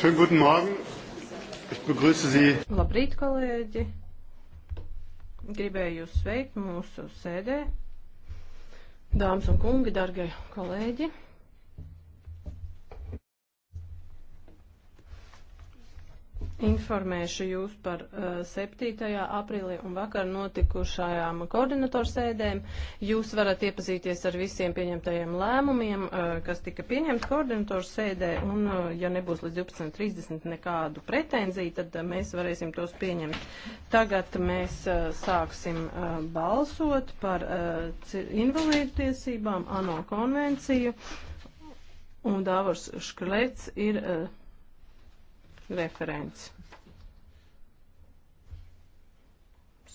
Schönen guten Morgen. Ich begrüße Sie. Labrīt, kolēģi. Gribēju jūs sveikt mūsu sēdē. Dāmas un kungi, dargie kolēģi. Informēšu jūs par uh, 7. aprīlī un vakar notikušajām koordinatorsēdēm. Jūs varat iepazīties ar visiem pieņemtajiem lēmumiem, uh, kas tika pieņemti koordinatorsēdē, un uh, ja nebūs līdz 12.30 nekādu pretenziju, tad uh, mēs varēsim tos pieņemt. Tagad mēs uh, sāksim uh, balsot par uh, invalīdu tiesībām, ANO konvenciju, un Dāvars Šklets ir. Uh, referents.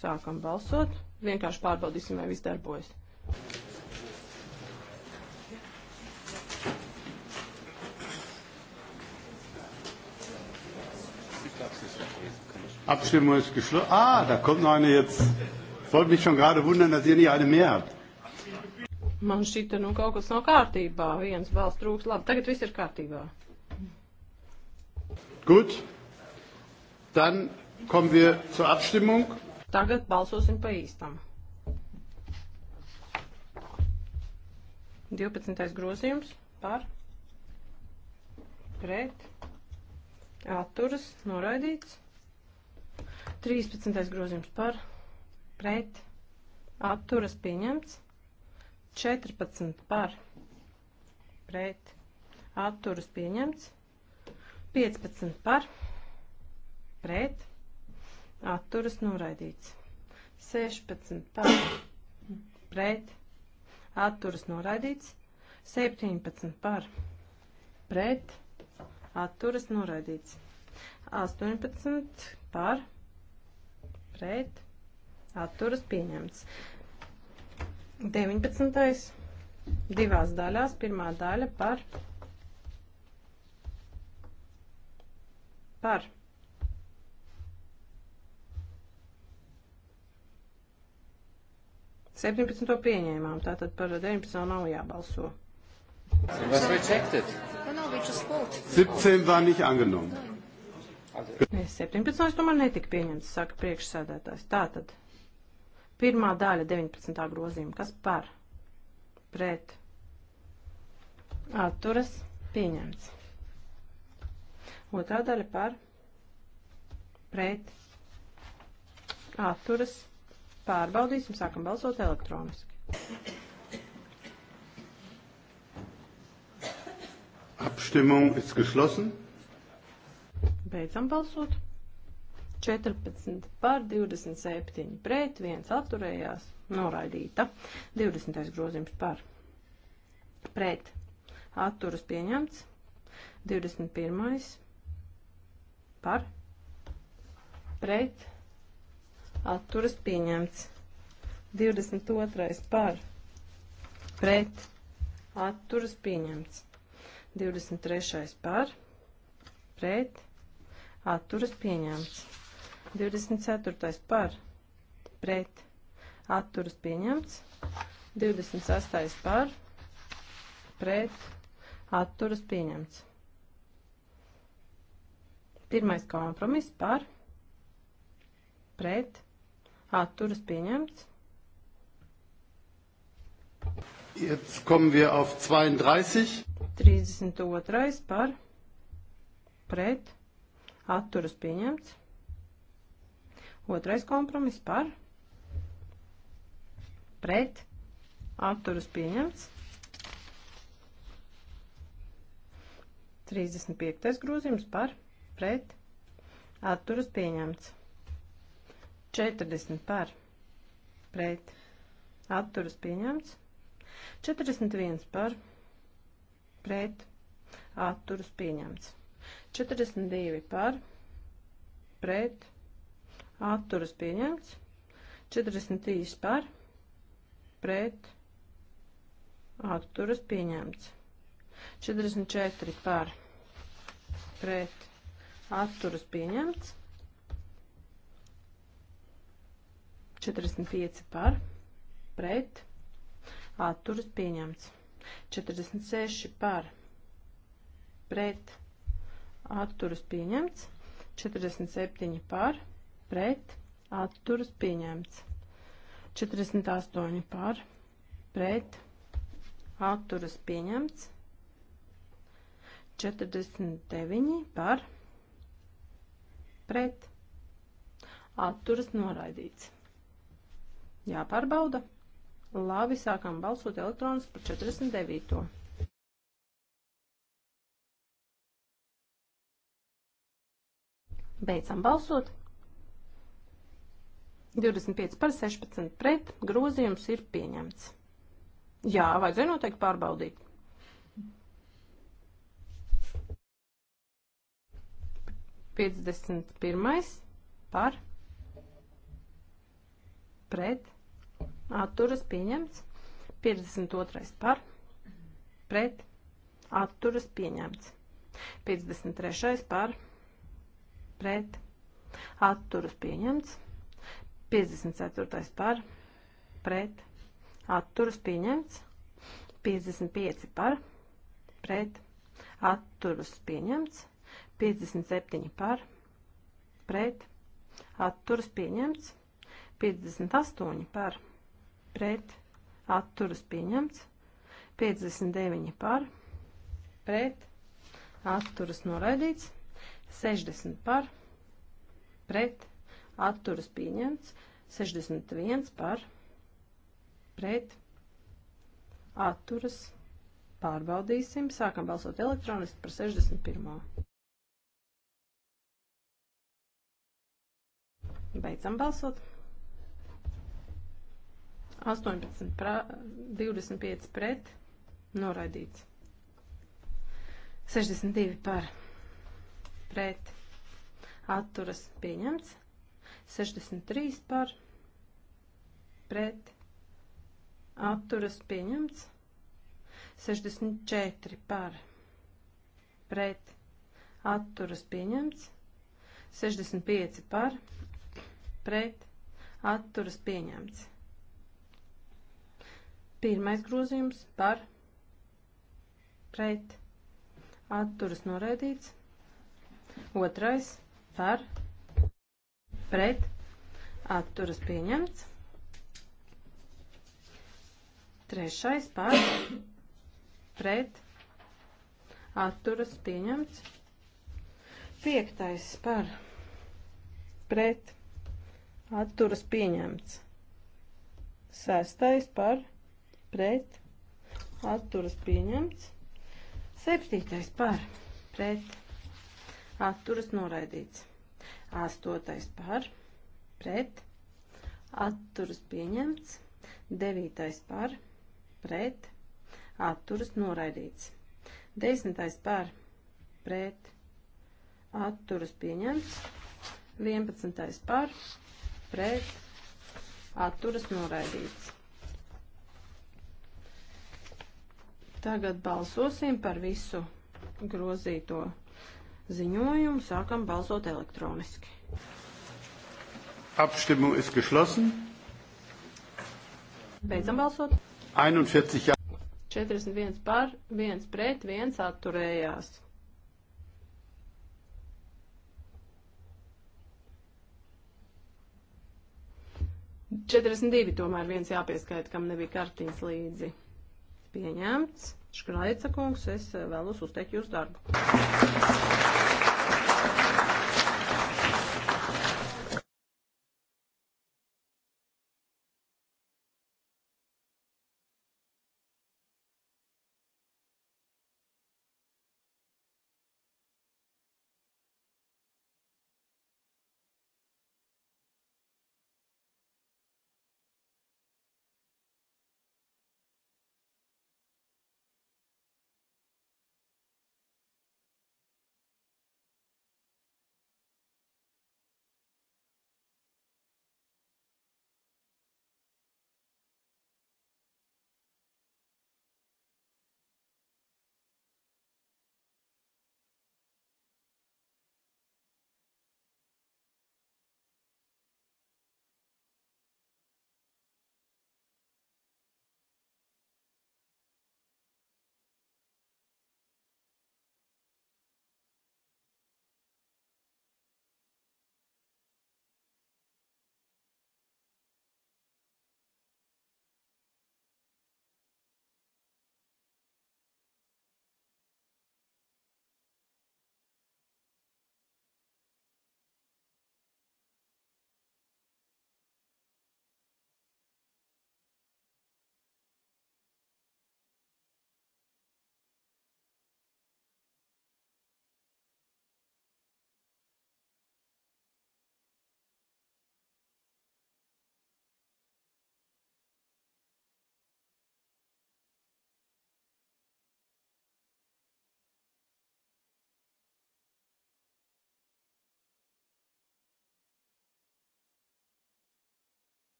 Sākam balsot. Vienkārši pārbaudīsim, vai viss darbojas. Abstimmung ist geschlossen. Ah, da kommt noch eine jetzt. Wollte mich schon gerade wundern, dass ihr nicht eine mehr habt. Man šķita, nu kaut kas nav kārtībā. Viens balss trūks. Labi, tagad viss ir kārtībā. Gut. Dann kommen wir zur Abstimmung. Tagad balsosim pa īstam. 12. grozījums par pret atturas noraidīts. 13. grozījums par pret atturas pieņemts. 14 par pret atturas pieņemts. 15 par, pret, atturas noraidīts. 16 par, pret, atturas noraidīts. 17 par, pret, atturas noraidīts. 18 par, pret, atturas pieņemts. 19. divās daļās, pirmā daļa par, pret par. Septiņpadsmito pieņēmām, tātad par deviņpadsmito nav jābalso. Was rejected? No, no, we just voted. 17 war nicht angenommen. Nē, 17. tomēr netika pieņemts, saka priekšsēdētājs. Tātad, pirmā daļa 19. grozījuma, kas par, pret, atturas, pieņemts. Otrā daļa par pret atturas pārbaudīsim, sākam balsot elektroniski. Abstimmung ist geschlossen. Beidzam balsot. 14 par 27 pret, 1 atturējās, noraidīta. 20. grozījums par pret atturas pieņemts. 21 par pret atturas pieņemts. 22. par pret atturas pieņemts. 23. par pret atturas pieņemts. 24. par pret atturas pieņemts. 28. par pret atturas pieņemts. Pirmais kompromiss par pret atturas pieņemts. Jetzt kommen wir auf 32. 32 par pret atturas pieņemts. Otrais kompromiss par pret atturas pieņemts. 35. grozījums par pret pret, atturas pieņemts. 40 par, pret, atturas pieņemts. 41 par, pret, atturas pieņemts. 42 par, pret, atturas pieņemts. 43 par, pret, atturas pieņemts. 44 par, pret, atturas pieņemts. 45 par, pret, atturas pieņemts. 46 par, pret, atturas pieņemts. 47 par, pret, atturas pieņemts. 48 par, pret, atturas pieņemts. 49 par, pret pret, atturas noraidīts. Jāpārbauda. Labi, sākam balsot elektronis par 49. Beidzam balsot. 25 par 16 pret grozījums ir pieņemts. Jā, vajadzēja noteikti pārbaudīt. 51. par pret atturas pieņemts. 52. par pret atturas pieņemts. 53. par pret atturas pieņemts. 54. par pret atturas pieņemts. 55 par pret atturas pieņemts. 57 par, pret, atturas pieņemts, 58 par, pret, atturas pieņemts, 59 par, pret, atturas noraidīts, 60 par, pret, atturas pieņemts, 61 par, pret, atturas pārbaudīsim, sākam balsot elektroniski par 61. Beidzam balsot. 18 pra, 25 pret noraidīts. 62 par pret atturas pieņemts. 63 par pret atturas pieņemts. 64 par pret atturas pieņemts. 65 par pret pret atturas pieņemts. Pirmais grozījums par pret atturas noraidīts. Otrais par pret atturas pieņemts. Trešais par pret atturas pieņemts. Piektais par pret atturas pieņemts. Sestais par pret atturas pieņemts. Septītais par pret atturas noraidīts. Astotais par pret atturas pieņemts. Devītais par pret atturas noraidīts. Desmitais par pret atturas pieņemts. Vienpadsmitais par pret pret atturas noraidīts. Tagad balsosim par visu grozīto ziņojumu. Sākam balsot elektroniski. Abstimmung ist geschlossen. Beidzam balsot. 41 jā. 41 par, 1 pret, 1 atturējās. 42 tomēr viens jāpieskaita, kam nebija kartiņas līdzi. Pieņemts. Škraica kungs, es eh, vēlos uzteikt jūsu darbu.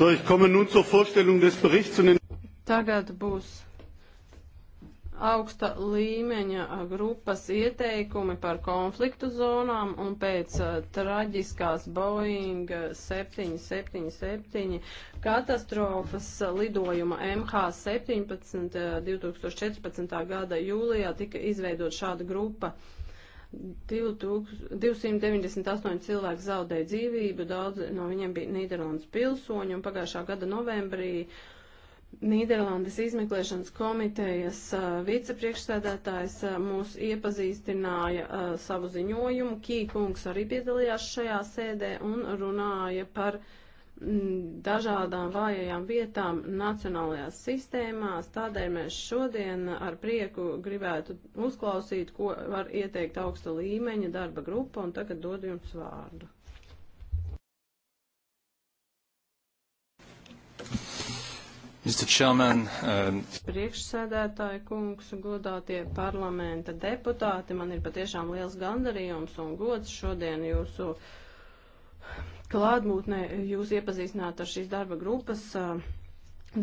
So, ich komme nun zur Vorstellung des Berichts und den Tagad būs augsta līmeņa grupas ieteikumi par konfliktu zonām un pēc eh, traģiskās Boeing 777 katastrofas lidojuma MH17 2014. Eh, gada jūlijā tika izveidot šāda grupa. Uh, 298 cilvēki zaudēja dzīvību, daudz no viņiem bija Nīderlandes pilsoņi, un pagājušā gada novembrī Nīderlandes izmeklēšanas komitejas uh, vicepriekšsēdētājs uh, mūs iepazīstināja uh, savu ziņojumu. Kīkungs arī piedalījās šajā sēdē un runāja par uh, dažādām vājajām vietām nacionālajās sistēmās. Tādēļ mēs šodien ar prieku gribētu uzklausīt, ko var ieteikt augsta līmeņa darba grupa, un tagad dodu jums vārdu. Mr. Chairman, um... Priekšsēdētāji kungs, godātie parlamenta deputāti, man ir patiešām liels gandarījums un gods šodien jūsu uh, klātbūtnē jūs iepazīstināt ar šīs darba grupas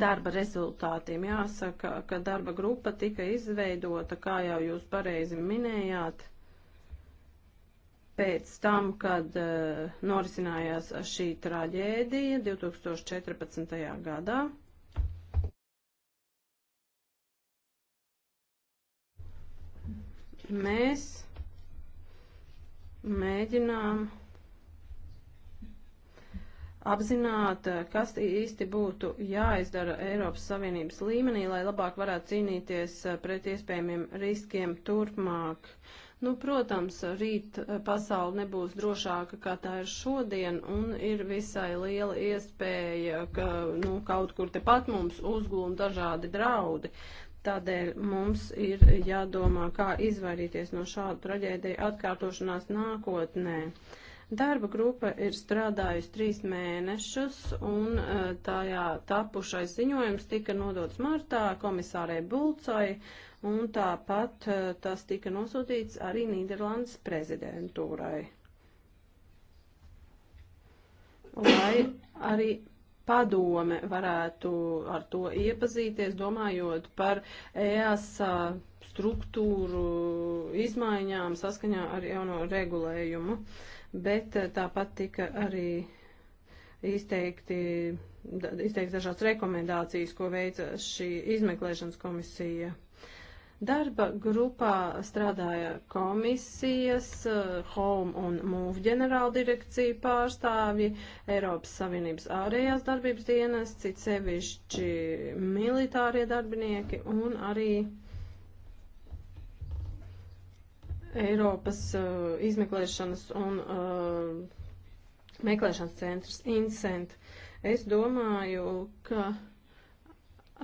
darba rezultātiem. Jāsaka, ka darba grupa tika izveidota, kā jau jūs pareizi minējāt, pēc tam, kad uh, norisinājās šī traģēdija 2014. gadā. Mēs mēģinām apzināt, eh, kas īsti būtu jāizdara Eiropas Savienības līmenī, lai labāk varētu cīnīties eh, pret iespējamiem riskiem turpmāk. Nu, protams, rīt eh, pasauli nebūs drošāka, kā tā ir šodien, un ir visai liela iespēja, ka nu, kaut kur tepat mums uzglūm dažādi draudi. Tādēļ mums ir jādomā, kā izvairīties no šādu traģēdiju atkārtošanās nākotnē. Uh, Darba grupa ir strādājusi trīs mēnešus, un eh, tajā tapušais ziņojums tika nodots martā komisārai Bulcai, un tāpat eh, tas tika nosūtīts arī Nīderlandes prezidentūrai. Lai arī padome varētu ar to iepazīties, domājot par EASA struktūru izmaiņām saskaņā ar jauno regulējumu. Uh, bet eh, tāpat tika arī izteikti, izteikti dažādas rekomendācijas, ko veica šī izmeklēšanas komisija. Darba grupā strādāja komisijas, eh, Home un Move ģenerāldirekcija pārstāvji, Eiropas Savienības ārējās darbības dienas, cits sevišķi militārie darbinieki un arī uh, Eiropas uh, izmeklēšanas un uh, meklēšanas centrs Incent. Es domāju, ka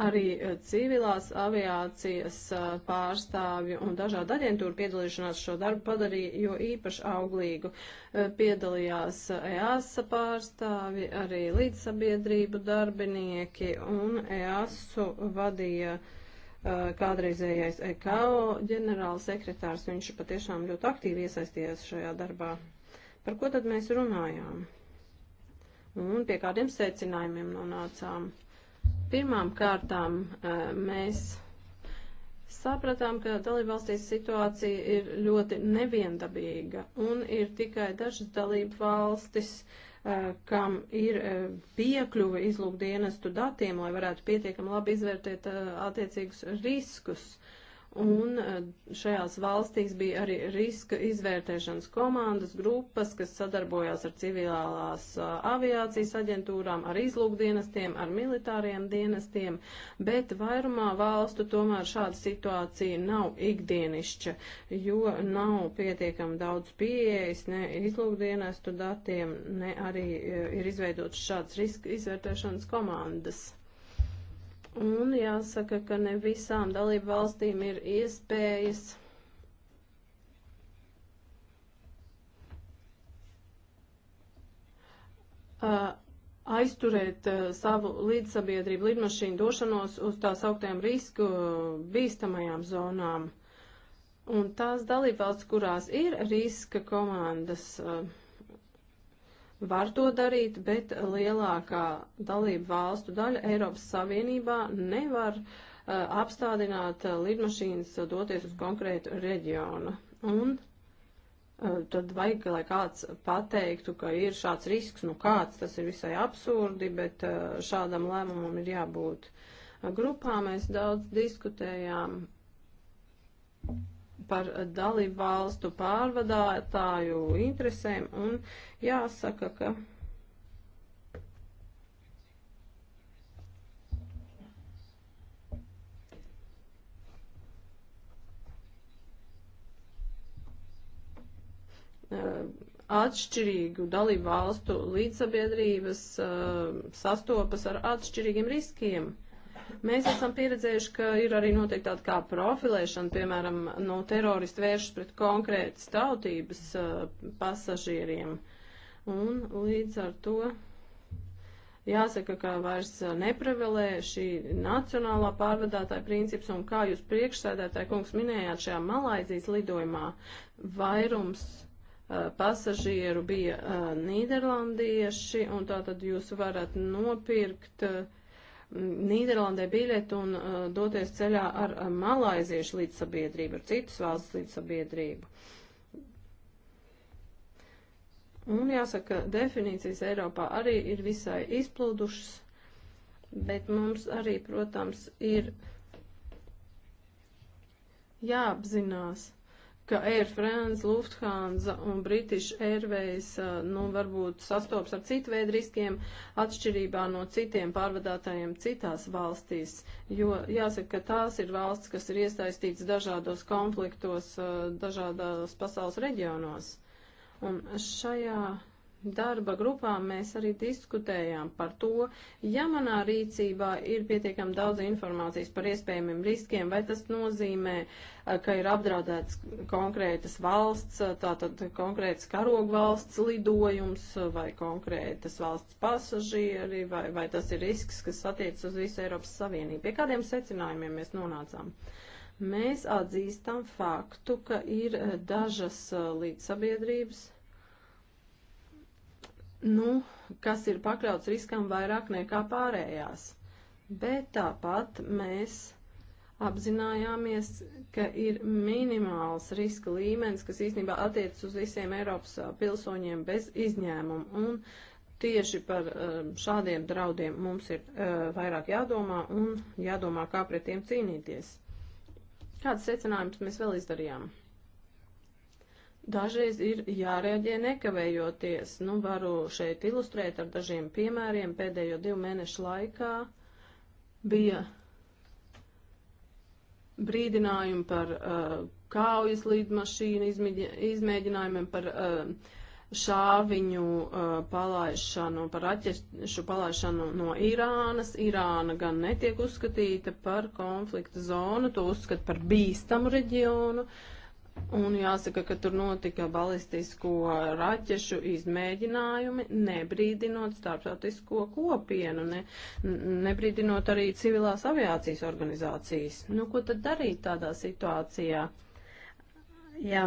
arī uh, civilās aviācijas uh, pārstāvju un dažādu aģentūru piedalīšanās šo darbu padarīja jo īpaši auglīgu. Uh, piedalījās EASA pārstāvi, arī līdzsabiedrību darbinieki un EASU vadīja uh, Eh, kādreizējais EKO ģenerāls sekretārs, viņš patiešām ļoti aktīvi iesaistījies šajā darbā. Par ko tad mēs runājām? Un pie kādiem secinājumiem nonācām? Pirmām kārtām eh, mēs sapratām, ka dalībvalstīs situācija ir ļoti neviendabīga un ir tikai dažas dalību valstis, uh, Eh, kam ir eh, piekļuve izlūkdienestu datiem, lai varētu pietiekami labi izvērtēt eh, attiecīgus riskus. Uh, Un eh, šajās valstīs bija arī riska izvērtēšanas komandas grupas, kas sadarbojās ar civilās eh, aviācijas aģentūrām, ar izlūkdienestiem, ar militāriem dienestiem, bet vairumā valstu tomēr šāda situācija nav ikdienišķa, jo nav pietiekam daudz pieejas ne izlūkdienestu datiem, ne arī eh, ir izveidotas šādas riska izvērtēšanas komandas. Un jāsaka, ka ne visām dalību valstīm ir iespējas. Uh, aizturēt uh, savu līdzsabiedrību lidmašīnu došanos uz tās augtajām risku bīstamajām zonām. Un tās dalībvalsts, kurās ir riska komandas, uh, var to darīt, bet lielākā dalību valstu daļa Eiropas Savienībā nevar uh, apstādināt uh, lidmašīnas uh, doties uz konkrētu reģionu. Un tad vajag, lai kāds pateiktu, ka ir šāds risks, nu kāds, tas ir visai absurdi, bet šādam lēmumam ir jābūt. Grupā mēs daudz diskutējām par dalību valstu pārvadātāju interesēm un jāsaka, ka. Atšķirīgu dalību valstu līdzsabiedrības uh, sastopas ar atšķirīgiem riskiem. Mēs esam pieredzējuši, ka ir arī noteikti tāda kā profilēšana, piemēram, no nu, teroristu vēršas pret konkrētas tautības uh, pasažieriem. Un līdz ar to jāsaka, ka vairs eh, neprevelē šī nacionālā pārvadātāja princips, un kā jūs priekšsēdētāji kungs minējāt šajā Malaizijas lidojumā, vairums eh, pasažieru bija uh, nīderlandieši, un tātad jūs varat nopirkt uh, Nīderlandē biļeti un uh, doties ceļā ar uh, malaiziešu līdzsabiedrību, ar citas valsts līdzsabiedrību. Un jāsaka, definīcijas Eiropā arī ir visai izplūdušas, bet mums arī, protams, ir jāapzinās ka Air France, Lufthansa un British Airways eh, nu, varbūt sastops ar citu veidu riskiem atšķirībā no citiem pārvadātājiem citās valstīs, jo jāsaka, ka tās ir valsts, kas ir iesaistīts dažādos konfliktos, eh, dažādos pasaules reģionos. Un šajā darba grupām mēs arī diskutējām par to, ja manā rīcībā ir pietiekam daudz informācijas par iespējamiem riskiem, vai tas nozīmē, eh, ka ir apdraudēts konkrētas valsts, eh, tātad konkrētas karogu valsts lidojums, eh, vai konkrētas valsts pasažieri, vai, vai tas ir risks, kas attiec uz visu Eiropas Savienību. Pie kādiem secinājumiem mēs nonācām? Mēs atzīstam faktu, ka ir dažas līdzsabiedrības, nu, kas ir pakļauts riskam vairāk nekā pārējās. Bet tāpat mēs apzinājāmies, ka ir minimāls riska līmenis, kas īstenībā attiecas uz visiem Eiropas pilsoņiem bez izņēmuma. Un tieši par šādiem draudiem mums ir vairāk jādomā un jādomā, kā pret tiem cīnīties. Kāds secinājums mēs vēl izdarījām? Dažreiz ir jārēģē nekavējoties. Nu, varu šeit ilustrēt ar dažiem piemēriem. Pēdējo divu mēnešu laikā bija brīdinājumi par uh, kaujas lidmašīnu izmēģinājumiem, par uh, šāviņu uh, palaišanu, par raķešu palaišanu no Irānas. Irāna gan netiek uzskatīta par konflikta zonu, to uzskata par bīstamu reģionu. Uh, Un jāsaka, ka tur notika balistisko raķešu izmēģinājumi, nebrīdinot starptautisko kopienu, ne, nebrīdinot arī civilās aviācijas organizācijas. Nu, ko tad darīt tādā situācijā? Uh, Jā,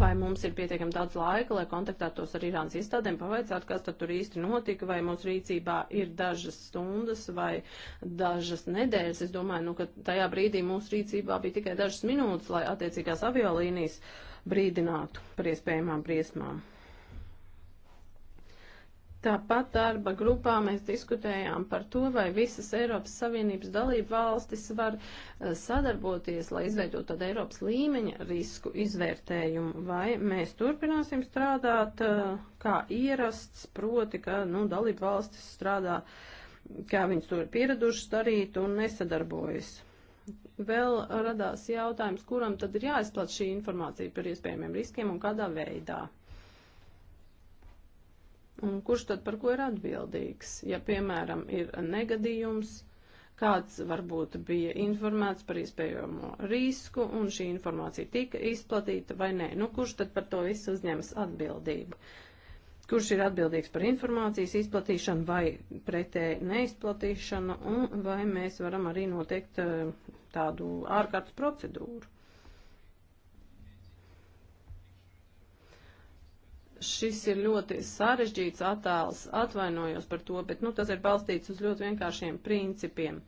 vai mums ir pietiekami daudz laika, lai kontaktētos ar Irānas iestādēm, pavaicāt, kas tad tur īsti notika, vai mūsu rīcībā ir dažas stundas vai dažas nedēļas. Es domāju, nu, ka tajā brīdī mūsu rīcībā bija tikai dažas minūtes, lai attiecīgās aviolīnijas brīdinātu par iespējamām briesmām. Tāpat darba grupā mēs diskutējām par to, vai visas Eiropas Savienības dalību valstis var eh, sadarboties, lai izveidot tādu Eiropas līmeņa risku izvērtējumu, vai mēs turpināsim strādāt eh, kā ierasts, proti, ka nu, dalību valstis strādā, kā viņas to ir pieradušas darīt un nesadarbojas. Vēl radās jautājums, kuram tad ir jāizplat šī informācija par iespējamiem riskiem un kādā veidā. Un kurš tad par ko ir atbildīgs? Ja, piemēram, ir negadījums, kāds varbūt bija informēts par iespējamo risku, un šī informācija tika izplatīta vai nē, nu kurš tad par to visu uzņemas atbildību? Kurš ir atbildīgs par informācijas izplatīšanu vai pretēji neizplatīšanu, un vai mēs varam arī noteikt eh, tādu ārkārtas procedūru? šis ir ļoti sarežģīts attēls, atvainojos par to, bet nu, tas ir balstīts uz ļoti vienkāršiem principiem.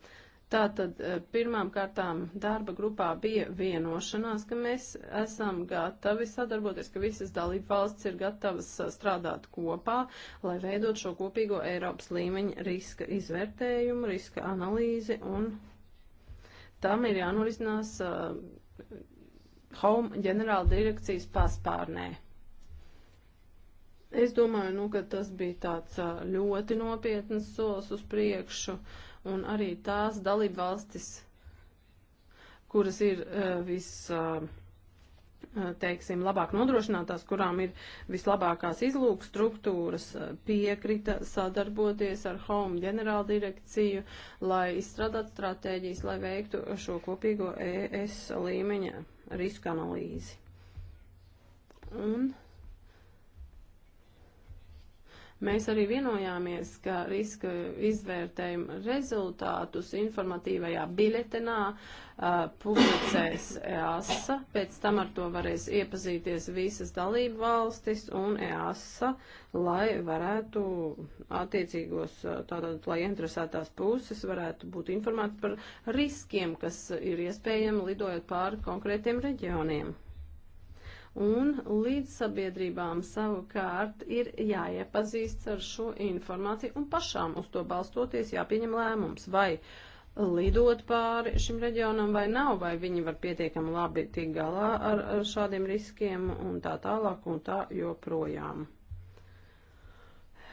Tātad eh, pirmām kārtām darba grupā bija vienošanās, ka mēs esam gatavi sadarboties, ka visas dalība valsts ir gatavas eh, strādāt kopā, lai veidot šo kopīgo Eiropas līmeņa riska izvērtējumu, riska analīzi, un tam ir jānorisinās uh, Home ģenerāla direkcijas paspārnē. Es domāju, nu, ka tas bija tāds ļoti nopietns solis uz priekšu, un arī tās dalībvalstis, kuras ir vis, teiksim, labāk nodrošinātās, kurām ir vislabākās izlūk struktūras, piekrita sadarboties ar Home ģenerāldirekciju, lai izstrādātu stratēģijas, lai veiktu šo kopīgo ES līmeņa riska analīzi. Un Mēs arī vienojāmies, ka riska izvērtējuma rezultātus informatīvajā biļetenā uh, publicēs EASA, pēc tam ar to varēs iepazīties visas dalību valstis un EASA, lai varētu attiecīgos, tātad, lai interesētās puses varētu būt informēti par riskiem, kas ir iespējami lidojot pāri konkrētiem reģioniem un līdzsabiedrībām savukārt ir jāiepazīst ar šo informāciju un pašām uz to balstoties jāpieņem lēmums, vai lidot pāri šim reģionam vai nav, vai viņi var pietiekami labi tikt galā ar, ar šādiem riskiem un tā tālāk un tā joprojām.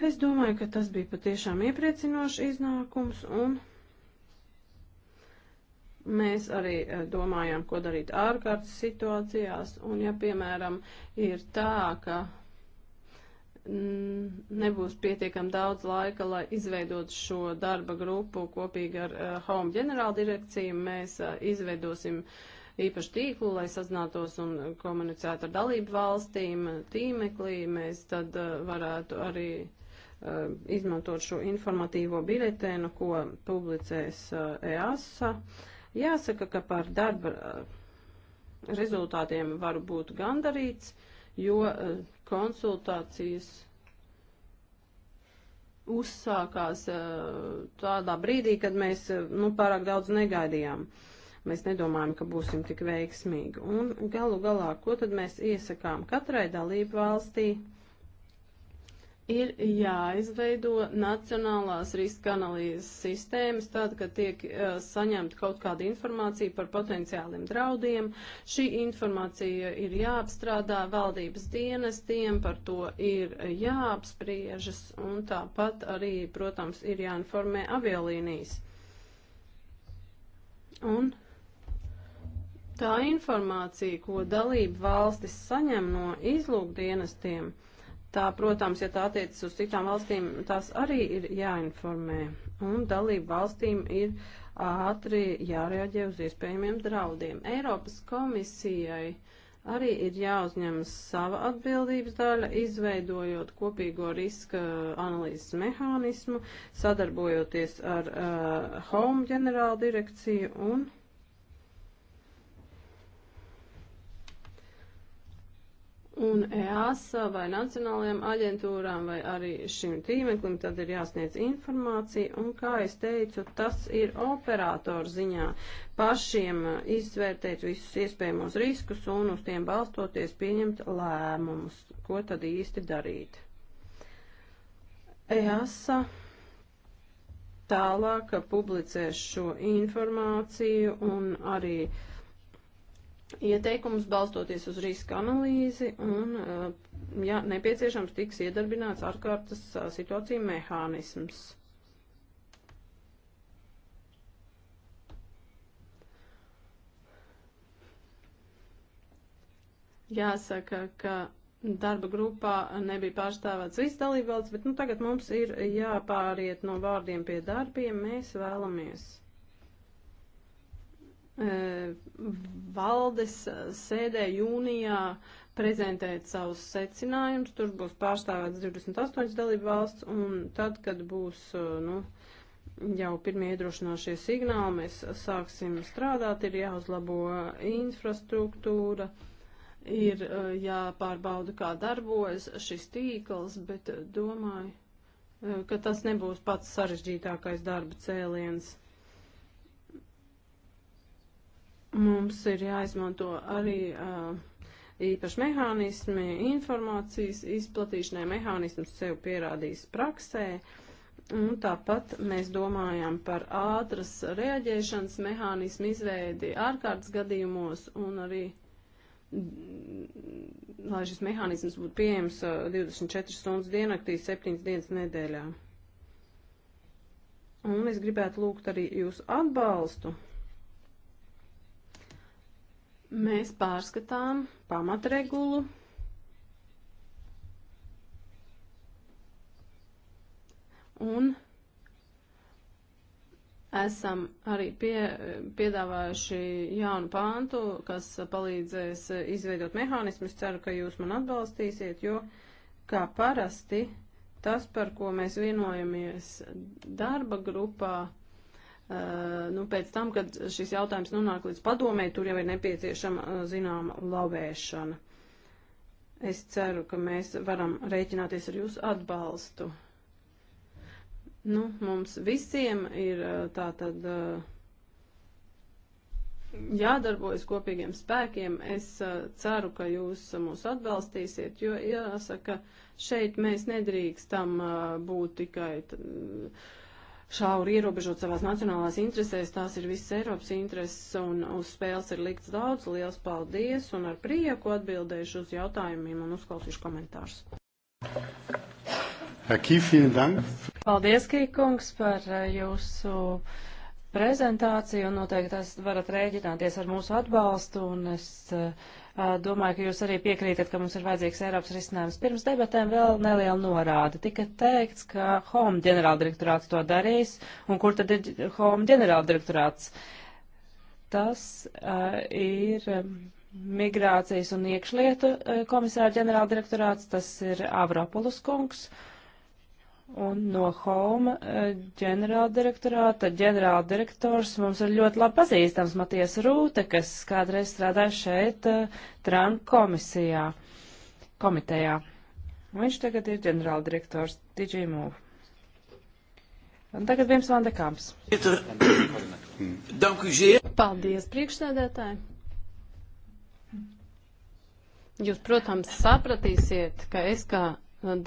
Es domāju, ka tas bija patiešām iepriecinošs iznākums un. Mēs arī eh, domājam, ko darīt ārkārtas situācijās, un ja, piemēram, ir tā, ka mm, nebūs pietiekam daudz laika, lai izveidot šo darba grupu kopīgi ar uh, Home ģenerāldirekciju, mēs uh, izveidosim īpašu tīklu, lai sazinātos un komunicētu ar dalību valstīm tīmeklī, mēs tad uh, varētu arī izmantot šo informatīvo biļetēnu, ko publicēs EASA. E uh, Jāsaka, ka par darba eh, rezultātiem varu būt gandarīts, jo eh, konsultācijas uzsākās eh, tādā brīdī, kad mēs nu, pārāk daudz negaidījām. Mēs nedomājam, ka būsim tik veiksmīgi. Un galu galā, ko tad mēs iesakām katrai dalību valstī? ir jāizveido nacionālās riska analīzes sistēmas, tad, kad tiek uh, eh, saņemta kaut kāda informācija par potenciāliem draudiem. Šī informācija ir jāapstrādā valdības dienestiem, par to ir jāapspriežas un tāpat arī, protams, ir jāinformē aviolīnijas. Un tā informācija, ko dalību valstis saņem no izlūkdienestiem, dienestiem, Tā, protams, ja tā attiecas uz citām valstīm, tās arī ir jāinformē. Un dalību valstīm ir ātri jārēģē uz iespējamiem draudiem. Eiropas komisijai arī ir jāuzņemas sava atbildības daļa, izveidojot kopīgo riska analīzes mehānismu, sadarbojoties ar uh, Home ģenerāldirekciju un Un EASA vai nacionālajām aģentūrām vai arī šim tīmeklim tad ir jāsniedz informācija, un, kā es teicu, tas ir operātoru ziņā pašiem uh, izvērtēt visus iespējamos riskus un uz tiem balstoties pieņemt lēmumus, ko tad īsti darīt. EASA tālāk publicēs šo informāciju un arī uh, ieteikumus balstoties uz riska analīzi un, eh, ja nepieciešams, tiks iedarbināts ārkārtas eh, situācija mehānisms. Jāsaka, ka darba grupā nebija pārstāvēts viss dalībvalsts, bet nu, tagad mums ir jāpāriet no vārdiem pie darbiem. Mēs vēlamies E, valdes e, sēdē jūnijā prezentēt savus secinājumus. Tur būs pārstāvēts 28 dalību valsts, un tad, kad būs e, nu, jau pirmie iedrošinošie signāli, mēs sāksim strādāt, ir jāuzlabo infrastruktūra, ir jāpārbauda, kā darbojas šis tīkls, bet domāju, ka tas nebūs pats sarežģītākais darba cēliens. Mums ir jāizmanto arī uh, īpaši mehānismi, informācijas izplatīšanai, mehānismus sev pierādījis praksē. Un tāpat mēs domājam par ātras reaģēšanas mehānismu izveidi ārkārtas gadījumos un arī lai šis mehānisms būtu pieejams 24 stundas diennaktī, 7 dienas nedēļā. Un es gribētu lūgt arī jūsu atbalstu. Mēs pārskatām pamatregulu. Un esam arī pie, piedāvājuši jaunu pāntu, kas palīdzēs izveidot mehānismu. Es ceru, ka jūs man atbalstīsiet, jo kā parasti tas, par ko mēs vienojamies darba grupā, Eh, nu, pēc tam, kad šis jautājums nonāk līdz padomē, tur jau ir nepieciešama eh, zināma lavēšana. Es ceru, ka mēs varam rēķināties ar jūsu atbalstu. Nu, mums visiem ir eh, tā tad jādarbojas kopīgiem spēkiem. Es ceru, ka jūs mūs atbalstīsiet, jo jāsaka, šeit mēs nedrīkstam būt tikai. Tā, šauri ierobežot savās nacionālās interesēs, tās ir visas Eiropas intereses un uz spēles ir likts daudz. Liels paldies un ar prieku atbildēšu uz jautājumiem un uzklausīšu komentārus. Paldies, Kīkungs, par eh, jūsu prezentāciju un noteikti varat rēķināties ar mūsu atbalstu un es uh, Domāju, ka jūs arī piekrītat, ka mums ir vajadzīgs Eiropas risinājums. Pirms debatēm vēl neliela norāde. Tika teikts, ka HOM ģenerāldirektorāts to darīs, un kur tad ir HOM ģenerāldirektorāts? Tas uh, ir. Migrācijas un iekšlietu komisāra ģenerāldirektorāts, tas ir Avropolus kungs. Uh, un no Home eh, ģenerāldirektorāta ģenerāldirektors mums ir ļoti labi pazīstams Matijas Rūte, kas kādreiz strādāja šeit eh, Tran komisijā, komitejā. Viņš tagad ir ģenerāldirektors DJ Move. Un tagad viens Vanda Kamps. Paldies, priekšsēdētāji! Jūs, protams, sapratīsiet, ka es kā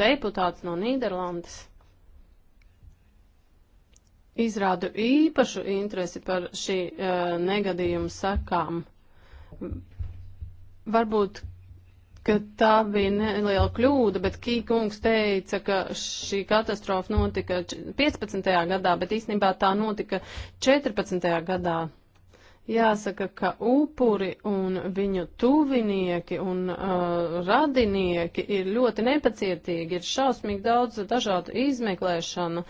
deputāts no Nīderlandes izrādu īpašu interesi par šī uh, negadījuma sakām. Varbūt, ka tā bija neliela kļūda, bet Kīkungs teica, ka šī katastrofa notika 15. gadā, bet īstenībā tā notika 14. gadā. Jāsaka, ka upuri un viņu tuvinieki un uh, radinieki ir ļoti nepacietīgi, ir šausmīgi daudz dažādu izmeklēšanu.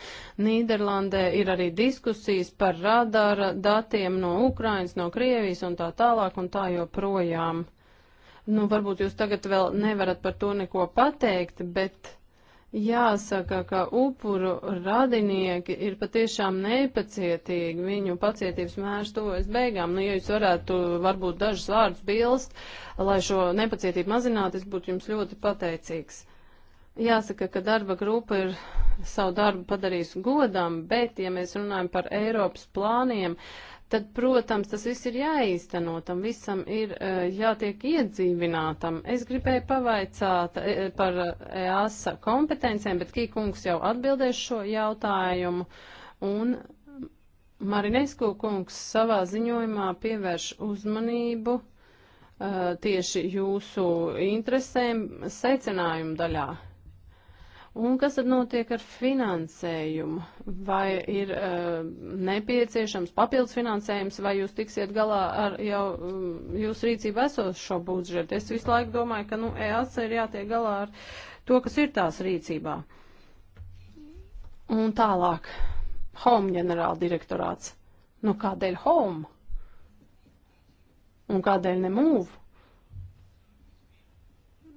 Nīderlandē ir arī diskusijas par radara datiem no Ukrainas, no Krievijas un tā tālāk un tā joprojām. Nu, varbūt jūs tagad vēl nevarat par to neko pateikt, bet Jāsaka, ka upuru radinieki ir patiešām nepacietīgi, viņu pacietības mērs tuvojas beigām. Nu, ja jūs varētu varbūt dažus vārdus bilst, lai šo nepacietību mazinātu, es būtu jums ļoti pateicīgs. Jāsaka, ka darba grupa ir savu darbu padarījusi godam, bet, ja mēs runājam par Eiropas plāniem, uh, tad, protams, tas viss ir jāīsteno, tam visam ir e, jātiek iedzīvinātam. Es gribēju pavaicāt e, par e, EASA kompetencijām, bet Kīkungs jau atbildēs šo jautājumu. Un Marinesko kungs savā ziņojumā pievērš uzmanību tieši jūsu interesēm secinājumu daļā. Un kas tad notiek ar finansējumu? Vai ir uh, nepieciešams papildus finansējums, vai jūs tiksiet galā ar jau uh, jūsu rīcību esošo budžetu? Es visu laiku domāju, ka nu, EAC ir jātiek galā ar to, kas ir tās rīcībā. Un tālāk, Home ģenerāla direktorāts. Nu, kādēļ Home? Un kādēļ ne Move?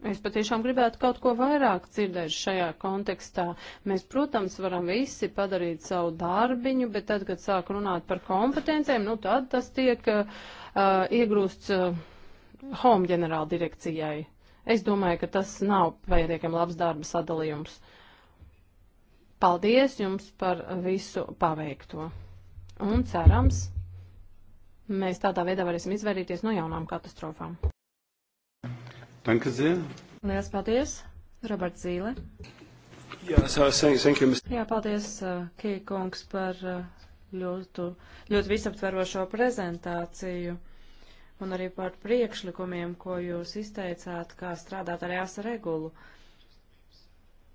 Es patiešām gribētu kaut ko vairāk dzirdēt šajā kontekstā. Mēs, protams, varam visi padarīt savu darbiņu, bet tad, kad sāk runāt par kompetencēm, nu tad tas tiek uh, uh iegrūsts uh, Home ģenerāla direkcijai. Es domāju, ka tas nav pietiekami labs darba sadalījums. Paldies jums par visu paveikto. Un cerams, mēs tādā veidā varēsim izvairīties no jaunām katastrofām. Danke sehr. Lielas paldies, Roberts Zīle. Jā, thank you. Jā, paldies, uh, Kīkungs, par uh, ļoti, ļoti visaptverošo prezentāciju un arī par priekšlikumiem, ko jūs izteicāt, kā strādāt ar jāsa regulu.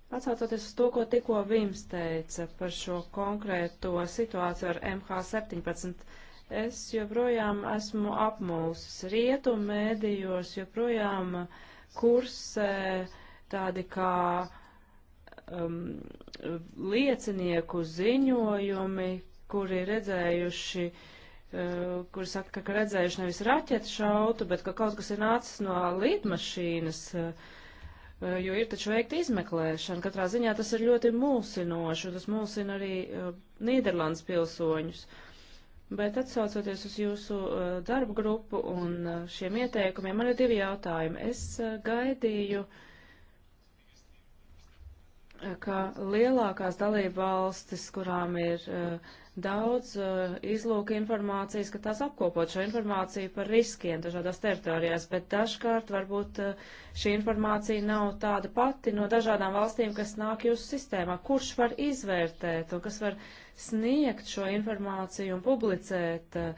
Atsaucoties uz to, ko tikko Vims teica par šo konkrēto situāciju ar MH17 es joprojām esmu apmūsis. Rietumu mēdījos joprojām kursē tādi kā um, liecinieku ziņojumi, kuri redzējuši uh, Uh, kur saka, ka redzējuši nevis raķetu šautu, bet ka kaut kas ir nācis no lidmašīnas, uh, jo ir taču veikta izmeklēšana. Katrā ziņā tas ir ļoti mulsinoši, un tas mulsina arī uh, Nīderlandes pilsoņus. Uh, Bet atsaucoties uz jūsu uh, darbu grupu un uh, šiem ieteikumiem, man ir divi jautājumi. Es uh, gaidīju, ka lielākās dalība valstis, kurām ir daudz izlūka informācijas, ka tās apkopot šo informāciju par riskiem dažādās teritorijās, bet dažkārt varbūt šī informācija nav tāda pati no dažādām valstīm, kas nāk jūsu sistēmā. Kurš var izvērtēt un kas var izvērtēt? sniegt šo informāciju un publicēt. Eh,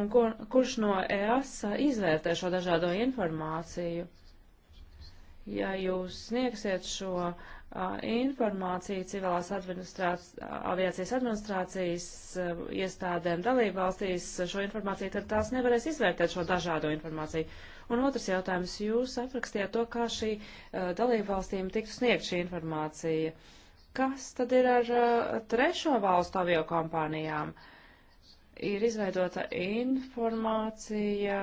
un kur, kurš no EASA izvērtē šo dažādo informāciju? Ja jūs sniegsiet šo uh, informāciju civilās aviācijas administrācijas uh, iestādēm dalībvalstīs, šo informāciju, tad tās nevarēs izvērtēt šo dažādo informāciju. Un otrs jautājums, jūs aprakstījāt to, kā šī uh, dalībvalstīm tiktu sniegt šī informācija. Uh, Kas tad ir ar eh, trešo valstu aviokompānijām? Ir izveidota informācija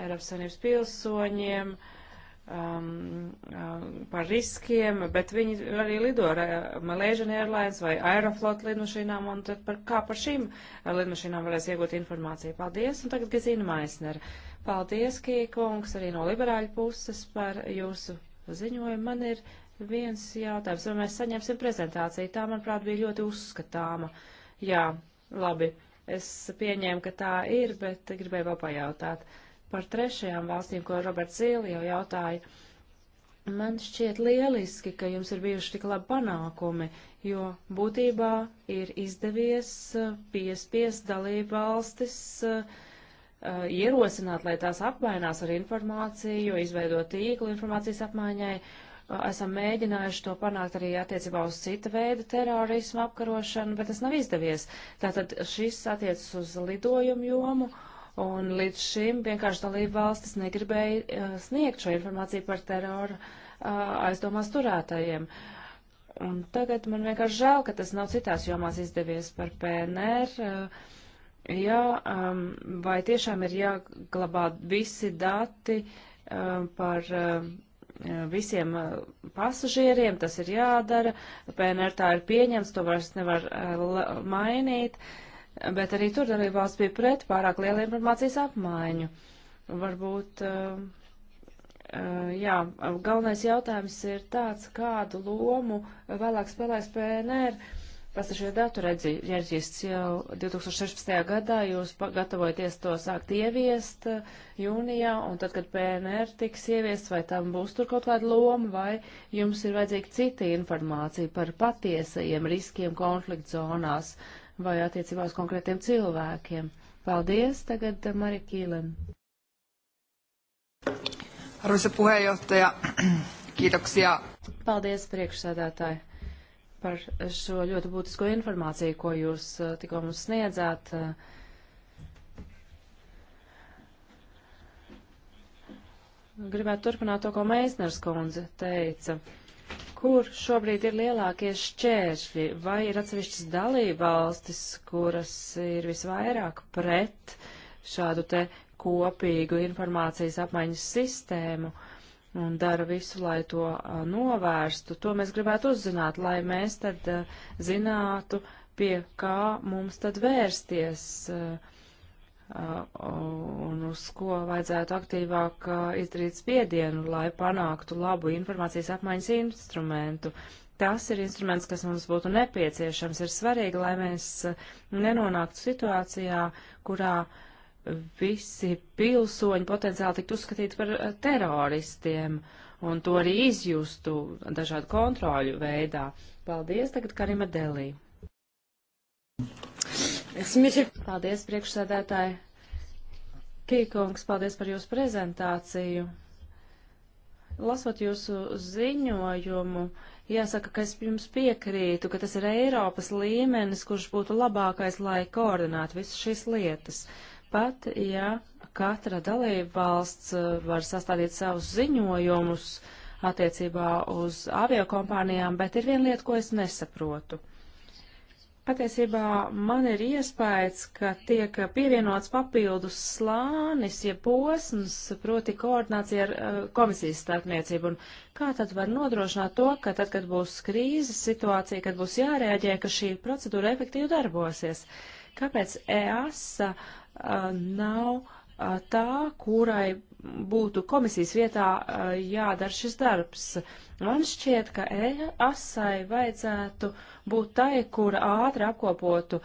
Eiropas Savienības pilsoņiem um, um, par riskiem, bet viņi arī lido ar eh, Malaysian Airlines vai Aeroflot lidmašīnām, un tad par, kā par šīm eh, lidmašīnām varēs iegūt informāciju. Paldies, un tagad Gazina Maisner. Paldies, Kīkungs, arī no liberāļu puses par jūsu ziņojumu. Man ir Viens jautājums, vai mēs saņemsim prezentāciju? Tā, manuprāt, bija ļoti uzskatāma. Jā, labi, es pieņēmu, ka tā ir, bet gribēju vēl pajautāt par trešajām valstīm, ko Roberts Zīli jau jautāja. Man šķiet lieliski, ka jums ir bijuši tik labi panākumi, jo būtībā ir izdevies uh, piespiest dalību valstis uh, uh, ierosināt, lai tās apmainās ar informāciju, izveidot tīklu informācijas apmaiņai esam mēģinājuši to panākt arī attiecībā uz cita veida terorismu apkarošanu, bet tas nav izdevies. Tātad šis attiecas uz lidojumu jomu, un līdz šim vienkārši dalība valstis negribēja eh, sniegt šo informāciju par teroru eh, aizdomās turētajiem. Un tagad man vienkārši žēl, ka tas nav citās jomās izdevies par PNR. Eh, Jā, um, vai tiešām ir jāglabā visi dati um, par um, visiem uh, pasažieriem, tas ir jādara, PNR tā ir pieņemts, to vairs nevar uh, mainīt, bet arī tur dalībvalsts bija pret pārāk lielu informācijas apmaiņu. Varbūt, uh, jā, galvenais jautājums ir tāds, kādu lomu vēlāk spēlēs PNR Pasažieru datu reģists jau 2016. gadā jūs gatavojaties to sākt ieviest eh, jūnijā, un tad, kad PNR tiks ieviests, vai tam būs tur kaut kāda loma, vai jums ir vajadzīga cita informācija par patiesajiem riskiem konflikt zonās vai attiecībā uz konkrētiem cilvēkiem. Paldies, tagad eh, Marija Kīlen. Arvoisa puheenjohtaja, kiitoksia. Paldies, priekšsēdētāji par šo ļoti būtisko informāciju, ko jūs eh, tikko mums sniedzāt. Gribētu turpināt to, ko Meisners kundze teica. Kur šobrīd ir lielākie šķēršļi? Vai ir atsevišķas dalībvalstis, kuras ir visvairāk pret šādu te kopīgu informācijas apmaiņas sistēmu? Uh, un dara visu, lai to a, novērstu. To mēs gribētu uzzināt, lai mēs tad a, zinātu, pie kā mums tad vērsties a, un uz ko vajadzētu aktīvāk izdarīt spiedienu, lai panāktu labu informācijas apmaiņas instrumentu. Tas ir instruments, kas mums būtu nepieciešams. Ir svarīgi, lai mēs nenonāktu situācijā, kurā uh, visi pilsoņi potenciāli tiktu uzskatīti par eh, teroristiem, un to arī izjustu dažādu kontroļu veidā. Paldies, tagad Karima Delī. Paldies, priekšsēdētāji. Kīkungs, paldies par jūsu prezentāciju. Lasot jūsu ziņojumu, jāsaka, ka es jums piekrītu, ka tas ir Eiropas līmenis, kurš būtu labākais, lai koordinātu visas šīs lietas. Uh, Pat, ja katra dalība valsts uh, var sastādīt savus ziņojumus attiecībā uz aviokompānijām, bet ir viena lieta, ko es nesaprotu. Patiesībā man ir iespējas, ka tiek pievienots papildus slānis, ja posms, proti koordinācija ar uh, komisijas starpniecību. Un kā tad var nodrošināt to, ka tad, kad būs krīzes situācija, kad būs jārēģē, ka šī procedūra efektīvi darbosies? Kāpēc EASA uh, nav tā, kurai būtu komisijas vietā jādara šis darbs. Man šķiet, ka e asai vajadzētu būt tai, kura ātri apkopotu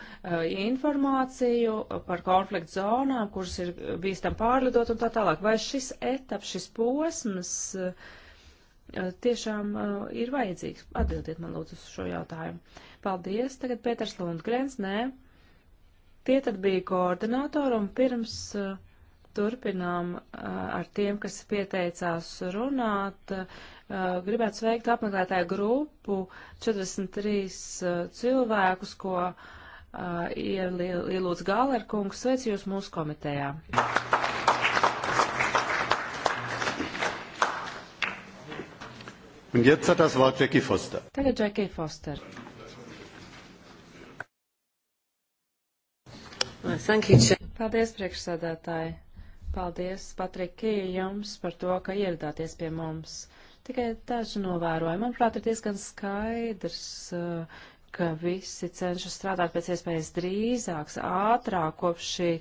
informāciju par konfliktu zonām, kuras ir bīstam pārlidot un tā tālāk. Vai šis etaps, šis posms tiešām ir vajadzīgs? Atbildiet man lūdzu uz šo jautājumu. Paldies. Tagad Pēters Lundgrens. Nē. Tie tad bija koordinātori un pirms eh, turpinām eh, ar tiem, kas pieteicās runāt. Eh, gribētu sveikt apmeklētāju grupu 43 cilvēkus, ko ir Lielūds Galerkungs. Sveicu jūs mūsu komitejā. Un jetzt hat das Wort Jackie Foster. Tagad Jackie Foster. Paldies, priekšsādātāji. Paldies, Patriki, jums par to, ka ieradāties pie mums. Tikai daži novērojumi. Manuprāt, ir diezgan skaidrs, eh, ka visi cenšas strādāt pēc iespējas drīzāk, ātrāk kopš šī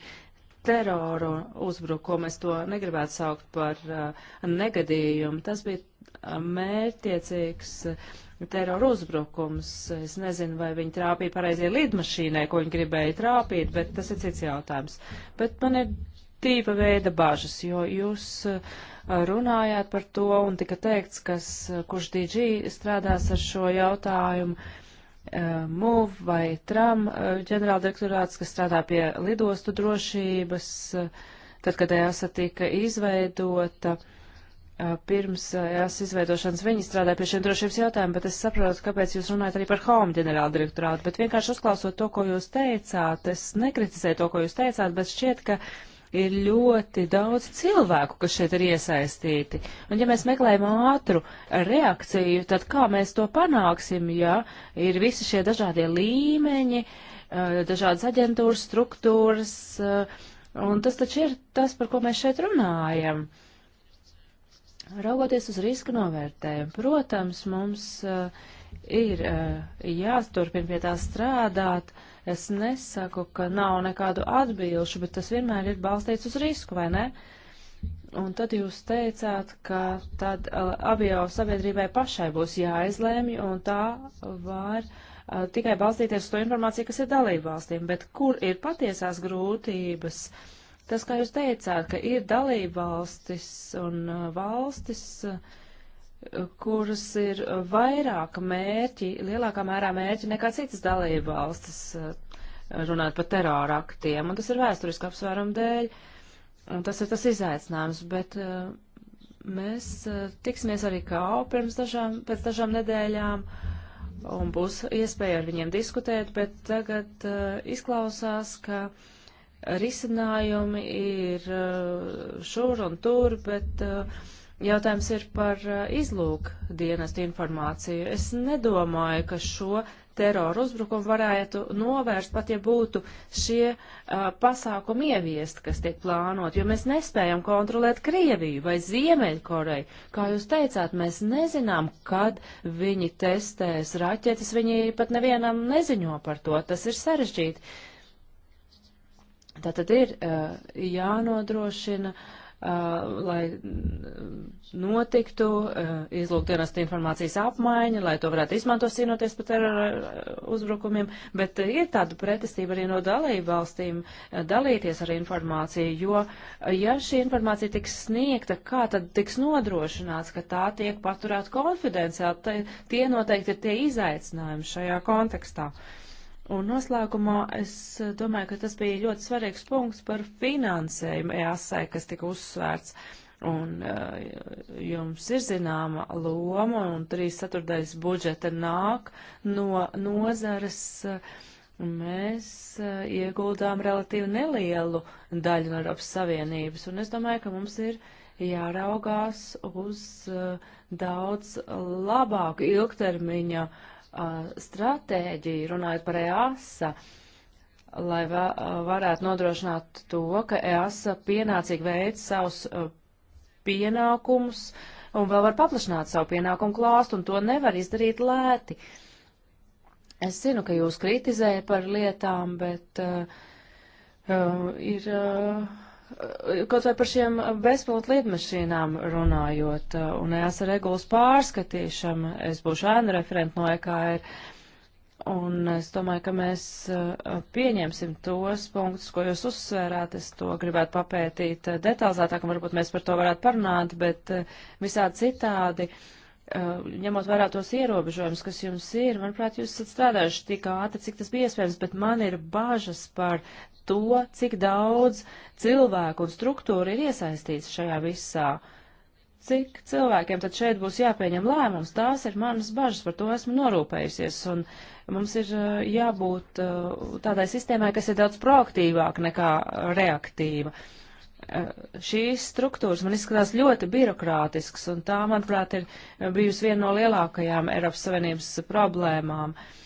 teroru uzbrukumu. Es to negribētu saukt par uh, negadījumu. Tas bija uh, mērķiecīgs uh, teroru uzbrukums. Es nezinu, vai viņi trāpīja pareizie lidmašīnai, ko viņi gribēja trāpīt, bet tas ir cits jautājums. Bet man ir diva veida bažas, jo jūs uh, runājāt par to un tika teikts, kas, uh, kurš DG strādās ar šo jautājumu. Uh, Eh, MUV vai TRAM eh, ģenerāldirektorāts, kas strādā pie lidostu drošības, eh, tad, kad EASA tika izveidota, pirms EASA e izveidošanas viņi strādāja pie šiem drošības jautājumiem, bet es saprotu, kāpēc jūs runājat arī par HOME ģenerāldirektorātu, bet vienkārši uzklausot to, ko jūs teicāt, es nekritizēju to, ko jūs teicāt, bet šķiet, ka ir ļoti daudz cilvēku, kas šeit ir iesaistīti. Un ja mēs meklējam ātru reakciju, tad kā mēs to panāksim, ja ir visi šie dažādie līmeņi, eh, dažādas aģentūras, struktūras, eh, un tas taču ir tas, par ko mēs šeit runājam. Raugoties uz riska novērtējumu, protams, mums uh, ir uh, jāsturpina pie tā strādāt, uh, Es nesaku, ka nav nekādu atbilšu, bet tas vienmēr ir balstīts uz risku, vai ne? Un tad jūs teicāt, ka tad uh, avio sabiedrībai pašai būs jāizlēmj, un tā var a, uh, tikai balstīties uz to informāciju, kas ir dalību valstīm. Bet kur ir patiesās grūtības? Tas, kā jūs teicāt, ka ir dalību valstis un a, uh, valstis. Uh, kuras ir vairāk mērķi, lielākā mērā mērķi nekā citas dalība valstis, eh, runāt par terāraktiem, un tas ir vēsturiski apsvērumu dēļ, un tas ir tas izaicinājums, bet eh, mēs eh, tiksimies arī kā pirms dažām, pēc dažām nedēļām, un būs iespēja ar viņiem diskutēt, bet tagad izklausās, ka risinājumi ir šur un tur, bet uh, Jautājums ir par uh, izlūk dienestu informāciju. Es nedomāju, ka šo teroru uzbrukumu varētu novērst, pat ja būtu šie uh, pasākumi ieviest, kas tiek plānot, jo mēs nespējam kontrolēt Krieviju vai Ziemeļkoreju. Kā jūs teicāt, mēs nezinām, kad viņi testēs raķetes, viņi pat nevienam neziņo par to, tas ir sarežģīti. Tātad ir uh, jānodrošina. Uh, Uh, lai notiktu uh, izlūkdienesta informācijas apmaiņa, lai to varētu izmantot cīnoties par terora uh, uzbrukumiem, bet ir tāda pretestība arī no dalību valstīm dalīties ar informāciju, jo ja šī informācija tiks sniegta, kā tad tiks nodrošināts, ka tā tiek paturēta konfidenciāli, tie noteikti ir tie izaicinājumi šajā kontekstā. Uh, Un noslēgumā es eh, domāju, ka tas bija ļoti svarīgs punkts par finansējumu EASAI, kas tika uzsvērts. Un eh, jums ir zināma loma, un trīs ceturtais budžeta nāk no nozares. Mēs eh, ieguldām relatīvi nelielu daļu no Eiropas Savienības, un es domāju, ka mums ir jāraugās uz daudz labāku ilgtermiņa uh, stratēģiju, runājot par EASA, lai va, varētu nodrošināt to, ka EASA pienācīgi veids savus pienākumus un vēl var paplašināt savu pienākumu klāstu, un to nevar izdarīt lēti. Es zinu, ka jūs kritizējat par lietām, bet uh, uh, ir. Uh, kaut vai par šiem bezpilotu lidmašīnām runājot, uh, un es ar regulas pārskatīšanu, es būšu ēna referenta no EKR, un es domāju, ka mēs uh, pieņemsim tos punktus, ko jūs uzsvērāt, es to gribētu papētīt uh, detalizētāk, un varbūt mēs par to varētu parunāt, bet visādi citādi. Ņemot vērā tos ierobežojumus, kas jums ir, manuprāt, jūs esat strādājuši tik ātri, cik tas bija iespējams, bet man ir bažas par to, cik daudz cilvēku un struktūra ir iesaistīts šajā visā. Cik cilvēkiem tad šeit būs jāpieņem lēmums, tās ir manas bažas, par to esmu norūpējusies. Un mums ir uh, jābūt uh, tādai sistēmai, kas ir daudz proaktīvāka nekā reaktīva. Uh, šīs struktūras man izskatās ļoti birokrātisks, un tā, manuprāt, ir bijusi viena no lielākajām Eiropas Savienības problēmām. Uh,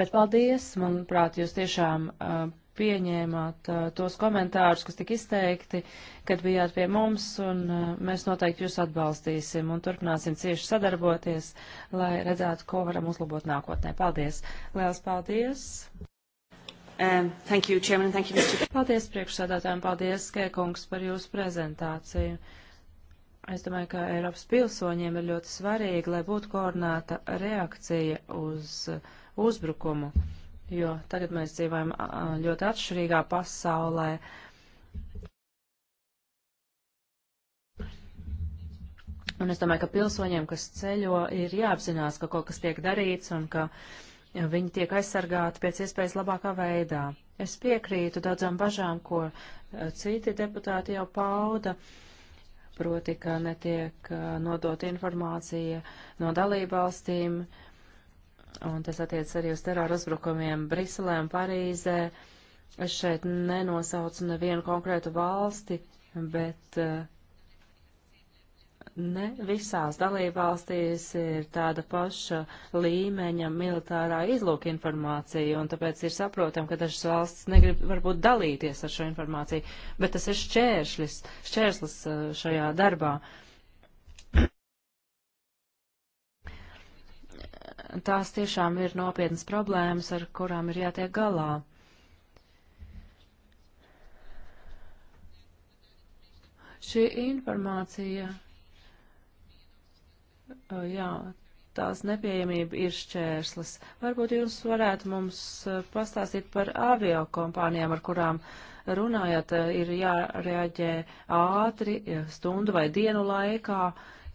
Bet paldies, manuprāt, jūs tiešām uh, pieņēmāt uh, tos komentārus, kas tika izteikti, kad bijāt pie mums, un uh, mēs noteikti jūs atbalstīsim un turpināsim cieši sadarboties, lai redzētu, ko varam uzlabot nākotnē. Paldies! Lielas paldies! Um, thank you, Chairman, thank you, Mr. Paldies priekšsādātājiem, paldies, Skēkungs, par jūsu prezentāciju. Es domāju, ka Eiropas pilsoņiem ir ļoti svarīgi, lai būtu koordinēta reakcija uz uh, uzbrukumu, jo tagad mēs dzīvojam ļoti atšķirīgā pasaulē. Un es domāju, ka pilsoņiem, kas ceļo, ir jāapzinās, ka kaut kas tiek darīts un ka viņi tiek aizsargāti pēc iespējas labākā veidā. Es piekrītu daudzām bažām, ko citi deputāti jau pauda, proti, ka netiek nodot informācija no dalībvalstīm, valstīm un tas attiec arī uz terora uzbrukumiem Briselē un Parīzē. Es šeit nenosaucu nevienu konkrētu valsti, bet eh, ne visās dalībvalstīs ir tāda paša līmeņa militārā izlūka informācija, un tāpēc ir saprotam, ka dažas valsts negrib varbūt dalīties ar šo informāciju, bet tas ir šķēršlis, šķērslis eh, šajā darbā. Uh, tās tiešām ir nopietnas problēmas, ar kurām ir jātiek galā. Šī informācija, jā, tās nepieejamība ir šķērslis. Varbūt jūs varētu mums pastāstīt par avio kompānijām, ar kurām runājat, ir jāreaģē ātri, stundu vai dienu laikā,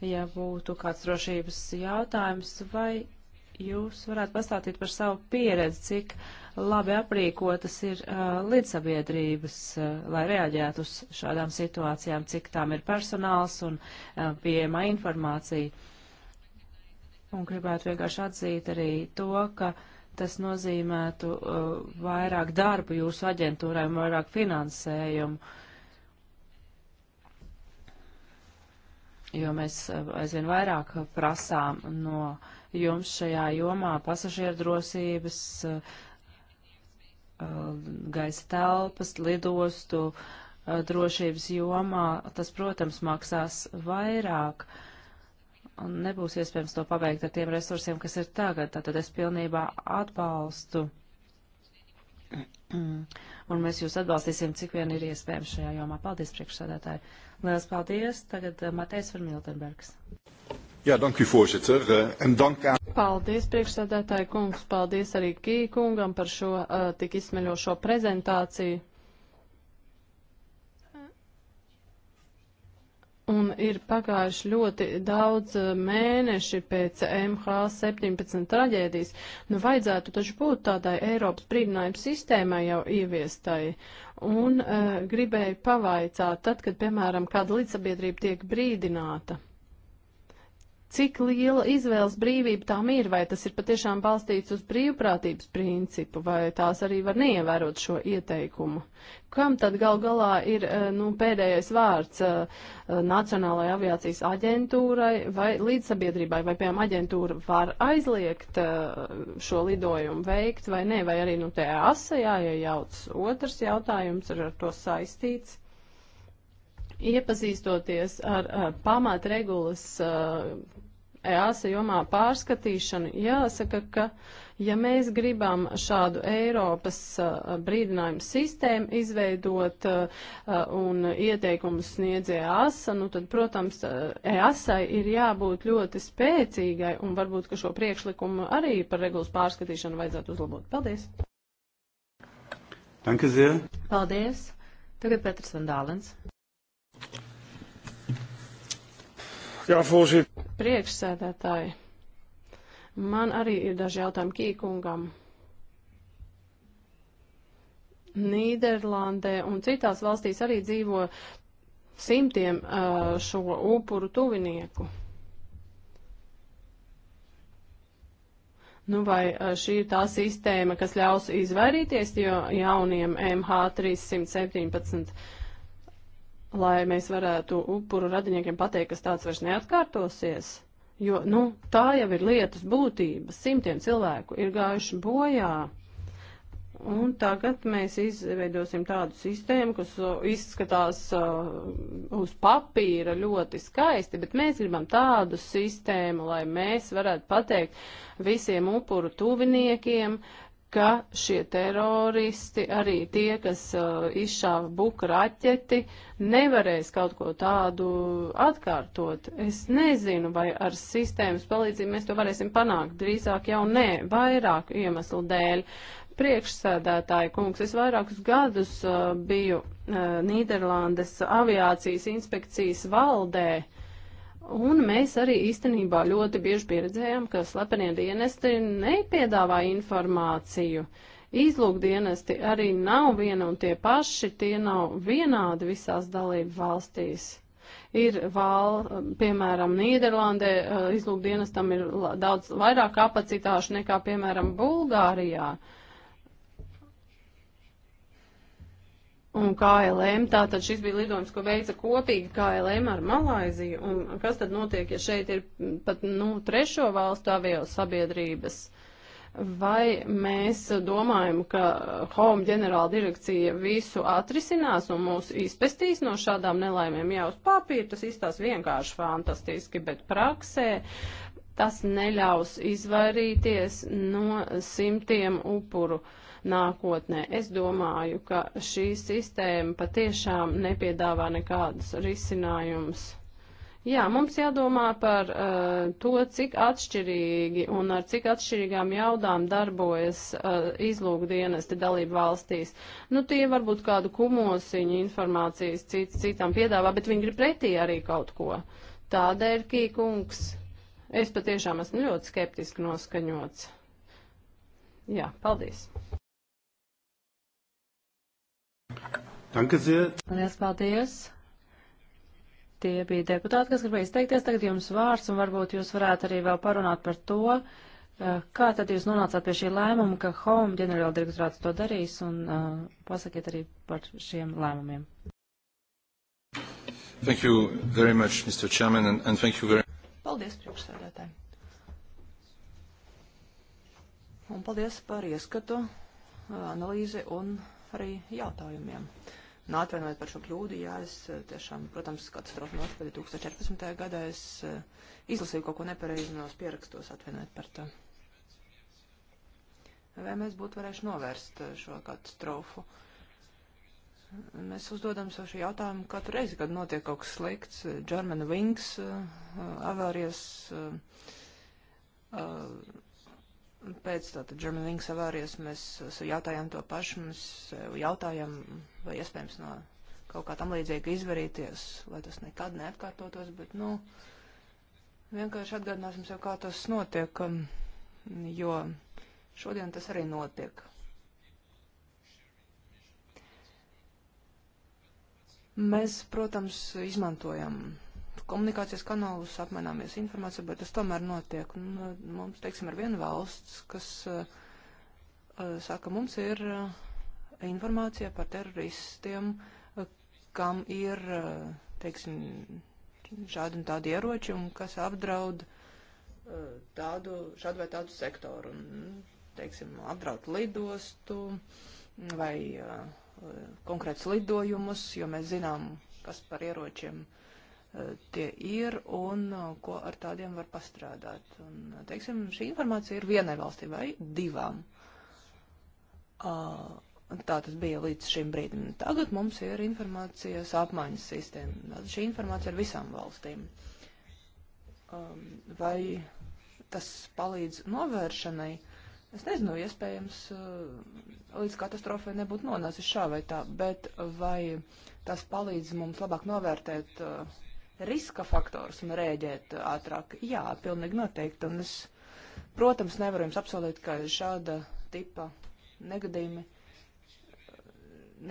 ja būtu kāds drošības jautājums, vai jūs varētu pastāstīt par savu pieredzi, cik labi aprīkotas ir uh, līdzsabiedrības, uh, lai reaģētu uz šādām situācijām, cik tām ir personāls un uh, pieejama informācija. Un gribētu vienkārši atzīt arī to, ka tas nozīmētu uh, vairāk darbu jūsu aģentūrai un vairāk finansējumu. Uh, jo mēs uh, aizvien vairāk prasām no jums šajā jomā pasažieru drosības, eh, eh, gaisa telpas, lidostu eh, drošības jomā. Tas, protams, maksās vairāk un nebūs iespējams to paveikt ar tiem resursiem, kas ir tagad. Tātad es pilnībā atbalstu. Un mēs jūs atbalstīsim, cik vien ir iespējams šajā jomā. Paldies, priekšsēdētāji. Lielas paldies. Tagad Matejs Vermiltenbergs. Jā, dank u, voorzitter. Eh, en dank aan... Paldies, priekšsēdētāji kungs. Paldies arī Kī kungam par šo uh, tik izsmeļošo prezentāciju. Un ir pagājuši ļoti daudz eh, mēneši pēc MH17 traģēdijas. Nu, vajadzētu taču būt tādai Eiropas brīdinājuma sistēmai jau ieviestai. Un uh, gribēju pavaicāt, tad, kad, piemēram, kāda līdzsabiedrība tiek brīdināta. Uh, cik liela izvēles brīvība tām ir, vai tas ir patiešām balstīts uz brīvprātības principu, vai tās arī var neievērot šo ieteikumu. Kam tad gal galā ir eh, nu, pēdējais vārds eh, Nacionālajai aviācijas aģentūrai vai līdzsabiedrībai, vai piemēram aģentūra var aizliegt eh, šo lidojumu veikt vai nē, vai arī nu, te asajā iejauc otrs jautājums ir ar to saistīts iepazīstoties ar, ar pamatregulas EASA jomā pārskatīšanu, jāsaka, ka ja mēs gribam šādu Eiropas uh, brīdinājumu sistēmu izveidot uh, un ieteikumus sniedz EASA, nu tad, protams, EASA ir jābūt ļoti spēcīgai un varbūt, ka šo priekšlikumu arī par regulas pārskatīšanu vajadzētu uzlabot. Paldies! Danke sehr. Paldies! Tagad Petrs Vandālens. Jā, Fulžīt. Priekšsēdētāji, man arī ir daži jautājumi Kīkungam. Nīderlandē un citās valstīs arī dzīvo simtiem uh, šo upuru tuvinieku. Nu, vai uh, šī ir tā sistēma, kas ļaus izvairīties jo jauniem MH317 lai mēs varētu upuru radiniekiem pateikt, kas tāds vairs neatkārtosies. Jo, nu, tā jau ir lietas būtība. Simtiem cilvēku ir gājuši bojā. Un tagad mēs izveidosim tādu sistēmu, kas izskatās uh, uz papīra ļoti skaisti, bet mēs gribam tādu sistēmu, lai mēs varētu pateikt visiem upuru tuviniekiem, uh, ka šie teroristi, arī tie, kas uh, izšāva buka raķeti, nevarēs kaut ko tādu atkārtot. Es nezinu, vai ar sistēmas palīdzību mēs to varēsim panākt. Drīzāk jau nē, vairāku iemeslu dēļ. Priekšsēdētāji kungs, es vairākus gadus uh, biju uh, Nīderlandes aviācijas inspekcijas valdē. Un mēs arī īstenībā ļoti bieži pieredzējām, ka slepenie dienesti nepiedāvā informāciju. Izlūkdienesti arī nav viena un tie paši, tie nav vienādi visās dalību valstīs. Ir val, piemēram, Nīderlandē eh, izlūkdienestam ir daudz vairāk kapacitāšu nekā, piemēram, Bulgārijā. Uh, un KLM. Tātad šis bija lidojums, ko veica kopīgi KLM ar Malaiziju. Un kas tad notiek, ja šeit ir pat nu, trešo valstu avio sabiedrības? Vai mēs domājam, ka Home ģenerāla direkcija visu atrisinās un mūs izpestīs no šādām nelaimēm? Jā, uz papīra tas izstās vienkārši fantastiski, bet praksē tas neļaus izvairīties no simtiem upuru. Uh, nākotnē. Es domāju, ka šī sistēma patiešām nepiedāvā nekādus risinājumus. Jā, mums jādomā par uh, to, cik atšķirīgi un ar cik atšķirīgām jaudām darbojas uh, izlūkdienesti dalību valstīs. Nu, tie varbūt kādu kumosiņu informācijas cit, citām piedāvā, bet viņi grib pretī arī kaut ko. Tādēļ, Kīkungs, es patiešām esmu ļoti skeptiski noskaņots. Jā, paldies! Danke sehr. Lielas paldies. Tie bija deputāti, kas gribēja izteikties. Tagad jums vārds, un varbūt jūs varētu arī vēl parunāt par to, eh, kā tad jūs nonācāt pie šī lēmuma, ka Home ģenerāla direktorāts to darīs, un uh, pasakiet arī par šiem lēmumiem. Thank you very much, Mr. Chairman, and, and thank you very Paldies, priekšsēdētāji. Un paldies par ieskatu, eh, analīzi un arī jautājumiem. Nu, atvainojiet par šo kļūdu, jā, es eh, tiešām, protams, katastrofa notika 2014. gadā, es eh, izlasīju kaut ko nepareizi no pierakstos, atvainojiet par to. Vai mēs būtu varējuši novērst eh, šo katastrofu? Mēs uzdodam sev šo jautājumu katru reizi, kad notiek kaut kas slikts. German Wings avārijas. Uh, uh, pēc tātad German Wings avārijas mēs eh, jautājām to pašu, mēs eh, jautājām, vai iespējams no kaut kā tam līdzīga izvarīties, lai tas nekad neatkārtotos, bet, nu, vienkārši atgādināsim sev, kā tas notiek, um, jo šodien tas arī notiek. Mēs, protams, izmantojam komunikācijas kanālus, apmaināmies informāciju, bet tas tomēr notiek. Un, uh, mums, teiksim, ir viena valsts, kas uh, uh, saka, mums ir uh, informācija par teroristiem, uh, kam ir, uh, teiksim, šādi un tādi ieroči, un kas apdraud uh, tādu, šādu vai tādu sektoru, un, teiksim, apdraud lidostu vai uh, uh konkrēts lidojumus, jo mēs zinām, kas par ieročiem uh, tie ir un uh, ko ar tādiem var pastrādāt. Un, uh, teiksim, šī informācija ir vienai valstī vai divām. Uh, tā tas bija līdz šim brīdim. Tagad mums ir informācijas apmaiņas sistēma. Tātad šī informācija ir visām valstīm. Um, vai tas palīdz novēršanai? Es nezinu, iespējams, līdz katastrofai nebūtu nonācis šā vai tā, bet vai tas palīdz mums labāk novērtēt uh, riska faktors un rēģēt ātrāk. Jā, pilnīgi noteikti. Un es, protams, nevaru jums apsolīt, ka šāda tipa negadījumi eh,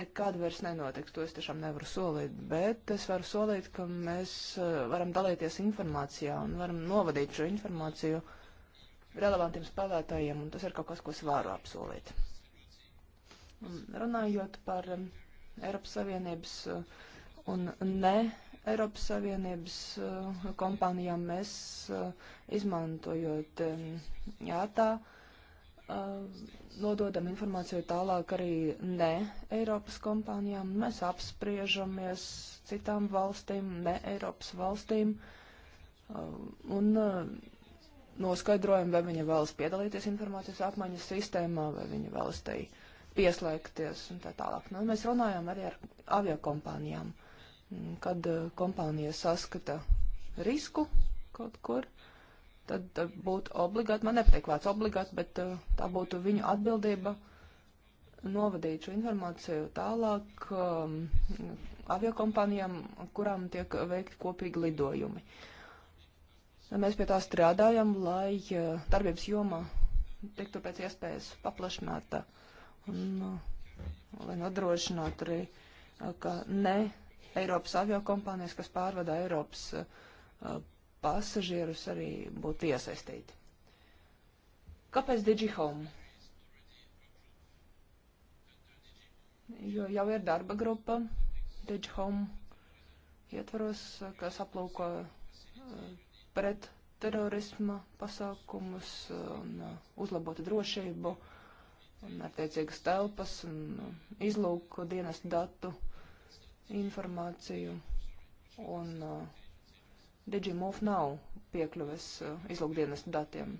nekad vairs nenotiks. To es tiešām nevaru solīt. Bet es varu solīt, ka mēs eh, varam dalīties informācijā un varam novadīt šo informāciju relevantiem spēlētājiem. Un tas ir kaut kas, ko es varu apsolīt. Un runājot par eh, Eiropas Savienības un ne Eiropas Savienības eh, kompānijām mēs eh, izmantojot eh, jātā, nododam informāciju tālāk arī ne Eiropas kompānijām. Mēs apspriežamies citām valstīm, ne Eiropas valstīm un noskaidrojam, vai viņi vēlas piedalīties informācijas apmaiņas sistēmā, vai viņi vēlas tai pieslēgties un tā tālāk. Nu, mēs runājam arī ar aviokompānijām. kompānijām Kad eh, kompānija saskata risku kaut kur, tad eh, būtu obligāti, man nepatīk vārds obligāti, bet eh, tā būtu viņu atbildība novadīt šo informāciju tālāk um, aviokompānijām, kurām tiek veikti kopīgi lidojumi. Mēs pie tā strādājam, lai uh, darbības joma tiktu pēc iespējas paplašināta un uh, lai nodrošinātu arī, uh, ka ne Eiropas aviokompānijas, kas pārvadā Eiropas uh, pasažierus, arī būtu iesaistīti. Kāpēc DigiHome? Jo jau ir darba grupa DigiHome ietvaros, kas aplūko uh, pret terorisma pasākumus un uh, uzlabotu drošību un attiecīgas telpas un uh, izlūku dienas datu uh, informāciju, un uh, DigiMove nav piekļuves uh, izlūkdienas datiem.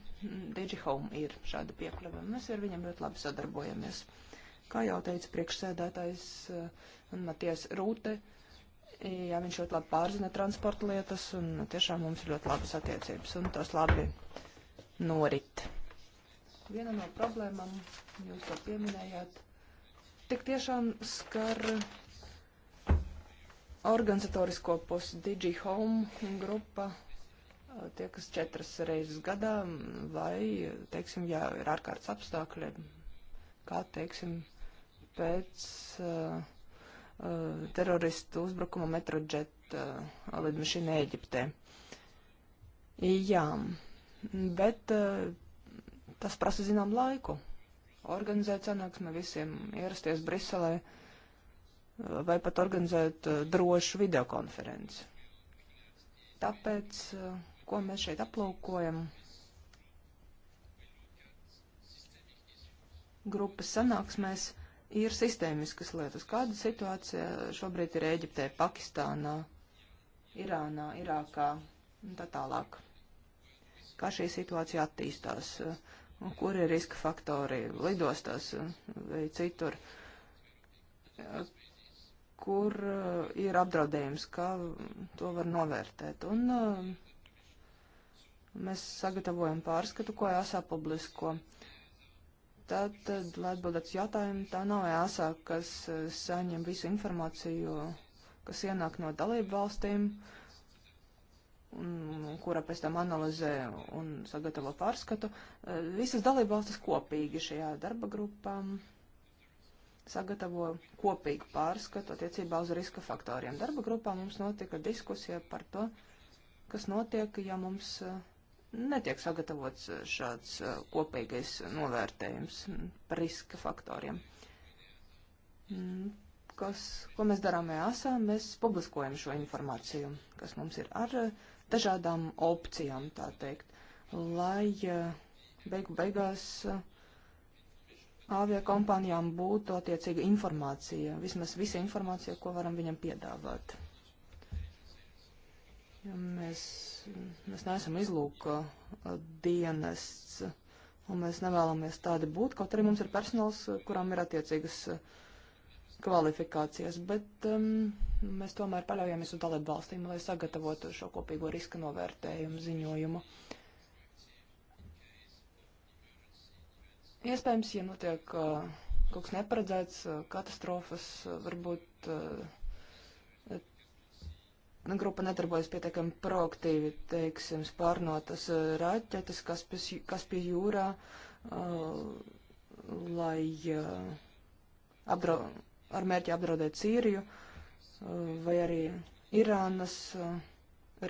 DigiHome ir šāda piekļuve, un mēs ar viņiem ļoti labi sadarbojamies. Kā jau teica priekšsēdētājs uh, Matijas Rūte, jā, viņš ļoti labi pārzina transporta lietas, un tiešām mums ir ļoti labas attiecības, un tas labi norit. Viena no problēmām, jūs to pieminējāt, tik tiešām skar organizatorisko pusi DigiHome grupa eh, tiekas četras reizes gadā, vai, teiksim, jā, ir ārkārtas apstākļi, kā, teiksim, pēc uh, uh, teroristu uzbrukuma metrodžeta uh, lidmašīna Ēģiptē. Jā, bet uh, tas prasa zinām laiku. Organizēt sanāksmi visiem, ierasties Briselē. Uh, vai pat organizēt eh, drošu videokonferenci. Tāpēc, eh, ko mēs šeit aplūkojam, grupas sanāksmēs ir sistēmiskas lietas. Kāda situācija šobrīd ir Ēģiptē, Pakistānā, Irānā, Irākā un tā tālāk? Kā šī situācija attīstās? Kur ir riska faktori lidostās vai citur? kur eh, ir apdraudējums, kā to var novērtēt. Un eh, mēs sagatavojam pārskatu, ko jāsā e publisko. Tad, lai atbildētu jautājumu, tā nav jāsā, e kas eh, saņem visu informāciju, kas ienāk no dalību valstīm, un, kura pēc tam analizē un sagatavo pārskatu. Visas dalību valstis kopīgi šajā darba grupām. Um, sagatavo kopīgu pārskatu attiecībā uz riska faktoriem. Darba grupā mums notika diskusija par to, kas notiek, ja mums eh, netiek sagatavots eh, šāds eh, kopīgais novērtējums par riska faktoriem. Mm, kas, ko mēs darām EASA? Mēs publiskojam šo informāciju, kas mums ir ar dažādām opcijām, tā teikt, lai beigu beigās uh, aviokompānijām būtu attiecīga informācija, vismaz visa informācija, ko varam viņam piedāvāt. Ja mēs, mēs neesam izlūka dienests, un mēs nevēlamies tādi būt, kaut arī mums ir personāls, kurām ir attiecīgas eh, kvalifikācijas, bet um, mēs tomēr paļaujamies uz dalību valstīm, lai sagatavotu šo kopīgo riska novērtējumu ziņojumu. Uh, Iespējams, ja notiek uh, kaut kas neparedzēts, uh, katastrofas, uh, varbūt uh, grupa nedarbojas pietiekami proaktīvi, teiksim, spārnotas uh, raķetes, kas pie, kas pie jūrā, uh, lai uh, apdra ar mērķi apdraudēt Sīriju uh, vai arī Irānas uh,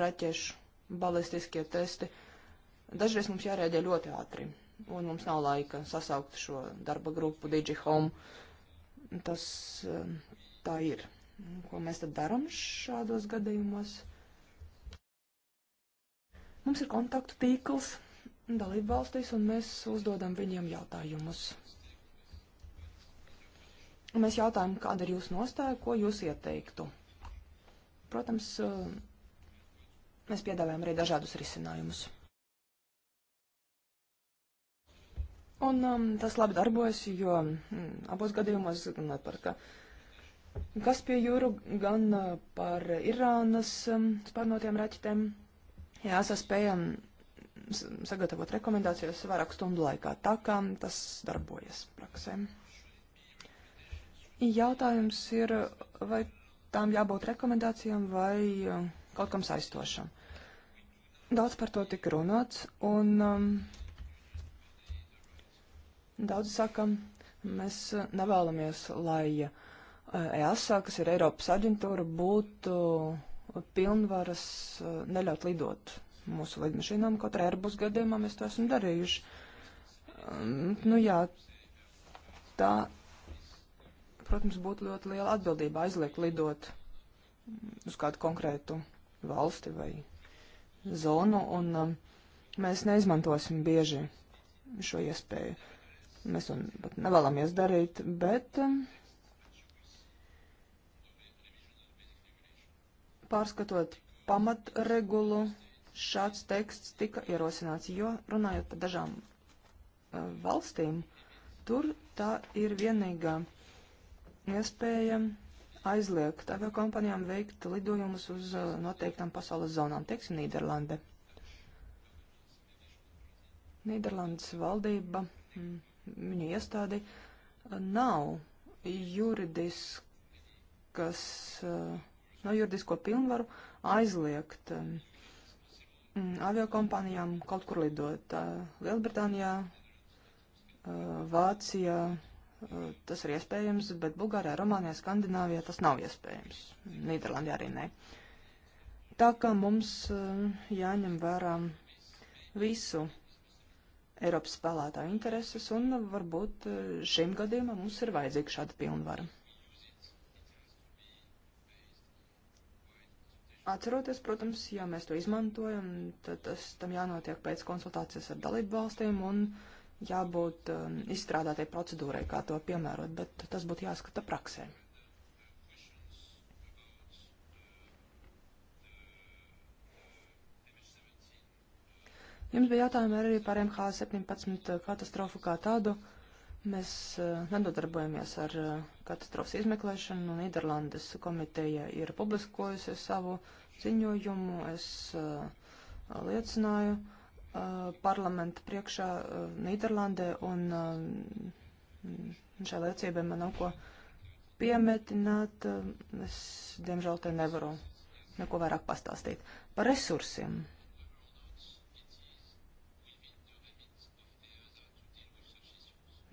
raķešu balistiskie testi. Dažreiz mums jārēģē ļoti ātri un mums nav laika sasaukt šo darba grupu DigiHome. Tas eh, tā ir. Ko mēs tad darām šādos gadījumos? Mums ir kontaktu tīkls dalību valstīs, un mēs uzdodam viņiem jautājumus. Mēs jautājam, kāda ir jūsu nostāja, ko jūs ieteiktu. Protams, eh, mēs piedāvājam arī dažādus risinājumus. Un um, tas labi darbojas, jo mm, abos gadījumos gan par ka Kaspiju jūru, gan uh, par Irānas um, spārnotiem raķitēm. Jā, saspējam sagatavot rekomendācijas vairāk stundu laikā, tā kā tas darbojas praksēm. Jautājums ir, vai tām jābūt rekomendācijām vai um, kaut kam saistošam. Daudz par to tika runāts, un um, Daudz saka, mēs eh, nevēlamies, lai EASA, eh, e kas ir Eiropas aģentūra, būtu pilnvaras eh, neļaut lidot mūsu lidmašīnām, kaut arī Airbus gadījumā mēs to esam darījuši. Ehm, nu jā, tā, protams, būtu ļoti liela atbildība aizliegt lidot mm, uz kādu konkrētu valsti vai zonu, un um, mēs neizmantosim bieži šo iespēju. Mēs to pat nevēlamies darīt, bet um, pārskatot pamatregulu, šāds teksts tika ierosināts, jo runājot par dažām uh, valstīm, tur tā ir vienīgā iespēja aizliegt aviokompanijām veikt lidojumus uz uh, noteiktām pasaules zonām, teiksim, Nīderlande. Nīderlandes valdība. Mm viņa iestādi nav juridiskas, eh, nav juridisko pilnvaru aizliegt mm, aviokompānijām kaut kur lidot. Eh, Lielbritānijā, eh, Vācijā tas ir iespējams, bet Bulgārijā, Romānijā, Skandināvijā tas nav iespējams. Nīderlandē arī ne. Tā kā mums jāņem vērā visu Eiropas spēlētāju intereses, un varbūt eh, šim gadījumam mums ir vajadzīga šāda pilnvara. Atceroties, protams, ja mēs to izmantojam, tad tas tam jānotiek pēc konsultācijas ar dalību valstīm un jābūt um, izstrādātai procedūrai, kā to piemērot, bet tas būtu jāskata praksē. Jums bija jautājumi arī par MH17 katastrofu kā tādu. Mēs uh, nedodarbojamies ar uh, katastrofas izmeklēšanu. Nīderlandes komiteja ir publiskojusi savu ziņojumu. Es uh, liecināju parlamenta priekšā Nīderlandē, un šai liecībai man nav ko piemetināt. Es, diemžēl, te nevaru neko vairāk pastāstīt. Par resursiem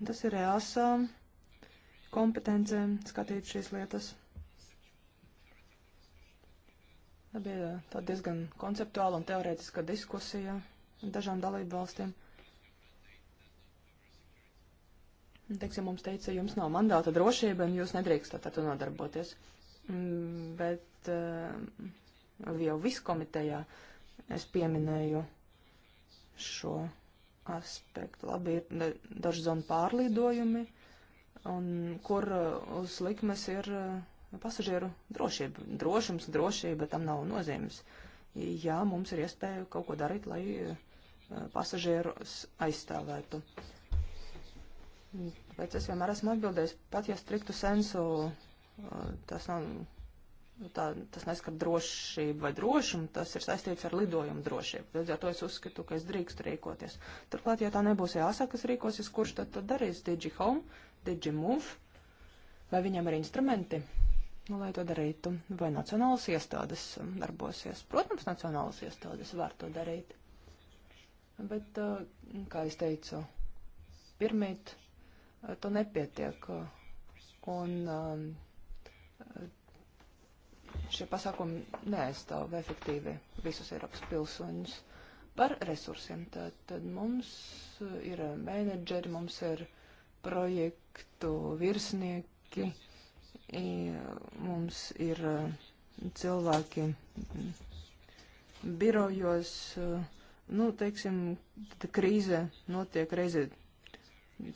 Tas ir EASA um, kompetence skatīt šīs lietas. Tā bija uh, tā diezgan konceptuāla un teorētiska diskusija dažām dalību valstīm. Teiksim, mums teica, jums nav mandāta drošība un jūs nedrīkstat ar to nodarboties. Mm, bet um, jau viskomitejā es pieminēju šo aspektu. Labi, ir daži zonu pārlidojumi, un kur uh, uz likmes ir uh, pasažieru drošība. Drošums, drošība tam nav nozīmes. Jā, mums ir iespēja kaut ko darīt, lai uh, pasažierus aizstāvētu. Pēc es vienmēr esmu atbildējis, pat ja striktu sensu, tas nav Nu, tā, tas neskar drošību vai drošumu, tas ir saistīts ar lidojumu drošību. Līdz ar to es uzskatu, ka es drīkstu rīkoties. Turklāt, ja tā nebūs jāsaka, kas rīkosies, kurš tad, tad darīs DigiHome, DigiMove, vai viņam ir instrumenti, nu, lai to darītu, vai nacionālas iestādes darbosies. Protams, nacionālas iestādes var to darīt. Bet, kā es teicu, pirmīt to nepietiek. Un, šie pasākumi neaizstāv efektīvi visus Eiropas pilsoņus. Par resursiem tad, tad mums ir menedžeri, mums ir projektu virsnieki, mums ir uh, cilvēki birojos, uh, nu, teiksim, krīze notiek reizi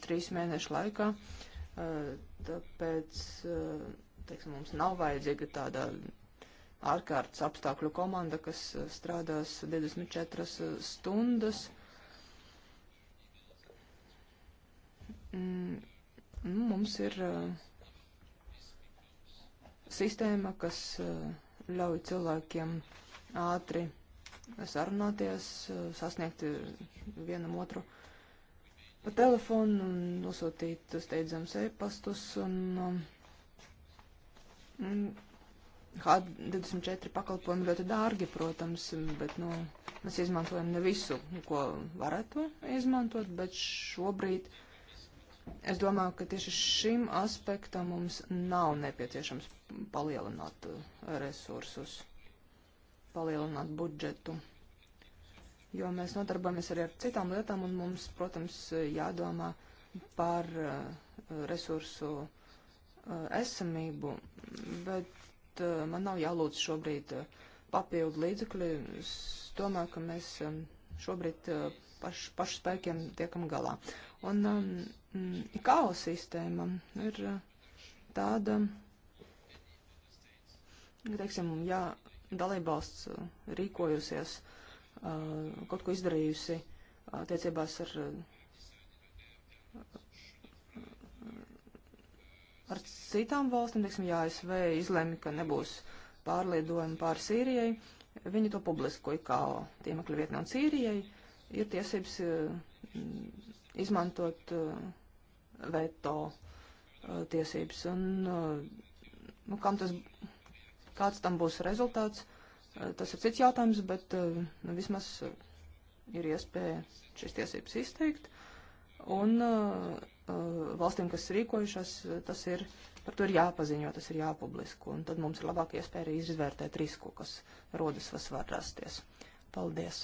trīs mēnešu laikā, uh, tāpēc, teiksim, mums nav vajadzīga tāda ārkārtas apstākļu komanda, kas eh, strādās 24 eh, stundas. Mm, nu, mums ir eh, sistēma, kas ļauj cilvēkiem ātri sarunāties, sasniegt vienam otru pa telefonu, nosūtīt steidzams e-pastus un, un H24 pakalpojumi ļoti dārgi, protams, bet nu, mēs izmantojam ne visu, ko varētu izmantot, bet šobrīd es domāju, ka tieši šim aspektam mums nav nepieciešams palielināt uh, resursus, palielināt budžetu jo mēs nodarbojamies arī ar citām lietām, un mums, protams, jādomā par uh, resursu uh, esamību, bet Eh, man nav jālūdz šobrīd eh, papildu līdzekļi. Es domāju, ka mēs eh, šobrīd paš, pašu spēkiem tiekam galā. Un mm, mm, IKO sistēma ir tāda, teiksim, ja dalībvalsts rīkojusies, kaut ko izdarījusi attiecībās ar ar citām valstīm, teiksim, ja ASV izlēma, ka nebūs pārlidojumi pār Sīrijai, viņi to publiskoja kā tiemekļa vietnē un Sīrijai ir tiesības eh, izmantot eh, veto eh, tiesības. Un, nu, kam tas, kāds tam būs rezultāts, tas ir cits jautājums, bet nu, vismaz ir iespēja šīs tiesības izteikt. Un uh, Uh, valstīm, kas rīkojušas, uh, tas ir, par to ir jāpaziņo, tas ir jāpublisko, un tad mums ir labāk iespēja arī izvērtēt risku, kas rodas, kas var rasties. Paldies!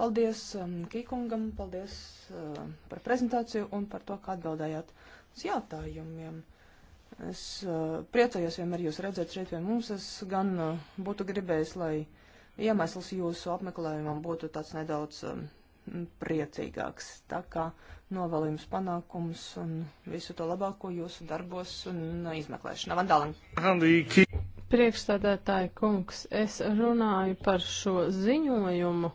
Paldies um, Kīkungam, paldies uh, par prezentāciju un par to, ka atbildējāt uz jautājumiem. Es uh, priecājos vienmēr jūs redzēt šeit pie mums. Es gan uh, būtu gribējis, lai iemesls jūsu apmeklējumam būtu tāds nedaudz um, priecīgāks. Tā kā novēlījums panākums un visu to labāko jūsu darbos un izmeklēšanā. Vandālam. Priekšstādētāji kungs, es runāju par šo ziņojumu,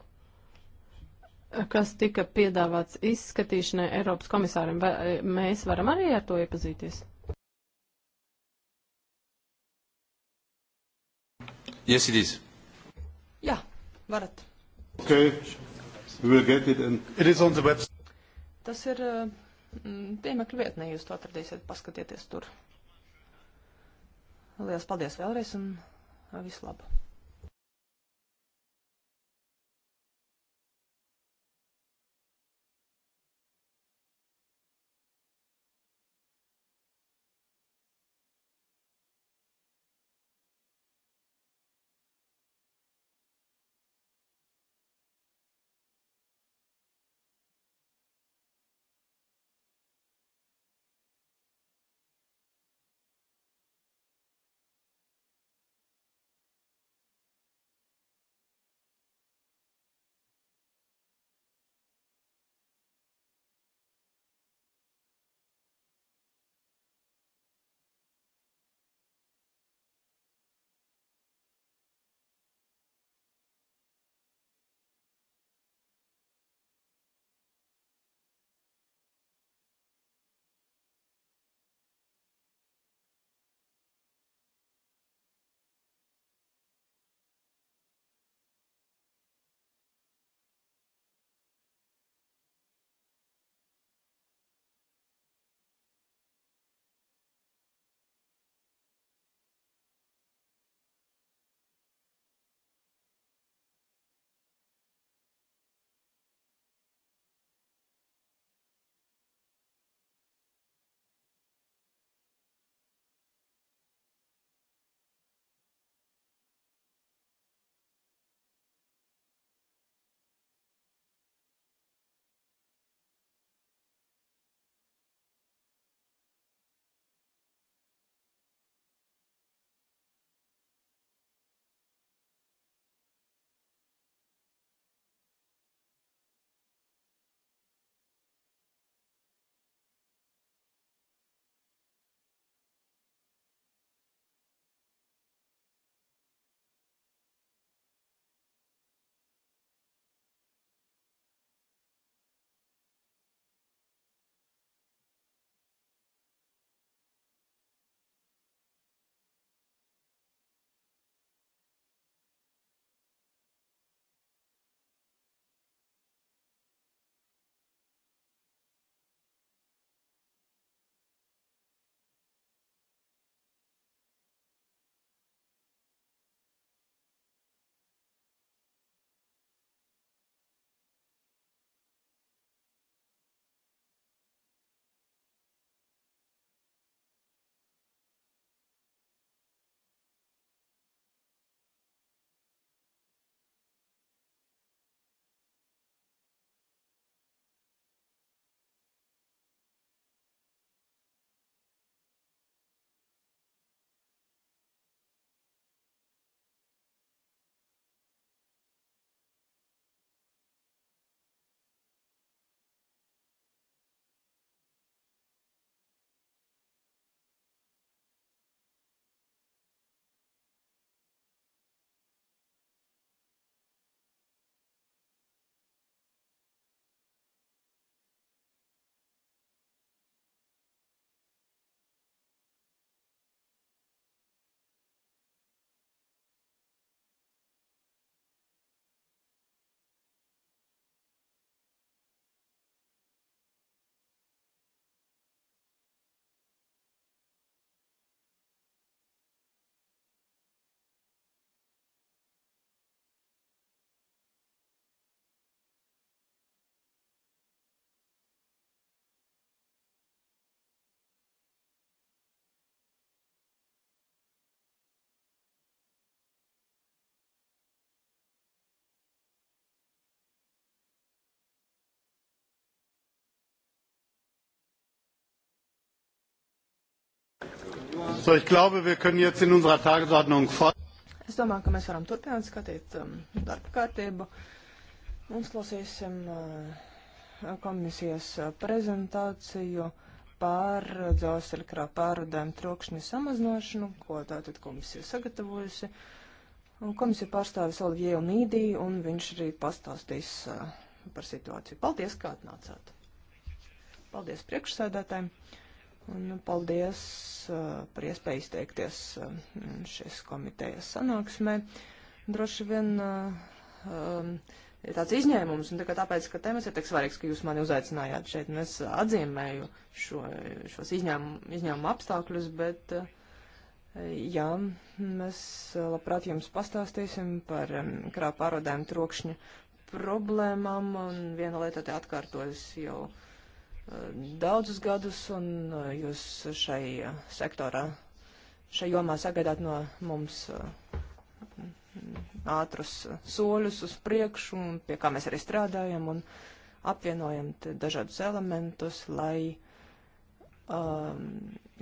kas tika piedāvāts izskatīšanai Eiropas komisārim. Vai e, mēs varam arī ar to iepazīties? Yes, it is. Jā, varat. Okay. And... Tas ir piemekļu eh, mm, vietnē, jūs to atradīsiet, paskatieties tur. Lielas paldies vēlreiz un visu labu! So, ich glaube, wir können jetzt in unserer Tagesordnung fort. Es domāju, ka mēs varam turpināt skatīt um, darba kārtību. Uzklausīsim uh, komisijas uh, prezentāciju par dzelzceļkrā pārvadājumu trokšņu samazināšanu, ko tātad komisija sagatavojusi. Un komisija pārstāvis Olivie un Nīdī, un viņš arī pastāstīs uh, par situāciju. Paldies, kā atnācāt. Paldies priekšsēdētājiem. Un paldies uh, par iespēju izteikties uh, šīs komitejas sanāksmē. Droši vien uh, um, ir tāds izņēmums, un tikai tāpēc, ka temats ir tik svarīgs, ka jūs mani uzaicinājāt šeit, un es atzīmēju šo, šos izņēmumu, izņēmumu apstākļus, bet, uh, jā, mēs labprāt jums pastāstīsim par um, krāpārodēm trokšņa problēmām, un viena lieta te atkārtojas jau daudzus gadus, un eh, jūs šai eh, sektorā, šai jomā sagaidāt no mums eh, ātrus soļus uz priekšu, pie kā mēs arī strādājam, un apvienojam dažādus elementus, lai um,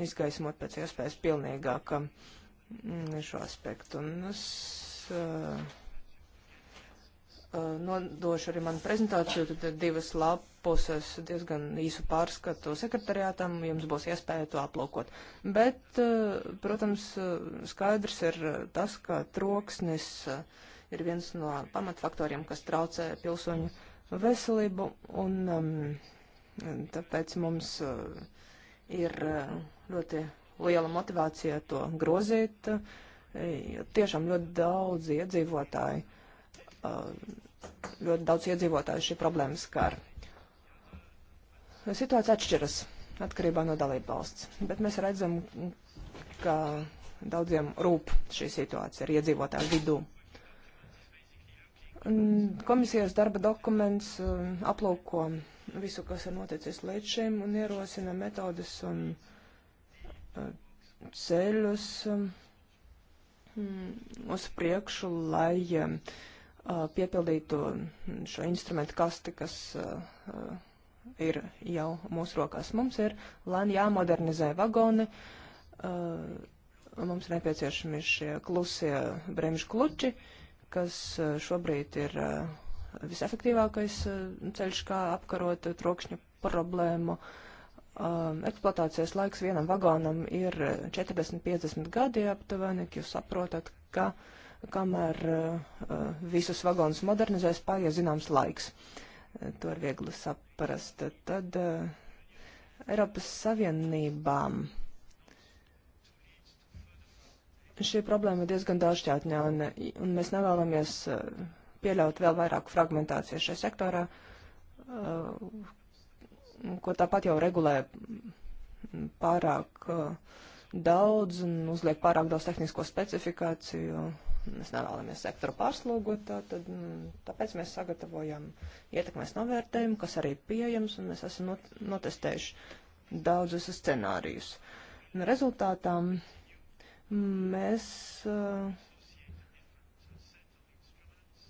izgaismot pēc iespējas pilnīgāk mm, šo aspektu. Un es, uh, nodošu arī manu prezentāciju, tad divas lapuses diezgan īsu pārskatu sekretariātam, jums būs iespēja to aplūkot. Bet, eh, protams, eh, skaidrs ir tas, ka troksnis eh, ir viens no pamatfaktoriem, kas traucē pilsoņu veselību, un um, tāpēc mums ir ļoti liela motivācija to grozīt, jo tiešām ļoti daudz iedzīvotāji Uh, ļoti daudz iedzīvotāju šī problēma skar. Situācija atšķiras atkarībā no dalību valsts, bet mēs redzam, ka daudziem rūp šī situācija ar iedzīvotāju vidū. Komisijas darba dokuments uh, aplūko visu, kas ir noticis līdz šim, un ierosina metodas un uh, ceļus um, uz priekšu, lai um, Uh, piepildītu šo instrumentu kasti, kas uh, ir jau mūsu rokās. Mums ir lēni jāmodernizē vagoni, uh, mums nepieciešami šie klusie bremžu kluči, kas šobrīd ir visefektīvākais ceļš, kā apkarot trokšņu problēmu. Um, eksploatācijas laiks vienam vagonam ir 40-50 gadi aptuveni, jūs saprotat, ka uh, kamēr uh, visus vagonus modernizēs, paies zināms laiks. Uh, to ir viegli saprast. Tad uh, Eiropas Savienībām šī problēma ir diezgan daudzšķautņā, un, un mēs nevēlamies pieļaut vēl vairāk fragmentāciju šajā sektorā, ko tāpat jau regulē pārāk daudz un uzliek pārāk daudz tehnisko specifikāciju Mēs nevēlamies sektoru pārslūgot, tā, tad, mm, tāpēc mēs sagatavojam ietekmēs novērtējumu, kas arī pieejams, un mēs esam not, notestējuši daudzus scenārijus. Un rezultātā mm, mēs uh,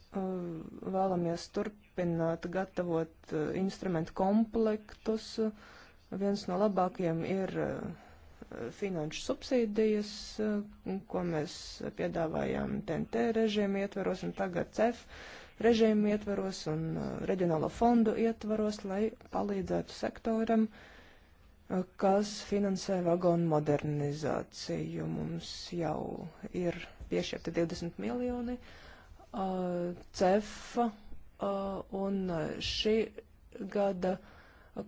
uh, vēlamies turpināt gatavot uh, instrumentu komplektus. Viens no labākajiem ir uh, finanšu subsīdijas, eh, ko mēs piedāvājām TNT režīmu ietvaros un tagad CEF režīmu ietvaros un eh, reģionālo fondu ietvaros, lai palīdzētu sektoram, eh, kas finansē vagonu modernizāciju. Mums jau ir piešķirti 20 miljoni CEF un šī gada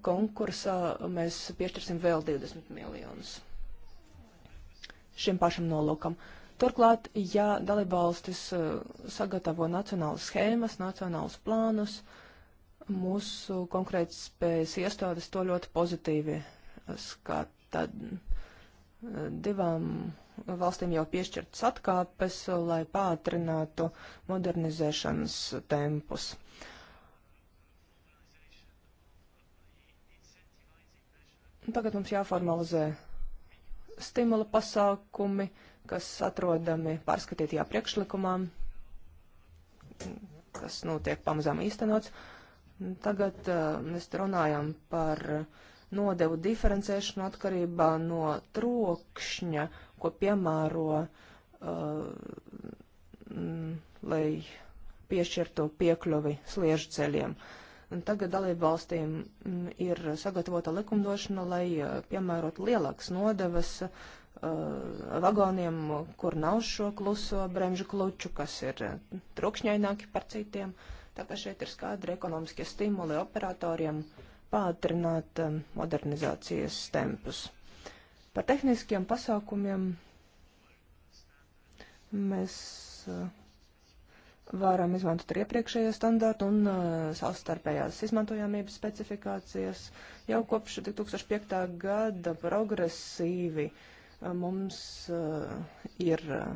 konkursā mēs piešķirsim vēl 20 miljonus šim pašam nolūkam. Turklāt, ja dalībvalstis eh, sagatavo nacionālas schēmas, nacionālus plānus, mūsu konkrētas spējas iestādes to ļoti pozitīvi eh, skata. Eh, divām valstīm jau piešķirtas atkāpes, lai pātrinātu modernizēšanas tempus. Tagad mums jāformalizē stimula pasākumi, kas atrodami pārskatītajā priekšlikumā, kas nu tiek pamazām īstenots. Tagad uh, mēs runājam par nodevu diferencēšanu atkarībā no trokšņa, ko piemēro, uh, m, lai piešķirtu piekļuvi sliežu ceļiem. Uh, Un tagad dalību valstīm mm, ir sagatavota likumdošana, lai eh, piemērot lielākas nodevas uh, vagoniem, kur nav šo kluso bremžu kluču, kas ir eh, trokšņaināki par citiem. Tā kā šeit ir skaidri ekonomiskie stimuli operatoriem pātrināt um, modernizācijas tempus. Par tehniskiem pasākumiem mēs uh, varam izmantot iepriekšējo standartu un uh, savstarpējās izmantojamības specifikācijas. Jau kopš 2005. gada progresīvi uh, mums uh, ir uh,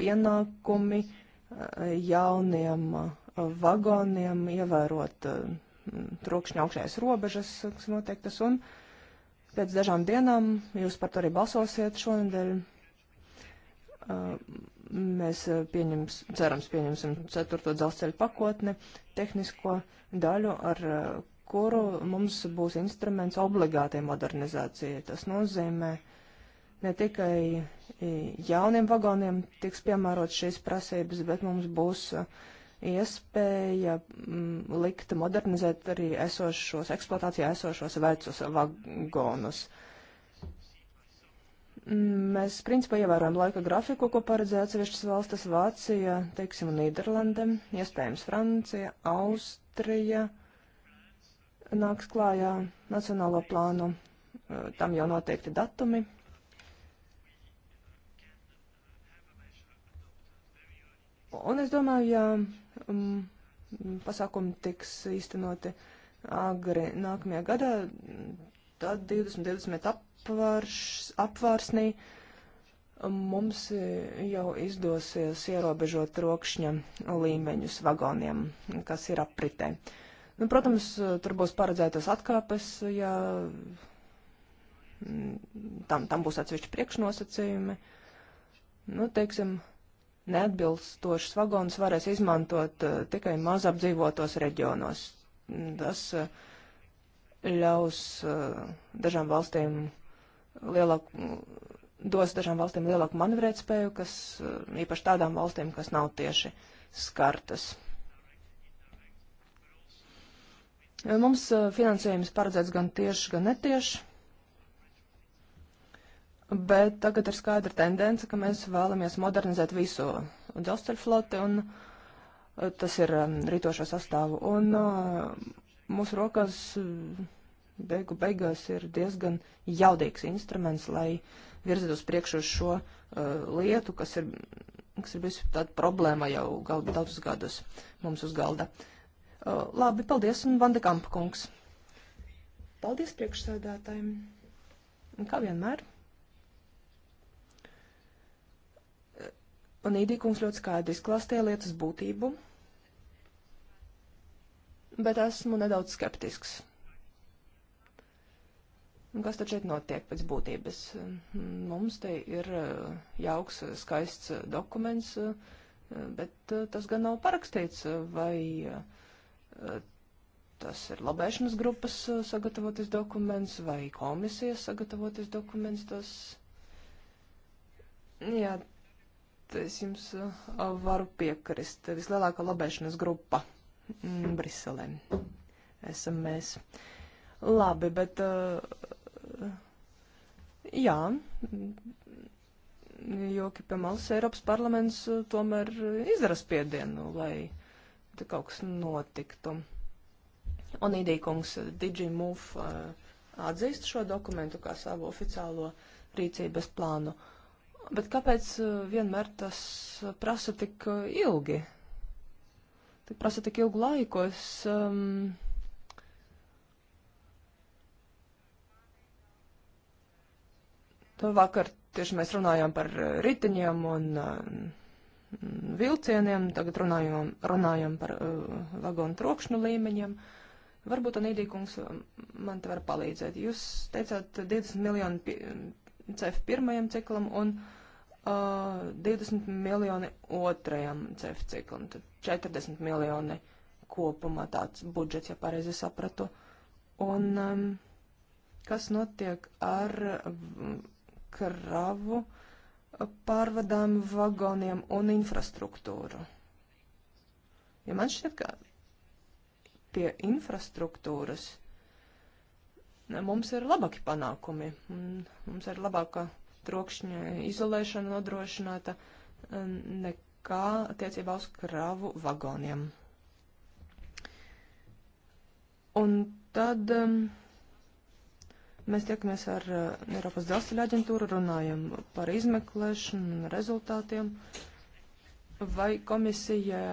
pienākumi uh, jauniem uh, vagoniem ievērot uh, trokšņa augšējās robežas, kas noteiktas, un pēc dažām dienām jūs par to arī balsosiet šonadēļ mēs pieņems, cerams pieņemsim ceturto dzelzceļa pakotni, tehnisko daļu, ar kuru mums būs instruments obligātai modernizācijai. Tas nozīmē, ne tikai jauniem vagoniem tiks piemērot šīs prasības, bet mums būs iespēja likt modernizēt arī esošos, eksploatācijā esošos vecus vagonus. Uh, Mēs, principā, ievērojam laika grafiku, ko paredzē atsevišķas valstis - Vācija, teiksim, Nīderlande, iespējams, Francija, Austrija nāks klājā nacionālo plānu. Tam jau noteikti datumi. Un es domāju, ja um, pasākumi tiks īstenoti agri nākamajā gadā, Tad 2020 apvārš, apvārsnī mums jau izdosies ierobežot trokšņa līmeņus vagoniem, kas ir apritē. Nu, protams, tur būs paredzētas atkāpes, ja tam, tam būs atsevišķi priekšnosacījumi. Nu, teiksim, neatbilstošas vagonus varēs izmantot eh, tikai mazapdzīvotos reģionos. Tas uh, ļaus eh, dažām valstīm lielāku, dos dažām valstīm lielāku manevrētspēju, kas eh, īpaši tādām valstīm, kas nav tieši skartas. Eh, mums finansējums paredzēts gan tieši, gan netieši, bet tagad ir skaidra tendence, ka mēs vēlamies modernizēt visu dzelzceļu floti, un tas ir rītošo sastāvu. Un mūsu rokās mm, beigu beigās ir diezgan jaudīgs instruments, lai virzītu uz priekšu šo uh, lietu, kas ir, kas ir bijusi tāda problēma jau gal, daudzus gadus mums uz galda. Uh, labi, paldies, un Vanda Kampa kungs. Paldies priekšsēdētājiem. Kā vienmēr. Un Īdīkums ļoti skaidri izklāstīja lietas būtību bet esmu nedaudz skeptisks. Un kas tad šeit notiek pēc būtības? Mums te ir eh, jauks, skaists eh, dokuments, eh, bet tas gan nav parakstīts, vai tas ir labēšanas grupas sagatavotis dokuments vai komisijas sagatavotis dokuments. Tas... Jā, es jums varu piekrist. Vislielākā labēšanas grupa Mm, Briselē. Esam mēs. Labi, bet. Uh, jā, joki pie malas Eiropas parlaments eh, tomēr eh, izdara spiedienu, lai te kaut kas notiktu. Un Idīkungs DigiMove uh, atzīst šo dokumentu kā savu oficiālo rīcības plānu. Bet kāpēc vienmēr tas prasa tik ilgi? prasa tik ilgu laiku. Es, um, Vakar tieši mēs runājām par riteņiem un um, vilcieniem, tagad runājām, runājām par uh, vagonu trokšņu līmeņiem. Varbūt Anīdī kungs man te var palīdzēt. Jūs teicāt 20 miljonu CF pirmajam ciklam un uh, 20 uh, miljoni otrajam CEF ciklam, tad 40 miljoni kopumā tāds budžets, ja pareizi sapratu. Un um, kas notiek ar um, kravu pārvadām vagoniem un infrastruktūru? Ja man šķiet, ka pie infrastruktūras mums ir labāki panākumi, mums ir labāka trokšņa izolēšana nodrošināta um, nekā attiecībā uz kravu vagoniem. Un tad um, mēs tiekamies ar uh, Eiropas dzelzceļa aģentūru, runājam par izmeklēšanu un rezultātiem. Vai komisija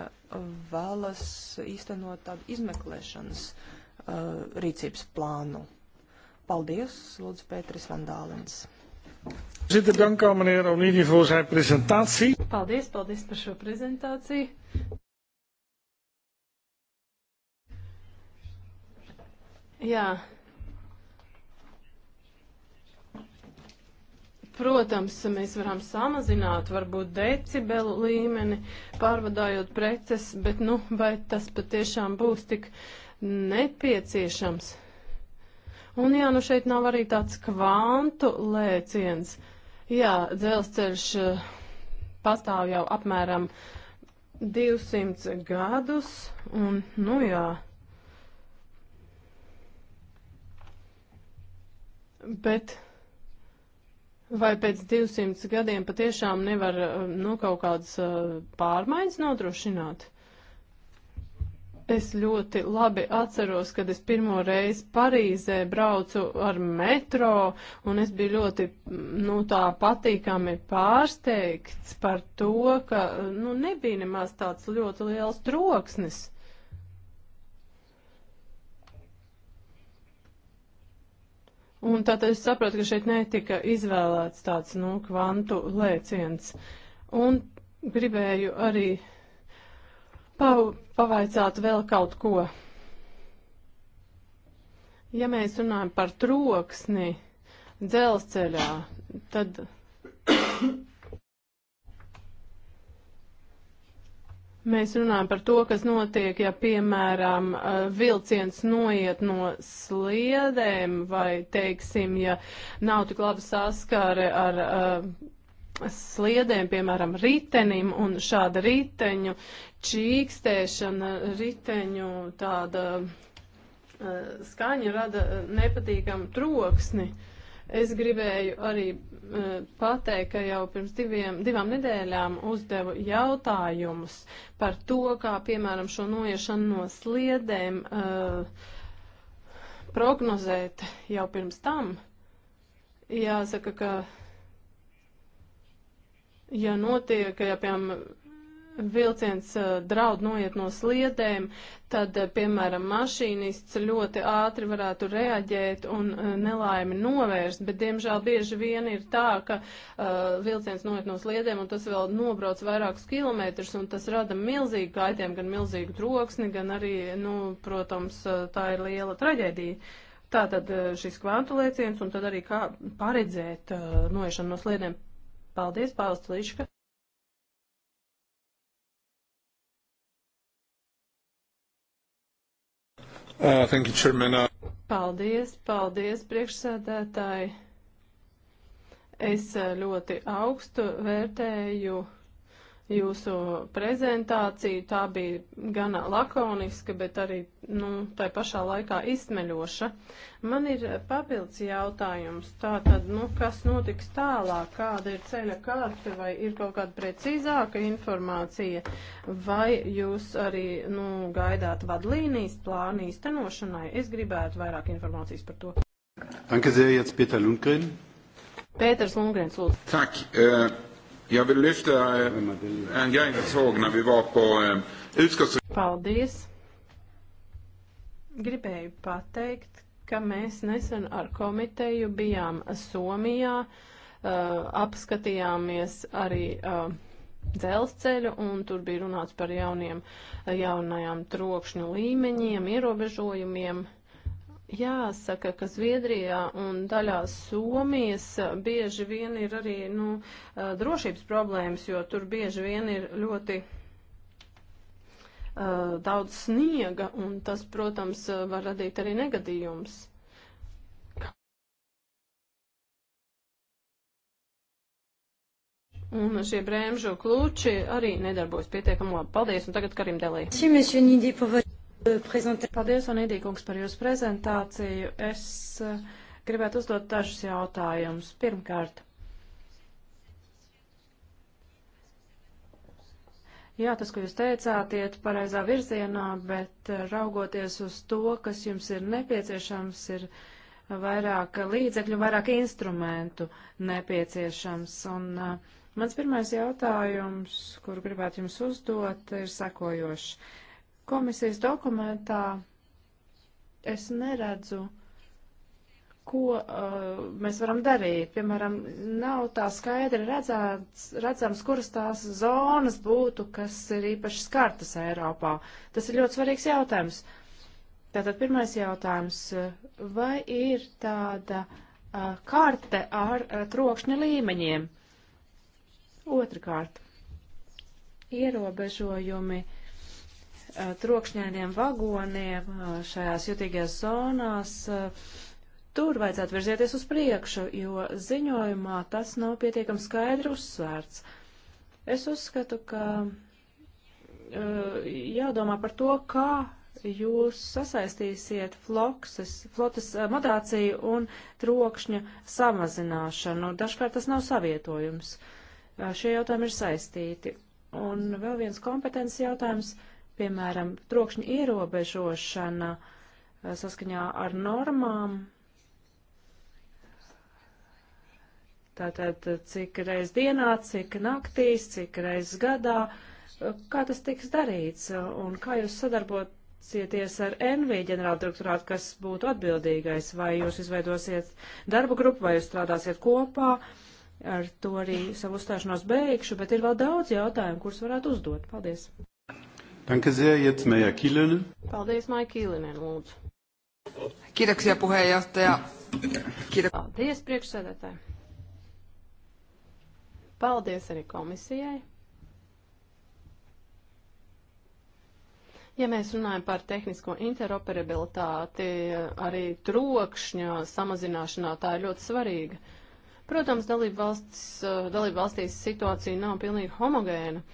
vēlas īstenot tādu izmeklēšanas uh, rīcības plānu? Paldies, Lūdzu, Pēteris Vandālins. Voorzitter, dank aan meneer Onidi voor zijn presentatie. Paldies, paldies par šo prezentāciju. Jā. Protams, mēs varam samazināt varbūt decibelu līmeni, pārvadājot preces, bet nu, vai tas patiešām būs tik nepieciešams? Un jā, nu šeit nav arī tāds kvantu lēciens. Jā, dzelzceļš eh, pastāv jau apmēram 200 gadus, un nu jā. Bet vai pēc 200 gadiem patiešām nevar eh, nu, kaut kādas eh, pārmaiņas nodrošināt? Es ļoti labi atceros, kad es pirmo reizi Parīzē braucu ar metro, un es biju ļoti, nu, tā patīkami pārsteigts par to, ka, nu, nebija nemaz tāds ļoti liels troksnis. Un tātad es saprotu, ka šeit netika izvēlēts tāds, nu, kvantu lēciens. Un gribēju arī pav pavaicāt vēl kaut ko. Ja mēs runājam par troksni dzelzceļā, tad Mēs runājam par to, kas notiek, ja, piemēram, eh, vilciens noiet no sliedēm vai, teiksim, ja nav tik laba saskare ar uh, sliedēm, piemēram, ritenim un šāda riteņu čīkstēšana, riteņu tāda uh, skaņa rada nepatīkamu troksni. Es gribēju arī uh, pateikt, ka jau pirms diviem, divām nedēļām uzdevu jautājumus par to, kā piemēram šo noiešanu no sliedēm uh, prognozēt jau pirms tam. Jāsaka, ka ja notiek, ja, piemēram, vilciens eh, draud noiet no sliedēm, tad, eh, piemēram, mašīnists ļoti ātri varētu reaģēt un eh, nelaimi novērst, bet, diemžēl, bieži vien ir tā, ka uh, vilciens noiet no sliedēm un tas vēl nobrauc vairākus kilometrus un tas rada milzīgu kaitējumu, gan milzīgu troksni, gan arī, nu, protams, tā ir liela traģēdija. Tātad šis kvantu lēciens un tad arī kā paredzēt uh, noiešanu no sliedēm Paldies, Pāvils Liška. Uh, thank you, Chairman. Uh... Paldies, paldies, priekšsēdētāji. Es uh, ļoti augstu vērtēju jūsu prezentāciju. Tā bija gan lakoniska, bet arī nu, tā pašā laikā izsmeļoša. Man ir papildus jautājums. Tātad, nu, kas notiks tālāk? Kāda ir ceļa kārta vai ir kaut kāda precīzāka informācija? Vai jūs arī nu, gaidāt vadlīnijas plānu īstenošanai? Es gribētu vairāk informācijas par to. Danke sehr, jetzt Peter Lundgren. Pēters Lundgrens, lūdzu. Tak, uh... Jag vill lyfta eh, en grej jag såg när vi var på eh, utskotts... Paldies! Gribēju pateikt, ka mēs nesen ar komiteju bijām Somijā, uh, apskatījāmies arī uh, dzelzceļu, un tur bija runāts par jauniem, jaunajām trokšņu līmeņiem, ierobežojumiem. Uh, Jāsaka, ka Zviedrijā un daļā Somijas bieži vien ir arī nu, drošības problēmas, jo tur bieži vien ir ļoti uh, daudz sniega, un tas, protams, var radīt arī negadījumus. Un šie brēmžu kluči arī nedarbojas pietiekami labi. Paldies, un tagad Karim Delī. Paldies, Onidīkungs, par jūsu prezentāciju. Es eh, gribētu uzdot dažus jautājumus. Pirmkārt, jā, tas, ko jūs teicāt, iet pareizā virzienā, bet eh, raugoties uz to, kas jums ir nepieciešams, ir vairāk līdzekļu, vairāk instrumentu nepieciešams. Un uh, mans pirmais jautājums, kuru gribētu jums uzdot, ir sekojošs. Komisijas dokumentā es neredzu, ko uh, mēs varam darīt. Piemēram, nav tā skaidri redzēts, redzams, kuras tās zonas būtu, kas ir īpaši skartas Eiropā. Tas ir ļoti svarīgs jautājums. Tātad pirmais jautājums. Vai ir tāda uh, karte ar uh, trokšņa līmeņiem? Otrakārt, ierobežojumi uh, Eh, trokšņainiem vagoniem eh, šajās jutīgajās zonās, eh, tur vajadzētu virzieties uz priekšu, jo ziņojumā tas nav pietiekami skaidri uzsvērts. Es uzskatu, ka jādomā par to, kā jūs sasaistīsiet flokses, flotas modāciju un trokšņa samazināšanu. Dažkārt tas nav savietojums. Šie jautājumi ir saistīti. Un vēl viens kompetences jautājums. Uh, Piemēram, trokšņa ierobežošana eh, saskaņā ar normām. Tātad, eh, cik reiz dienā, cik naktīs, cik reiz gadā, eh, kā tas tiks darīts un kā jūs sadarbosieties ar NV ģenerāldirektorātu, kas būtu atbildīgais, vai jūs izveidosiet darba grupu, vai jūs strādāsiet kopā, ar to arī savu uzstāšanos beigšu, bet ir vēl daudz jautājumu, kurus varētu uzdot. Paldies! Danke sehr, jetzt Meija Kilönen. Paldies, Maija Kilönen, lūdzu. Kiitoksia puheenjohtaja. Kiitok... Paldies, priekšsēdētāji. Paldies arī komisijai. Ja mēs runājam par tehnisko interoperabilitāti, arī trokšņa samazināšanā tā ir ļoti svarīga. Protams, dalību valstīs situācija nav pilnīgi homogēna.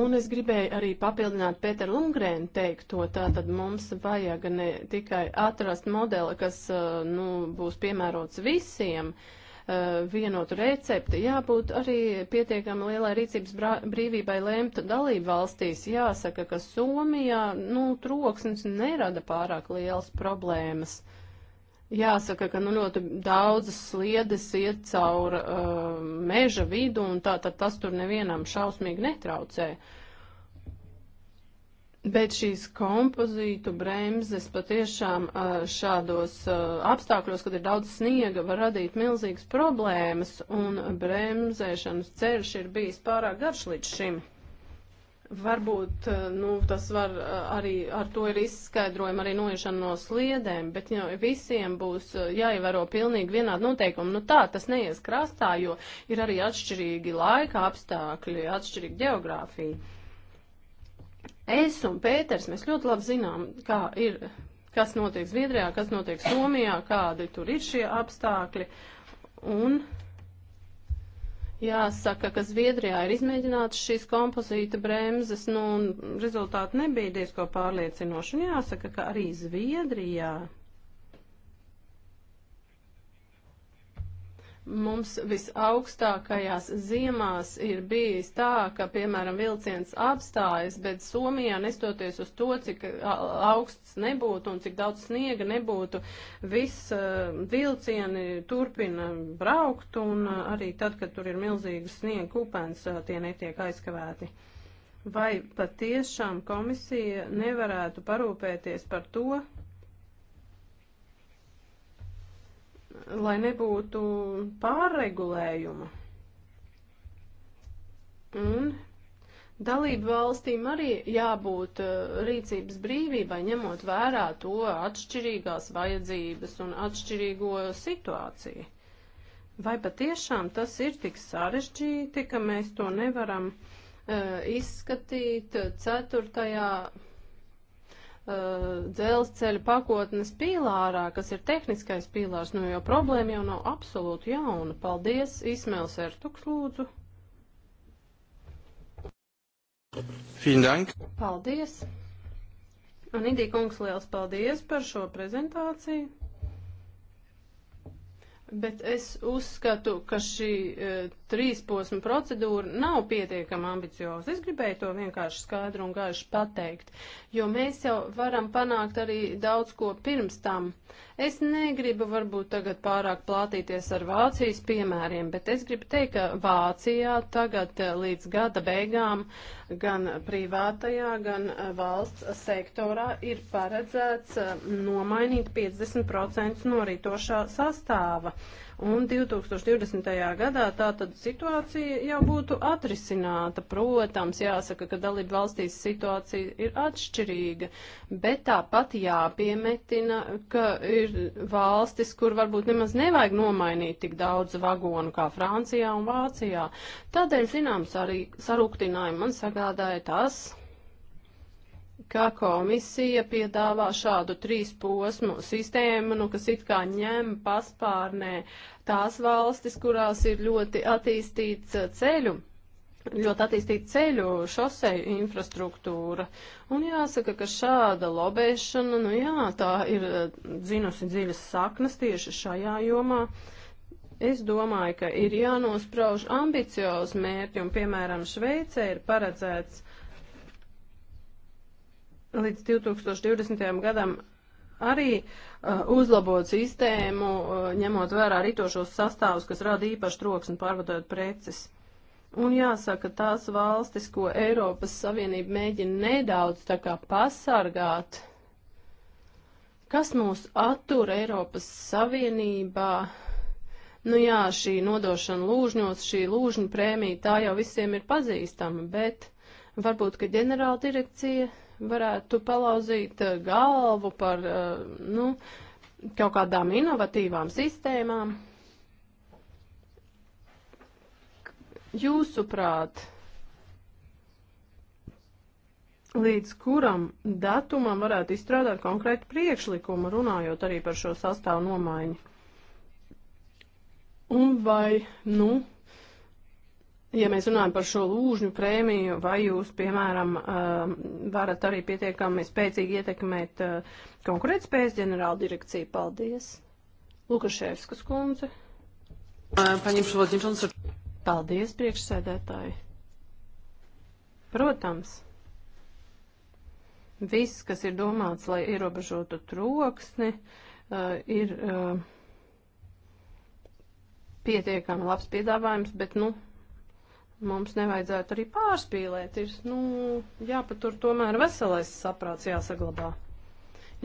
Un es gribēju arī papildināt Pēteru Lungrēnu teikto, tātad mums vajag ne tikai atrast modeli, kas eh, nu, būs piemērots visiem, eh, vienotu recepti, jābūt arī pietiekami lielai rīcības brīvībai lemt dalību valstīs. Jāsaka, ka Somijā nu, troksnis nerada pārāk lielas problēmas. Jāsaka, ka nu, ļoti daudzas sliedes iet cauri uh, meža vidu, un tā tad tas tur nevienam šausmīgi netraucē. Bet šīs kompozītu bremzes patiešām uh, šādos uh, apstākļos, kad ir daudz sniega, var radīt milzīgas problēmas, un bremzēšanas ceļš ir bijis pārāk garš līdz šim. Varbūt eh, nu, tas var eh, arī ar to ir izskaidrojama arī noiešana no sliedēm, bet jau visiem būs eh, jāievēro pilnīgi vienādi noteikumi. Nu tā, tas neies krastā, jo ir arī atšķirīgi laika apstākļi, atšķirīga geogrāfija. Es un Pēters, mēs ļoti labi zinām, kā ir, kas notiek Zviedrijā, kas notiek Somijā, kādi tur ir šie apstākļi. Un Jāsaka, ka Zviedrijā ir izmēģināts šīs kompozīta bremzes, nu, un rezultāti nebija diezko pārliecinoši. Un jāsaka, ka arī Zviedrijā Mums visaugstākajās ziemās ir bijis tā, ka, piemēram, vilciens apstājas, bet Somijā, nestoties uz to, cik augsts nebūtu un cik daudz sniega nebūtu, viss vilcieni turpina braukt un arī tad, kad tur ir milzīgas sniega kupens, tie netiek aizkavēti. Vai patiešām komisija nevarētu parūpēties par to, lai nebūtu pārregulējuma. Un Dalību valstīm arī jābūt eh, rīcības brīvībai, ņemot vērā to atšķirīgās vajadzības un atšķirīgo situāciju. Vai patiešām tas ir tik sarežģīti, ka mēs to nevaram uh, izskatīt eh, ceturtajā Uh, dzelzceļa pakotnes pīlārā, kas ir tehniskais pīlārs, nu jo problēma jau nav absolūti jauna. Paldies, Ismēls Ertuks lūdzu. Fīndank. Paldies. Un Indī kungs liels paldies par šo prezentāciju. Bet es uzskatu, ka šī eh, trīsposma procedūra nav pietiekama ambicioza. Es gribēju to vienkārši skaidru un gaišu pateikt, jo mēs jau varam panākt arī daudz ko pirms tam. Es negribu varbūt tagad pārāk plātīties ar Vācijas piemēriem, bet es gribu teikt, ka Vācijā tagad eh, līdz gada beigām gan privātajā, gan eh, valsts sektorā ir paredzēts eh, nomainīt 50% no rītošā sastāva. Un 2020. gadā tātad situācija jau būtu atrisināta. Protams, jāsaka, ka dalību valstīs situācija ir atšķirīga, bet tāpat jāpiemetina, ka ir valstis, kur varbūt nemaz nevajag nomainīt tik daudz vagonu kā Francijā un Vācijā. Tādēļ, zināms, arī sarūktinājumi man sagādāja tas, ka komisija piedāvā šādu trīs posmu sistēmu, nu, kas it kā ņem paspārnē tās valstis, kurās ir ļoti attīstīts ceļu ļoti attīstīta ceļu, šoseju infrastruktūra. Un jāsaka, ka šāda lobēšana, nu jā, tā ir eh, dzinusi dziļas saknas tieši šajā jomā. Es domāju, ka ir jānosprauž ambiciozi mērķi, un, piemēram, Šveicē ir paredzēts līdz 2020. gadam arī uh, uzlabot sistēmu, uh, ņemot vērā ritošos sastāvus, kas rada īpaši troksni pārvadājot preces. Un jāsaka, tās valstis, ko Eiropas Savienība mēģina nedaudz tā kā pasargāt, kas mūs attur Eiropas Savienībā, nu jā, šī nodošana lūžņos, šī lūžņu prēmija, tā jau visiem ir pazīstama, bet varbūt, ka ģenerāldirekcija varētu palauzīt eh, galvu par eh, nu, kaut kādām inovatīvām sistēmām. Jūsuprāt, līdz kuram datumam varētu izstrādāt konkrētu priekšlikumu, runājot arī par šo sastāvu nomaiņu? Un vai, nu, Ja mēs runājam par šo lūžņu prēmiju, vai jūs, piemēram, eh, varat arī pietiekami spēcīgi ietekmēt eh, konkurētspējas ģenerāldirekciju? Paldies! Lukaševskas kundze. Paņemšu valdīšanas. Paldies, priekšsēdētāji. Protams. Viss, kas ir domāts, lai ierobežotu troksni, eh, ir pietiekami labs piedāvājums, bet, nu, mums nevajadzētu arī pārspīlēt. Ir nu, jāpatur tomēr veselais saprāts jāsaglabā.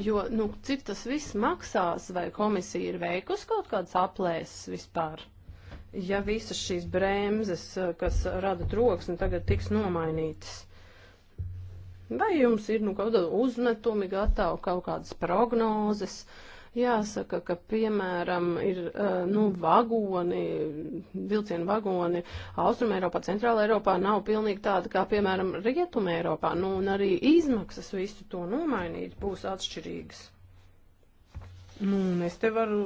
Jo, nu, cik tas viss maksās, vai komisija ir veikusi kaut kādas aplēses vispār? Ja visas šīs bremzes, kas rada troksni, tagad tiks nomainītas, vai jums ir nu, kaut kāda uzmetumi gatavi, kaut kādas prognozes, uh, Jāsaka, ka, piemēram, ir eh, nu, vagoni, vilcienu vagoni Austrum Eiropā, Centrāla Eiropā nav pilnīgi tāda kā, piemēram, Rietuma Eiropā. Nu, un arī izmaksas visu to nomainīt būs atšķirīgas. Nu, es te varu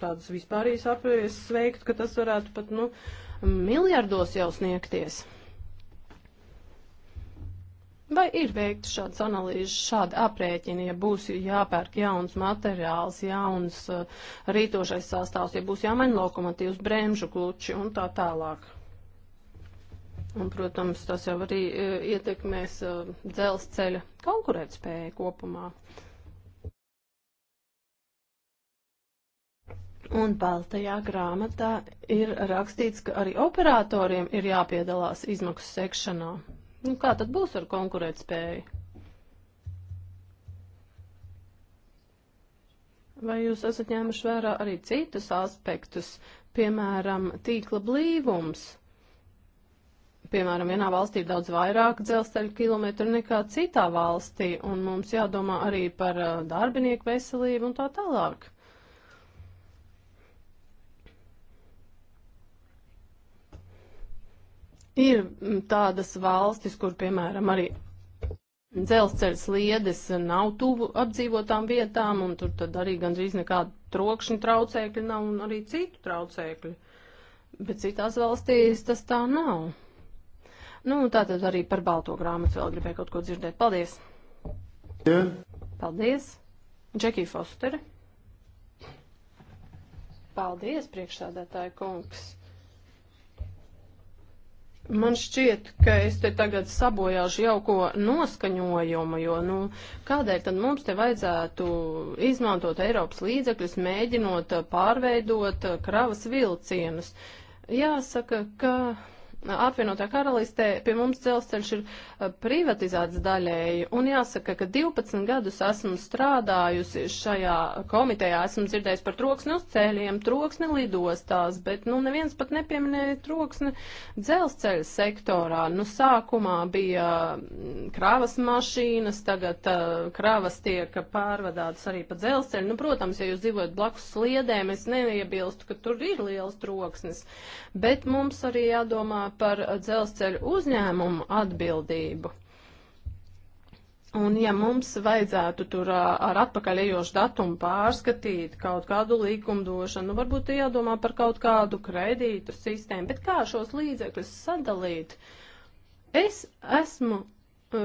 tādas vispārīs apvērs sveikt, ka tas varētu pat, nu, miljardos jau sniegties. Vai ir veikta šādas analīzes, šāda aprēķina, ja būs jāpērk jauns materiāls, jauns uh, rītošais sastāvs, ja būs jāmaina lokomotīvs, bremžu kluči un tā tālāk? Un, protams, tas jau arī uh, ietekmēs uh, dzelzceļa konkurētspēju kopumā. Un baltajā grāmatā ir rakstīts, ka arī operatoriem ir jāpiedalās izmaksu sekšanā. Nu, kā tad būs ar konkurētspēju? Vai jūs esat ņēmuši vērā arī citus aspektus, piemēram, tīkla blīvums? Piemēram, vienā valstī ir daudz vairāk dzelzceļa kilometru nekā citā valstī, un mums jādomā arī par darbinieku veselību un tā tālāk. Ir mm, tādas valstis, kur, piemēram, arī dzelzceļa sliedes nav tuvu apdzīvotām vietām, un tur tad arī gandrīz nekāda trokšņa traucēkļa nav, un arī citu traucēkļu. Bet citās valstīs tas tā nav. Nu, tā tad arī par balto grāmatu vēl gribēju kaut ko dzirdēt. Paldies! Jā. Paldies! Džekija Fosteri! Paldies, priekšsādātāja kungs! Man šķiet, ka es te tagad sabojāšu jauko noskaņojumu, jo, nu, kādēļ tad mums te vajadzētu izmantot Eiropas līdzekļus, mēģinot pārveidot kravas vilcienus? Jāsaka, ka apvienotā karalistē pie mums dzelzceļš ir privatizēts daļēji. Un jāsaka, ka 12 gadus esmu strādājusi šajā komitejā, esmu dzirdējusi par troksni uz ceļiem, troksni lidostās, bet nu neviens pat nepieminēja troksni dzelzceļa sektorā. Nu sākumā bija mm, kravas mašīnas, tagad uh, kravas tiek pārvadātas arī pa dzelzceļu. Nu, protams, ja jūs dzīvojat blakus sliedēm, es neiebilstu, ka tur ir liels troksnis, bet mums arī jādomā par dzelzceļu uzņēmumu atbildību uzmanību. Un ja mums vajadzētu tur ar atpakaļ ejošu datumu pārskatīt kaut kādu likumdošanu, nu, varbūt jādomā par kaut kādu kredītu sistēmu, bet kā šos līdzekļus sadalīt? Es esmu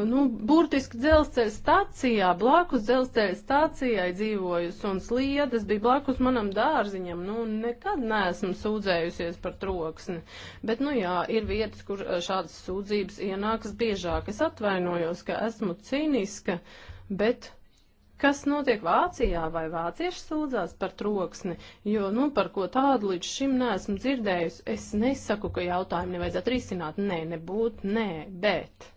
nu, burtiski dzelzceļa stācijā, blakus dzelzceļa stācijai dzīvoju, un sliedas bija blakus manam dārziņam. Nu, nekad neesmu sūdzējusies par troksni. Bet, nu jā, ir vietas, kur šādas sūdzības ienākas biežāk. Es atvainojos, ka esmu cīniska, bet. Kas notiek Vācijā vai vācieši sūdzās par troksni, jo, nu, par ko tādu līdz šim neesmu dzirdējusi, es nesaku, ka jautājumu nevajadzētu risināt, nē, nebūt, nē, bet.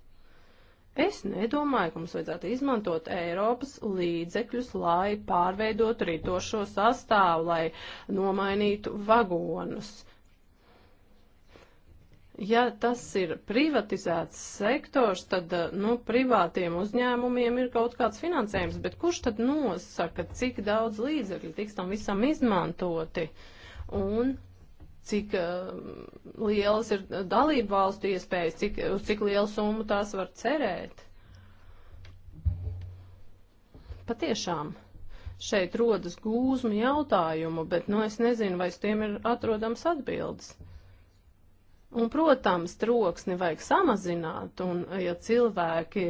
Es nedomāju, ka mums vajadzētu izmantot Eiropas līdzekļus, lai pārveidotu rītošo sastāvu, lai nomainītu vagonus. Ja tas ir privatizēts sektors, tad nu, privātiem uzņēmumiem ir kaut kāds finansējums, bet kurš tad nosaka, cik daudz līdzekļu tiks tam visam izmantoti? Un cik uh, lielas ir dalību valstu iespējas, cik, uz cik lielu summu tās var cerēt. Patiešām šeit rodas gūzmu jautājumu, bet nu es nezinu, vai uz tiem ir atrodams atbildes. Un, protams, troksni vajag samazināt, un ja cilvēki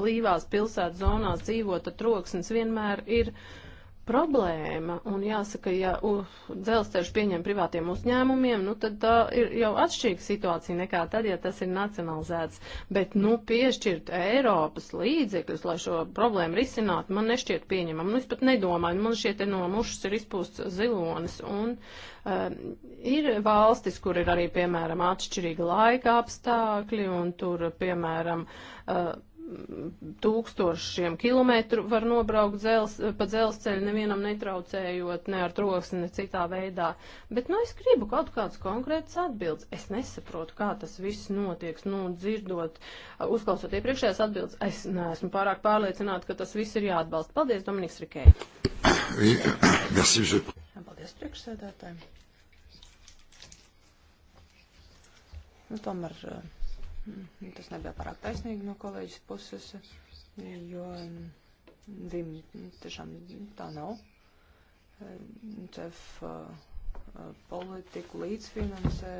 blīvās pilsētas zonās dzīvo, tad troksnis vienmēr ir uh, problēma. Un jāsaka, ja uh, dzelzceļš pieņem privātiem uzņēmumiem, nu tad tā ir jau atšķirīga situācija nekā tad, ja tas ir nacionalizēts. Bet, nu, piešķirt Eiropas līdzekļus, lai šo problēmu risinātu, man nešķiet pieņemam. Nu, es pat nedomāju, man šie te no mušas ir izpūsts zilonis. Un uh, ir valstis, kur ir arī, piemēram, atšķirīga laika apstākļi un tur, piemēram, uh, tūkstošiem kilometru var nobraukt dzels, pa dzelzceļu, nevienam netraucējot ne ar troksni, ne citā veidā. Bet, nu, es gribu kaut kādas konkrētas atbildes. Es nesaprotu, kā tas viss notiek. Nu, dzirdot, uzklausot iepriekšējās atbildes, es neesmu pārāk pārliecināta, ka tas viss ir jāatbalsta. Paldies, Dominiks Rikē. Paldies, priekšsēdētāji. Nu, tomēr. Uh Nu, tas nebija pārāk taisnīgi no kolēģis puses, jo dim, tiešām tā nav. CEF uh, politiku līdzfinansē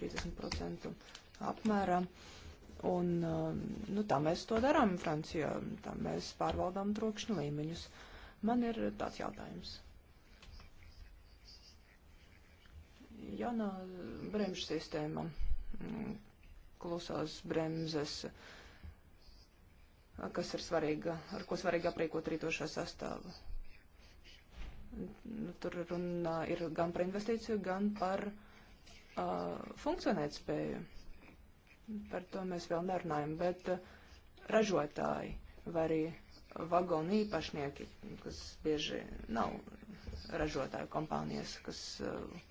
30% apmērā. Un, uh, nu, tā mēs to darām Francijā, tā mēs pārvaldām trokšņu līmeņus. Man ir tāds jautājums. Jaunā bremžu sistēma, klusās bremzes, kas ir svarīga, ar ko svarīgi aprīkot rītošā sastāvu. Nu, tur runa ir gan par investīciju, gan par uh, funkcionēt spēju. Par to mēs vēl nerunājam, bet uh, ražotāji vai arī vagonu īpašnieki, kas bieži nav ražotāju kompānijas, kas uh,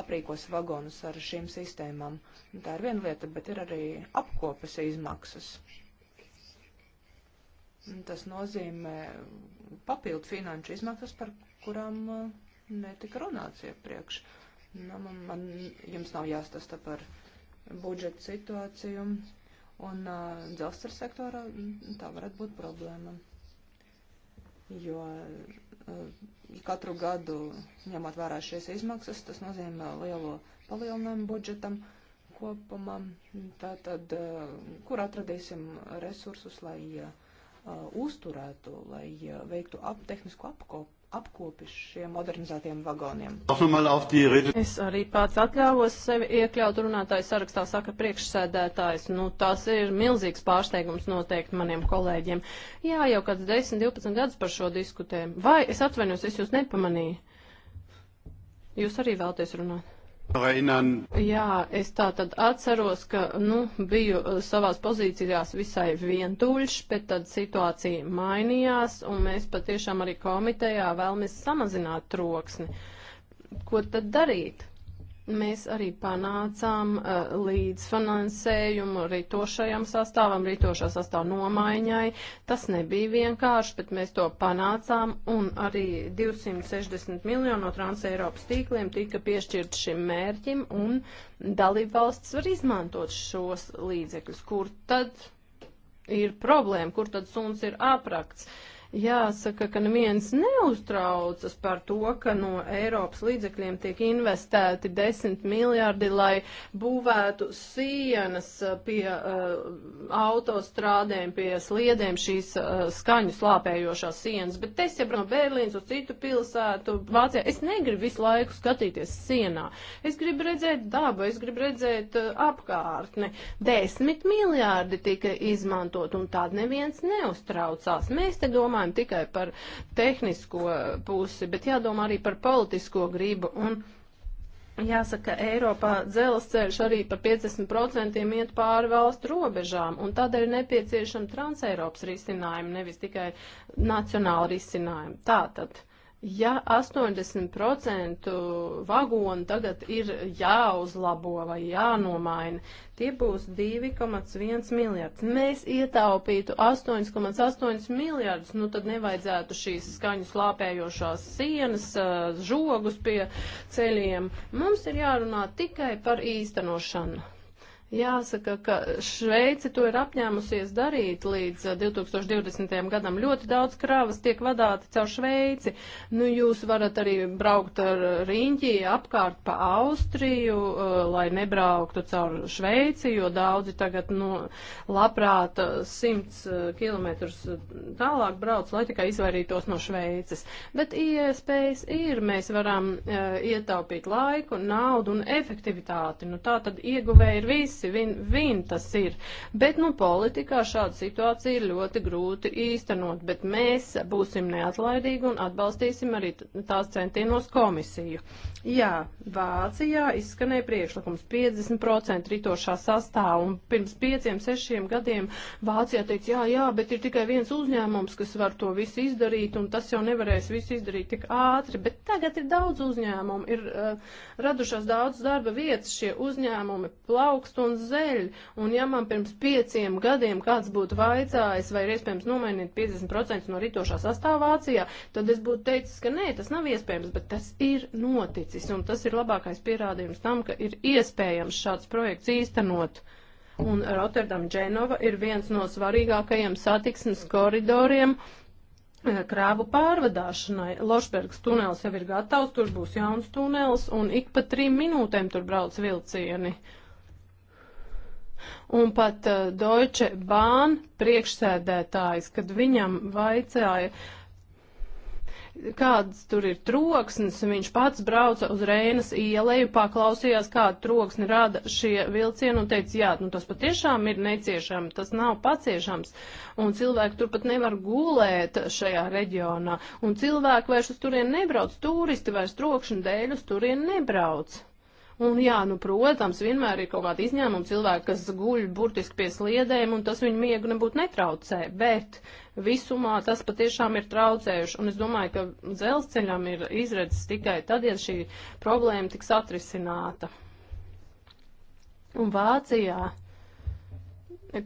aprīkos vagonus ar šīm sistēmām. Tā ir viena lieta, bet ir arī apkopes izmaksas. Tas nozīmē papildu finanšu izmaksas, par kurām uh, netika runāts iepriekš. Nu, man, man, jums nav jāstāsta par budžeta situāciju, un uh, dzelzceļa sektorā mm, tā varētu būt problēma jo eh, katru gadu, ņemot vērā šīs izmaksas, tas nozīmē lielo palielinājumu budžetam kopumā. Tātad, eh, kur atradīsim resursus, lai uh, uzturētu, lai uh, veiktu ap, tehnisko apkopu? apkopi šiem modernizētiem vagoniem. Es arī pats atļāvos sevi iekļaut runātāju sarakstā, saka priekšsēdētājs. Nu, tas ir milzīgs pārsteigums noteikti maniem kolēģiem. Jā, jau kāds 10-12 gadus par šo diskutēm. Vai es atvainojos, es jūs nepamanīju? Jūs arī vēlties runāt? Jā, es tā tad atceros, ka, nu, biju uh, savās pozīcijās visai vientuļš, bet tad situācija mainījās, un mēs patiešām arī komitejā vēlamies samazināt troksni. Ko tad darīt? Mēs arī panācām uh, līdzfinansējumu rītošajam sastāvam, rītošā sastāv nomaiņai. Tas nebija vienkārši, bet mēs to panācām un arī 260 miljonu no Transeiropas tīkliem tika piešķirt šim mērķim un dalībvalsts var izmantot šos līdzekļus. Kur tad ir problēma, kur tad suns ir aprakts? Uh, Jāsaka, ka neviens neuztraucas par to, ka no Eiropas līdzekļiem tiek investēti 10 miljārdi, lai būvētu sienas pie uh, autostrādēm, pie sliedēm šīs uh, skaņu slāpējošās sienas. Bet es jau no Berlīnas uz citu pilsētu, Vācijā, es negribu visu laiku skatīties sienā. Es gribu redzēt dabu, es gribu redzēt uh, apkārtni. 10 miljārdi tika izmantot un tād neviens neuztraucās. Mēs te domājam, domājam tikai par tehnisko pusi, bet jādomā arī par politisko gribu. Un, Jāsaka, Eiropā dzelzceļš arī par 50% iet pāri valstu robežām, un tādēļ ir nepieciešama transeiropas risinājuma, nevis tikai nacionāla risinājuma. Tātad Ja 80% vagoni tagad ir jāuzlabo vai jānomaina, tie būs 2,1 miljards. Mēs ietaupītu 8,8 miljardus, nu tad nevajadzētu šīs skaņu slāpējošās sienas, žogus pie ceļiem. Mums ir jārunā tikai par īstenošanu. Jāsaka, ka Šveice to ir apņēmusies darīt līdz 2020. Eh, gadam. Ļoti daudz kravas tiek vadāti caur Šveici. Nu, jūs varat arī braukt ar riņķi apkārt pa Austriju, eh, lai nebrauktu caur Šveici, jo daudzi tagad, nu, labprāt 100 eh, km tālāk brauc, lai tikai izvairītos no Šveices. Bet iespējas ir, mēs varam uh, ietaupīt laiku, naudu un efektivitāti. Nu, tā tad ieguvēja ir visi visi, win-win tas ir. Bet, nu, politikā šāda situācija ir ļoti grūti īstenot, bet mēs būsim neatlaidīgi un atbalstīsim arī tās centienos komisiju. Jā, Vācijā izskanēja priekšlikums 50% ritošā sastāvā un pirms pieciem, sešiem gadiem Vācijā teica, jā, jā, bet ir tikai viens uzņēmums, kas var to visu izdarīt un tas jau nevarēs visu izdarīt tik ātri, bet tagad ir daudz uzņēmumu, ir uh, radušās daudz darba vietas, šie uzņēmumi plaukst un un zeļ. Un ja man pirms pieciem gadiem kāds būtu vaicājis, vai ir iespējams nomainīt 50% no ritošā sastāvācijā, tad es būtu teicis, ka nē, tas nav iespējams, bet tas ir noticis. Un tas ir labākais pierādījums tam, ka ir iespējams šāds projekts īstenot. Un Rotterdam Dženova ir viens no svarīgākajiem satiksmes koridoriem e, krāvu pārvadāšanai. Lošbergs tunels jau ir gatavs, tur būs jauns tunels, un ik pa trim minūtēm tur brauc vilcieni. Uh, Un pat uh, Deutsche Bahn priekšsēdētājs, kad viņam vaicāja, kāds tur ir troksnis, viņš pats brauca uz Reinas ieleju, paklausījās, kādu troksni rada šie vilcieni un teica, jā, nu tas patiešām ir neciešams, tas nav paciešams, un cilvēki turpat nevar gulēt šajā reģionā, un cilvēki vairs uz turien nebrauc, turisti vairs trokšņu dēļ uz turien nebrauc. Un jā, nu, protams, vienmēr ir kaut kāda izņēmuma cilvēki, kas guļ burtiski pie sliedēm, un tas viņu miegu nebūtu netraucē, bet visumā tas patiešām ir traucējuši, un es domāju, ka dzelzceļam ir izredzes tikai tad, ja šī problēma tiks atrisināta. Un Vācijā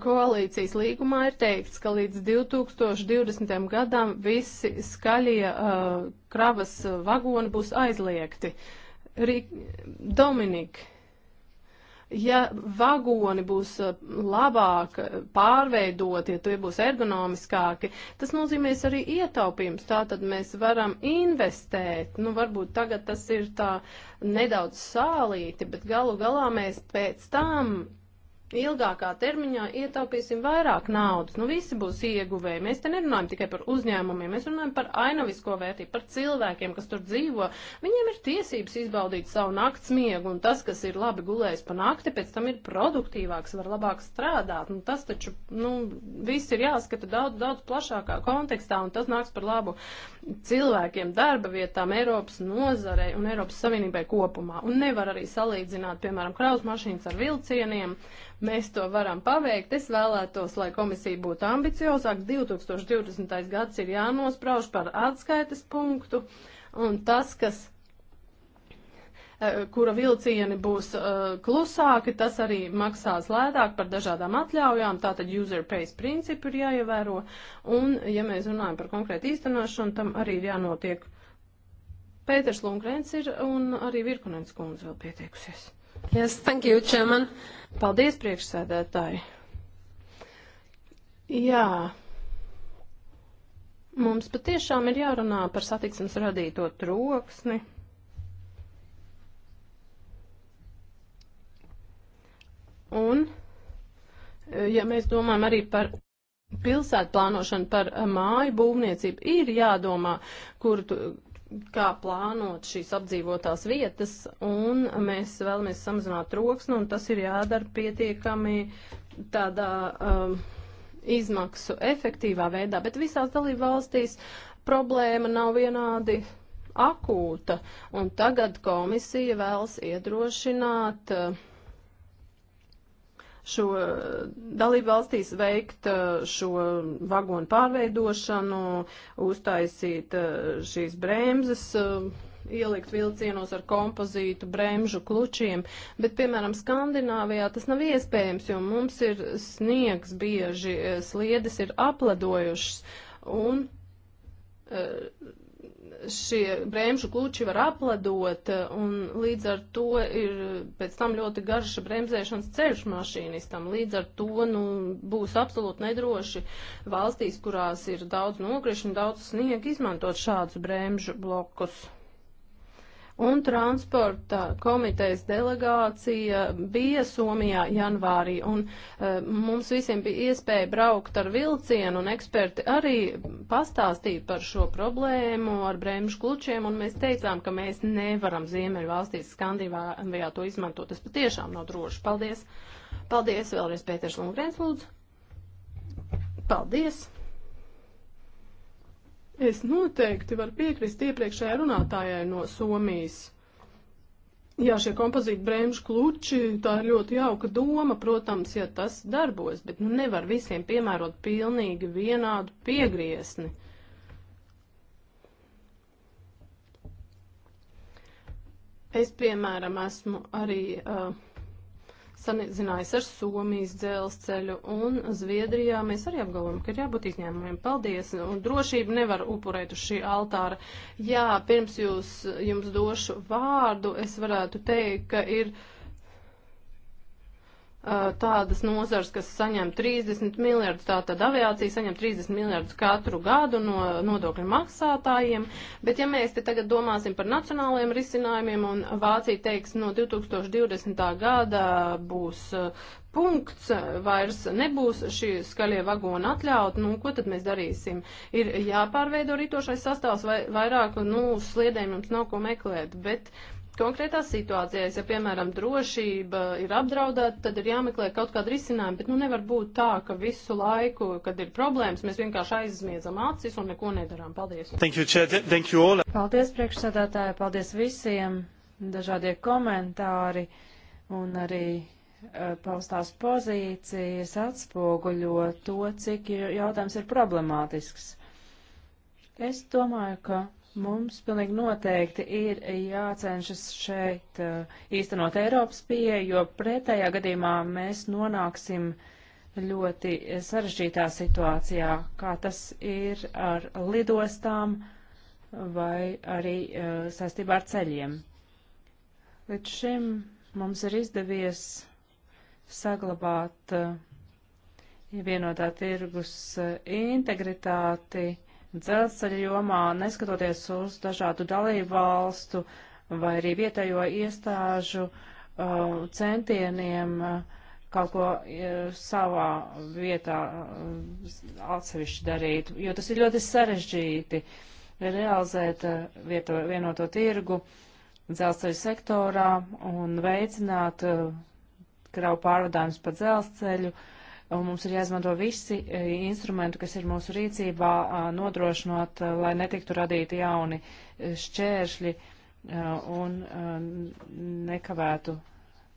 koalīcijas līgumā ir teikts, ka līdz 2020. gadam visi skaļie uh, kravas uh, vagoni būs aizliegti. Uh, Dominika, ja vagoni būs uh, labāk pārveidoti, ja tie būs ergonomiskāki, tas nozīmēs arī ietaupījums. Tātad mēs varam investēt. Nu, varbūt tagad tas ir tā nedaudz sālīti, bet galu galā mēs pēc tam ilgākā termiņā ietaupīsim vairāk naudas. Nu, visi būs ieguvēji. Mēs te nerunājam tikai par uzņēmumiem, mēs runājam par ainavisko vērtību, par cilvēkiem, kas tur dzīvo. Viņiem ir tiesības izbaudīt savu nakts miegu, un tas, kas ir labi gulējis pa nakti, pēc tam ir produktīvāks, var labāk strādāt. Nu, tas taču, nu, viss ir jāskata daudz, daudz plašākā kontekstā, un tas nāks par labu cilvēkiem, darba vietām, Eiropas nozarei un Eiropas Savienībai kopumā. Un nevar arī salīdzināt, piemēram, kraus mašīnas ar vilcieniem Mēs to varam paveikt. Es vēlētos, lai komisija būtu ambiciozāka. 2020. gads ir jānosprauž par atskaites punktu, un tas, kas e, kura vilcieni būs uh, klusāki, tas arī maksās lētāk par dažādām atļaujām, tātad user pays principu ir jāievēro, un, ja mēs runājam par konkrētu īstenošanu, tam arī ir jānotiek. Pēters Lungrēns ir, un arī Virkunens kundze vēl pietiekusies. Yes, thank you, Chairman. Paldies, priekšsēdētāji. Jā, mums patiešām ir jārunā par satiksmes radīto troksni. Un, ja mēs domājam arī par pilsētu plānošanu, par māju būvniecību, ir jādomā, kur, kā plānot šīs apdzīvotās vietas, un mēs vēlamies samazināt troksni, un tas ir jādara pietiekami tādā um, izmaksu efektīvā veidā, bet visās dalību valstīs problēma nav vienādi akūta, un tagad komisija vēlas iedrošināt uh, šo eh, dalību valstīs veikt eh, šo vagonu pārveidošanu, uztaisīt eh, šīs bremzes, ielikt vilcienos ar kompozītu bremžu klučiem, bet, piemēram, Skandināvijā tas nav iespējams, jo mums ir sniegs bieži, sliedes ir apledojušas un šie bremžu kluči var apledot, un līdz ar to ir pēc tam ļoti garš bremzēšanas ceļš mašīnistam. Līdz ar to nu, būs absolūti nedroši valstīs, kurās ir daudz nokrišņu, daudz sniega, izmantot šādus bremžu blokus un transporta komitejas delegācija bija Somijā janvārī, un uh, mums visiem bija iespēja braukt ar vilcienu, un eksperti arī pastāstīja par šo problēmu ar brēmšu klučiem, un mēs teicām, ka mēs nevaram Ziemeļvalstīs Skandināvijā to izmantot. Tas patiešām nav droši. Paldies! Paldies vēlreiz, Pēters Lungrēns, lūdzu! Paldies! Es noteikti varu piekrist iepriekšējai runātājai no Somijas. Jā, šie kompozīti brēmšu kluči, tā ir ļoti jauka doma, protams, ja tas darbos, bet nu nevar visiem piemērot pilnīgi vienādu piegriesni. Es, piemēram, esmu arī uh, samizinājis ar Somijas dzelzceļu un Zviedrijā. Mēs arī apgalvojam, ka ir jābūt izņēmumiem. Paldies! Un nu, drošību nevar upurēt uz šī altāra. Jā, pirms jūs, jums došu vārdu, es varētu teikt, ka ir. Uh, tādas nozars, kas saņem 30 miljardus, tātad aviācija saņem 30 miljardus katru gadu no nodokļu maksātājiem, bet ja mēs te tagad domāsim par nacionālajiem risinājumiem un Vācija teiks no 2020. gada būs punkts, vairs nebūs šī skaļie vagoni atļaut, nu, ko tad mēs darīsim? Ir jāpārveido rītošais sastāvs vai vairāk, nu, sliedēm jums nav ko meklēt, bet uh, konkrētā situācijā. Ja, piemēram, drošība ir apdraudēta, tad ir jāmeklē kaut kāda risinājuma, bet nu nevar būt tā, ka visu laiku, kad ir problēmas, mēs vienkārši aizmiedzam acis un neko nedarām. Paldies. Thank you, Chair. Thank you all. Paldies, priekšsēdētāji. Paldies visiem. Dažādie komentāri un arī uh, paustās pozīcijas atspoguļo to, cik ir, jautājums ir problemātisks. Es domāju, ka Mums pilnīgi noteikti ir jācenšas šeit uh, īstenot Eiropas pieeju, jo pretējā gadījumā mēs nonāksim ļoti sarežģītā situācijā, kā tas ir ar lidostām vai arī uh, saistībā ar ceļiem. Līdz šim mums ir izdevies saglabāt uh, vienotā tirgus integritāti dzelzceļa jomā, neskatoties uz dažādu dalību valstu vai arī vietējo iestāžu uh, centieniem uh, kaut ko uh, savā vietā uh, atsevišķi darīt, jo tas ir ļoti sarežģīti realizēt uh, vieto, vienoto tirgu dzelzceļa sektorā un veicināt uh, kravu pārvadājumus pa dzelzceļu. Uh, un mums ir jāizmanto visi eh, instrumenti, kas ir mūsu rīcībā, nodrošinot, lai netiktu radīti jauni e, šķēršļi un nekavētu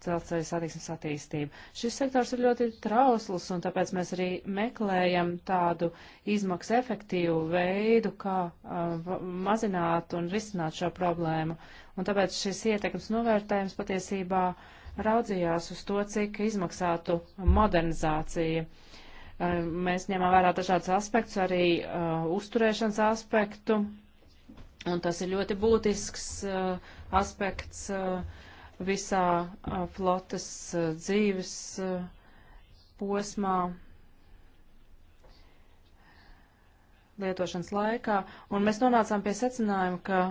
dzelzceļa satiksmes attīstību. Šis sektors ir ļoti trausls, un tāpēc mēs arī meklējam tādu izmaksu efektīvu veidu, kā uh, mazināt un risināt šo problēmu. Un tāpēc šis ietekmes novērtējums patiesībā uh, raudzījās uz to, cik izmaksātu modernizācija. Eh, mēs ņemam vērā dažādus aspektus, arī uh, uzturēšanas aspektu, un tas ir ļoti būtisks uh, aspekts uh, visā uh, flotes uh, dzīves uh, posmā. lietošanas laikā, un mēs nonācām pie secinājuma, ka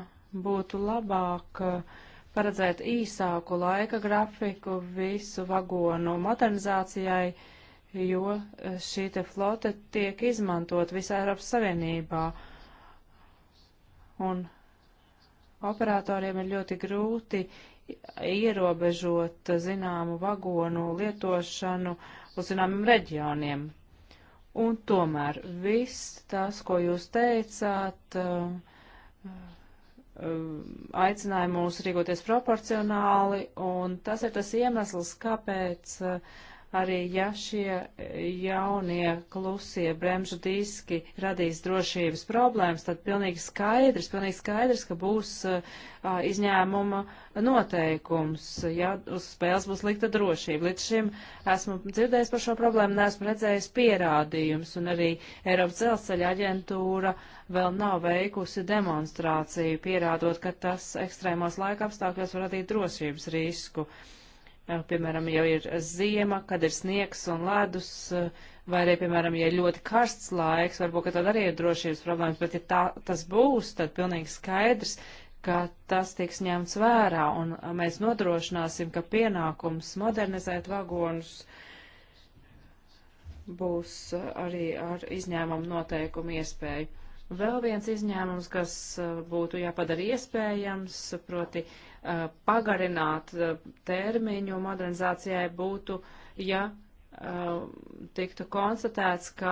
būtu labāk uh, paredzēt īsāku laika grafiku visu vagonu modernizācijai, jo šī te flote tiek izmantot visā Eiropas Savienībā. Un operatoriem ir ļoti grūti ierobežot zināmu vagonu lietošanu uz zināmiem reģioniem. Un tomēr viss tas, ko jūs teicāt, uh, Um, aicināja mūs rīkoties proporcionāli, un tas ir tas iemesls, kāpēc uh, arī ja šie eh, jaunie klusie bremžu diski radīs drošības problēmas, tad pilnīgi skaidrs, pilnīgi skaidrs, ka būs uh, izņēmuma noteikums, ja uz spēles būs likta drošība. Līdz šim esmu dzirdējis par šo problēmu, neesmu redzējis pierādījums, un arī Eiropas dzelzceļa aģentūra vēl nav veikusi demonstrāciju, pierādot, ka tas ekstrēmos laika apstākļos var radīt drošības risku. Uh, Eh, piemēram, jau ir ziema, kad ir sniegs un ledus, eh, vai arī, piemēram, ja ir ļoti karsts laiks, varbūt, ka tad arī ir drošības problēmas, bet ja tā, tas būs, tad pilnīgi skaidrs, ka tas tiks ņemts vērā un mēs nodrošināsim, ka pienākums modernizēt vagonus būs eh, arī ar izņēmumu noteikumu iespēju. Vēl viens izņēmums, kas uh, būtu jāpadara iespējams, proti uh, pagarināt uh, termiņu modernizācijai būtu, ja tiktu konstatēts, ka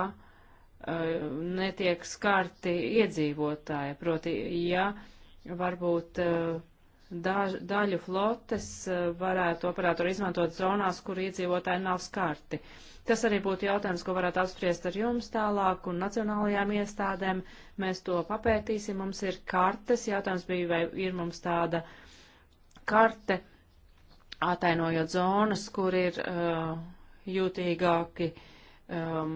netiek skarti iedzīvotāji, proti, ja varbūt daž, daļu flotes varētu operatori izmantot zonās, kur iedzīvotāji nav skarti. Uh, Tas arī būtu jautājums, ko varētu apspriest ar jums tālāk un nacionālajām iestādēm. Mēs to papētīsim. Mums ir kartes. Jautājums bija, vai ir mums tāda karte, atainojot zonas, kur ir uh, jūtīgāki um,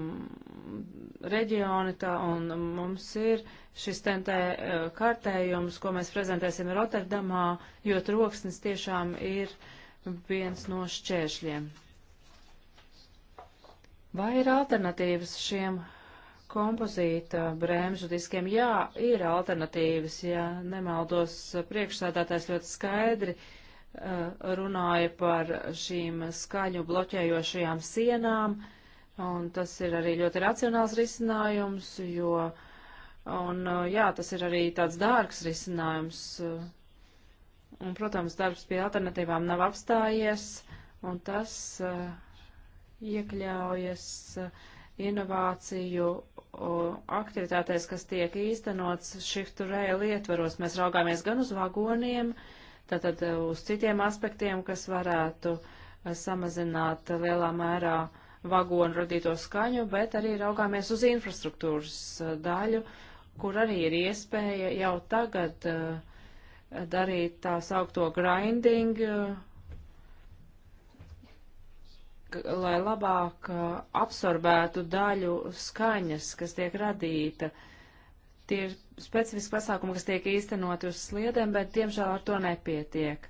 reģioni. Tā, un mums ir šis tentē uh, kartējums, ko mēs prezentēsim Rotterdamā, jo troksnis tiešām ir viens no šķēršļiem. Vai ir alternatīvas šiem kompozīta bremžu diskiem? Jā, ir alternatīvas, ja nemaldos priekšsādātājs ļoti skaidri uh, runāja par šīm skaņu bloķējošajām sienām, un tas ir arī ļoti racionāls risinājums, jo, un uh, jā, tas ir arī tāds dārgs risinājums, un, protams, darbs pie alternatīvām nav apstājies, un tas uh, iekļaujas eh, inovāciju aktivitātēs, kas tiek īstenots Shift to Rail ietvaros. Mēs raugāmies gan uz vagoniem, tātad eh, uz citiem aspektiem, kas varētu eh, samazināt lielā mērā vagonu radīto skaņu, bet arī raugāmies uz infrastruktūras daļu, kur arī ir iespēja jau tagad darīt tā saukto grinding, lai labāk uh, absorbētu daļu skaņas, kas tiek radīta. Tie ir specifiski pasākumi, kas tiek īstenoti uz sliedēm, bet diemžēl ar to nepietiek.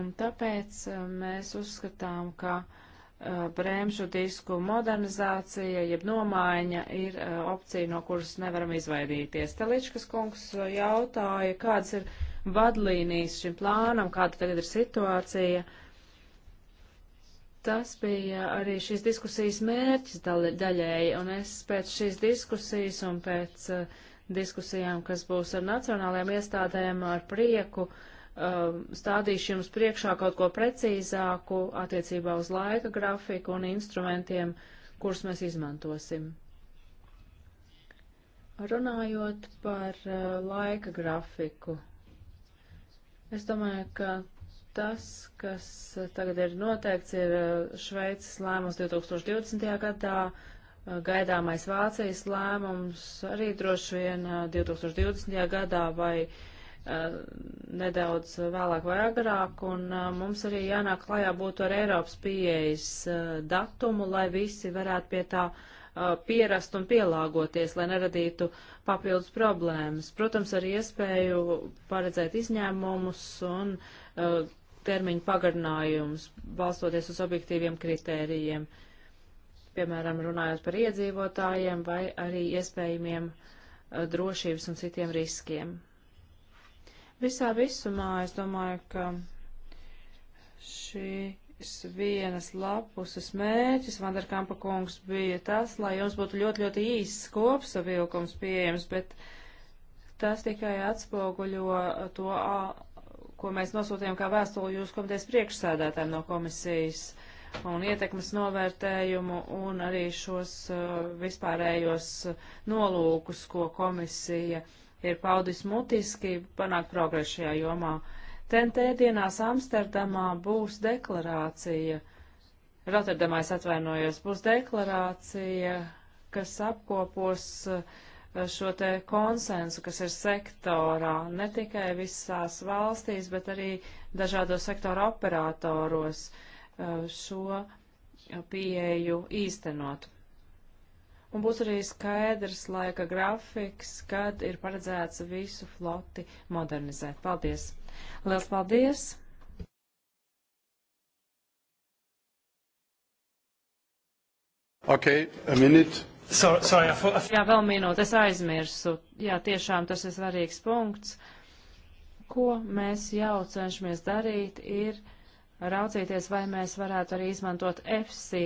Un tāpēc uh, mēs uzskatām, ka uh, bremžu disku modernizācija, jeb nomaiņa ir uh, opcija, no kuras nevaram izvairīties. Teličkas kungs uh, jautāja, kādas ir vadlīnijas šim plānam, kāda tagad ir situācija. Uh, Tas bija arī šīs diskusijas mērķis daļēji, un es pēc šīs diskusijas un pēc uh, diskusijām, kas būs ar nacionālajām iestādēm, ar prieku uh, stādīšu jums priekšā kaut ko precīzāku attiecībā uz laika grafiku un instrumentiem, kurus mēs izmantosim. Runājot par uh, laika grafiku, es domāju, ka Tas, kas tagad ir noteikts, ir eh, Šveices lēmums 2020. gadā, eh, gaidāmais Vācijas lēmums arī droši vien 2020. Eh, gadā vai nedaudz vēlāk vai agrāk, un mums arī jānāk klajā būtu ar Eiropas pieejas datumu, lai visi varētu pie tā pierast un pielāgoties, lai neradītu papildus problēmas. Protams, ar iespēju paredzēt izņēmumus un termiņu pagarinājums, balstoties uz objektīviem kritērijiem, piemēram, runājot par iedzīvotājiem vai arī iespējamiem eh, drošības un citiem riskiem. Visā visumā es domāju, ka šīs vienas lapuses mērķis, Vanderkampa kungs, bija tas, lai jums būtu ļoti, ļoti īsts kopsavilkums pieejams, bet tas tikai atspoguļo to ko mēs nosūtījām kā vēstuli jūsu komitejas priekšsēdētājiem no komisijas un ietekmes novērtējumu un arī šos uh, vispārējos nolūkus, ko komisija ir paudis mutiski panākt progresu šajā jomā. TNT dienās Amsterdamā būs deklarācija, Rotterdamā es atvainojos, būs deklarācija, kas apkopos uh, šo te konsensu, kas ir sektorā, ne tikai visās valstīs, bet arī dažādos sektora operatoros uh, šo pieeju īstenot. Un būs arī skaidrs laika grafiks, kad ir paredzēts visu floti modernizēt. Paldies! Liels paldies! Okay, a minute. So, sorry, I thought, I... Jā, vēl minūte, es aizmirsu. Jā, tiešām tas ir svarīgs punkts. Ko mēs jau cenšamies darīt, ir raudzīties, vai mēs varētu arī izmantot FC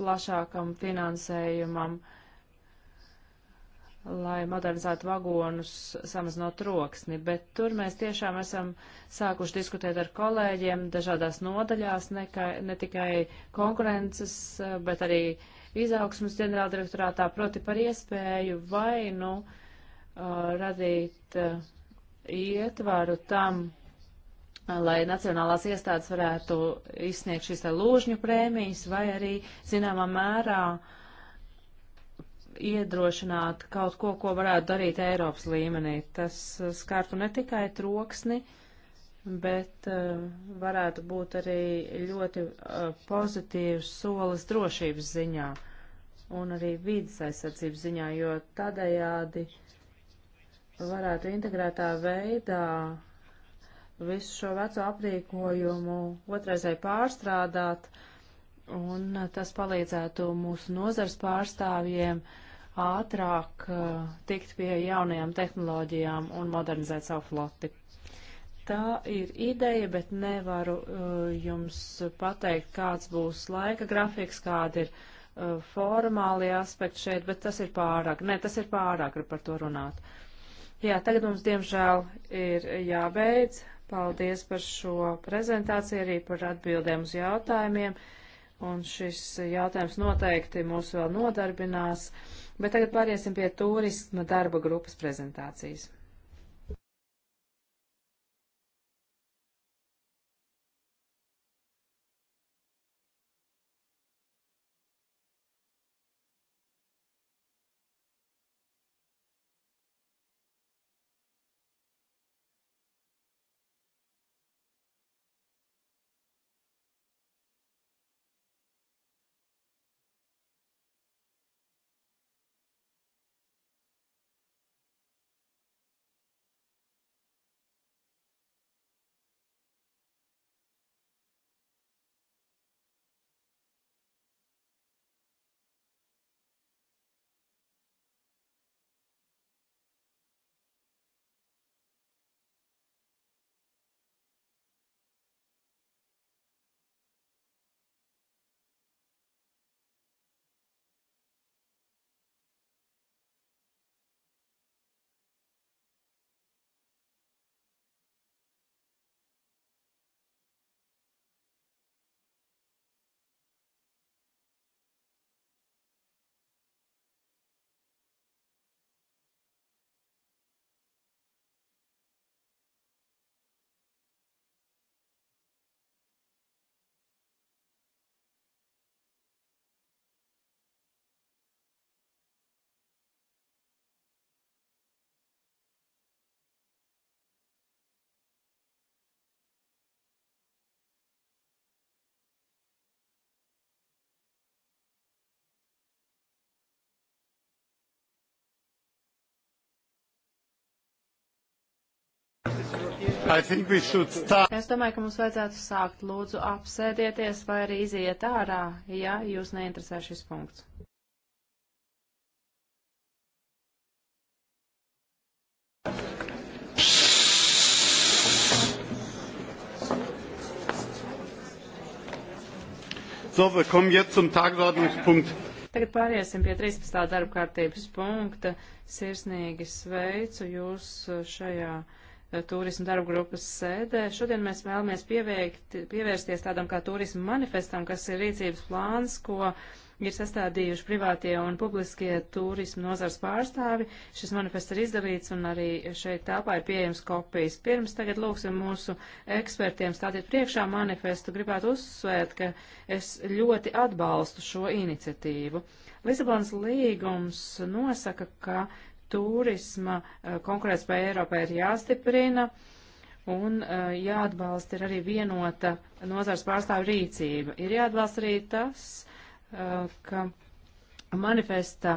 plašākam finansējumam, lai modernizētu vagonus, samazinot troksni, bet tur mēs tiešām esam sākuši diskutēt ar kolēģiem dažādās nodaļās, ne, ne tikai konkurences, eh, bet arī uh, izaugsmas ģenerāldirektorātā, proti par iespēju vai nu uh, radīt uh, ietvaru tam, uh, lai nacionālās iestādes varētu izsniegt šīs lūžņu prēmijas vai arī zināmā mērā iedrošināt kaut ko, ko varētu darīt Eiropas līmenī. Tas uh, skartu ne tikai troksni, uh, bet uh, varētu būt arī ļoti uh, pozitīvs solis drošības ziņā un arī vīdas aizsardzības ziņā, jo tādējādi varētu integrētā veidā visu šo veco aprīkojumu otraisai pārstrādāt, un tas palīdzētu mūsu nozars pārstāvjiem ātrāk uh, tikt pie jaunajām tehnoloģijām un modernizēt savu floti. Tā ir ideja, bet nevaru uh, jums pateikt, kāds būs laika grafiks, kāda ir uh, formālie aspekti šeit, bet tas ir pārāk. Nē, tas ir pārāk par to runāt. Jā, tagad mums diemžēl ir jābeidz. Paldies par šo prezentāciju, arī par atbildēm uz jautājumiem. Un šis jautājums noteikti mūs vēl nodarbinās. Bet tagad pāriesim pie turisma darba grupas prezentācijas. Es domāju, ka mums vajadzētu sākt. Lūdzu, apsēdieties vai arī iziet ārā, ja jūs neinteresē šis punkts. So, wir kommen jetzt zum Tagesordnungspunkt. Tagad pāriesim pie 13. darba kārtības punkta. Sirsnīgi sveicu jūs šajā turismu darba grupas sēdē. Šodien mēs vēlamies pieveikt, pievērsties tādam kā turismu manifestam, kas ir rīcības plāns, ko ir sastādījuši privātie un publiskie turismu nozars pārstāvi. Šis manifests ir izdalīts un arī šeit tāpā ir pieejams kopijas. Pirms tagad lūksim mūsu ekspertiem stādīt priekšā manifestu. Gribētu uzsvērt, ka es ļoti atbalstu šo iniciatīvu. Lisabonas līgums nosaka, ka turisma eh, konkurētspēja Eiropā ir jāstiprina un eh, jāatbalsta ir arī vienota nozars pārstāvu rīcība. Ir jāatbalsta arī tas, eh, ka manifesta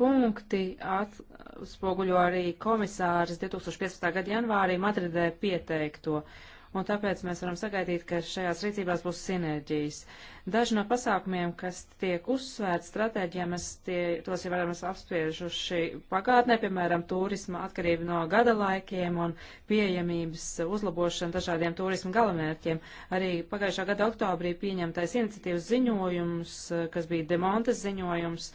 punkti atspoguļo arī komisāris 2015. gada janvārī Madridē pieteikto. Un tāpēc mēs varam sagaidīt, ka šajās rīcībās būs sinerģijas. Uh, Daži no pasākumiem, kas tiek uzsvērti stratēģijā, mēs tie, tos jau varam apspriežuši pagātnē, piemēram, turisma atkarība no gada laikiem un pieejamības uzlabošana dažādiem turisma galamērķiem. Arī pagājušā gada oktobrī pieņemtais iniciatīvas ziņojums, kas bija demontes ziņojums,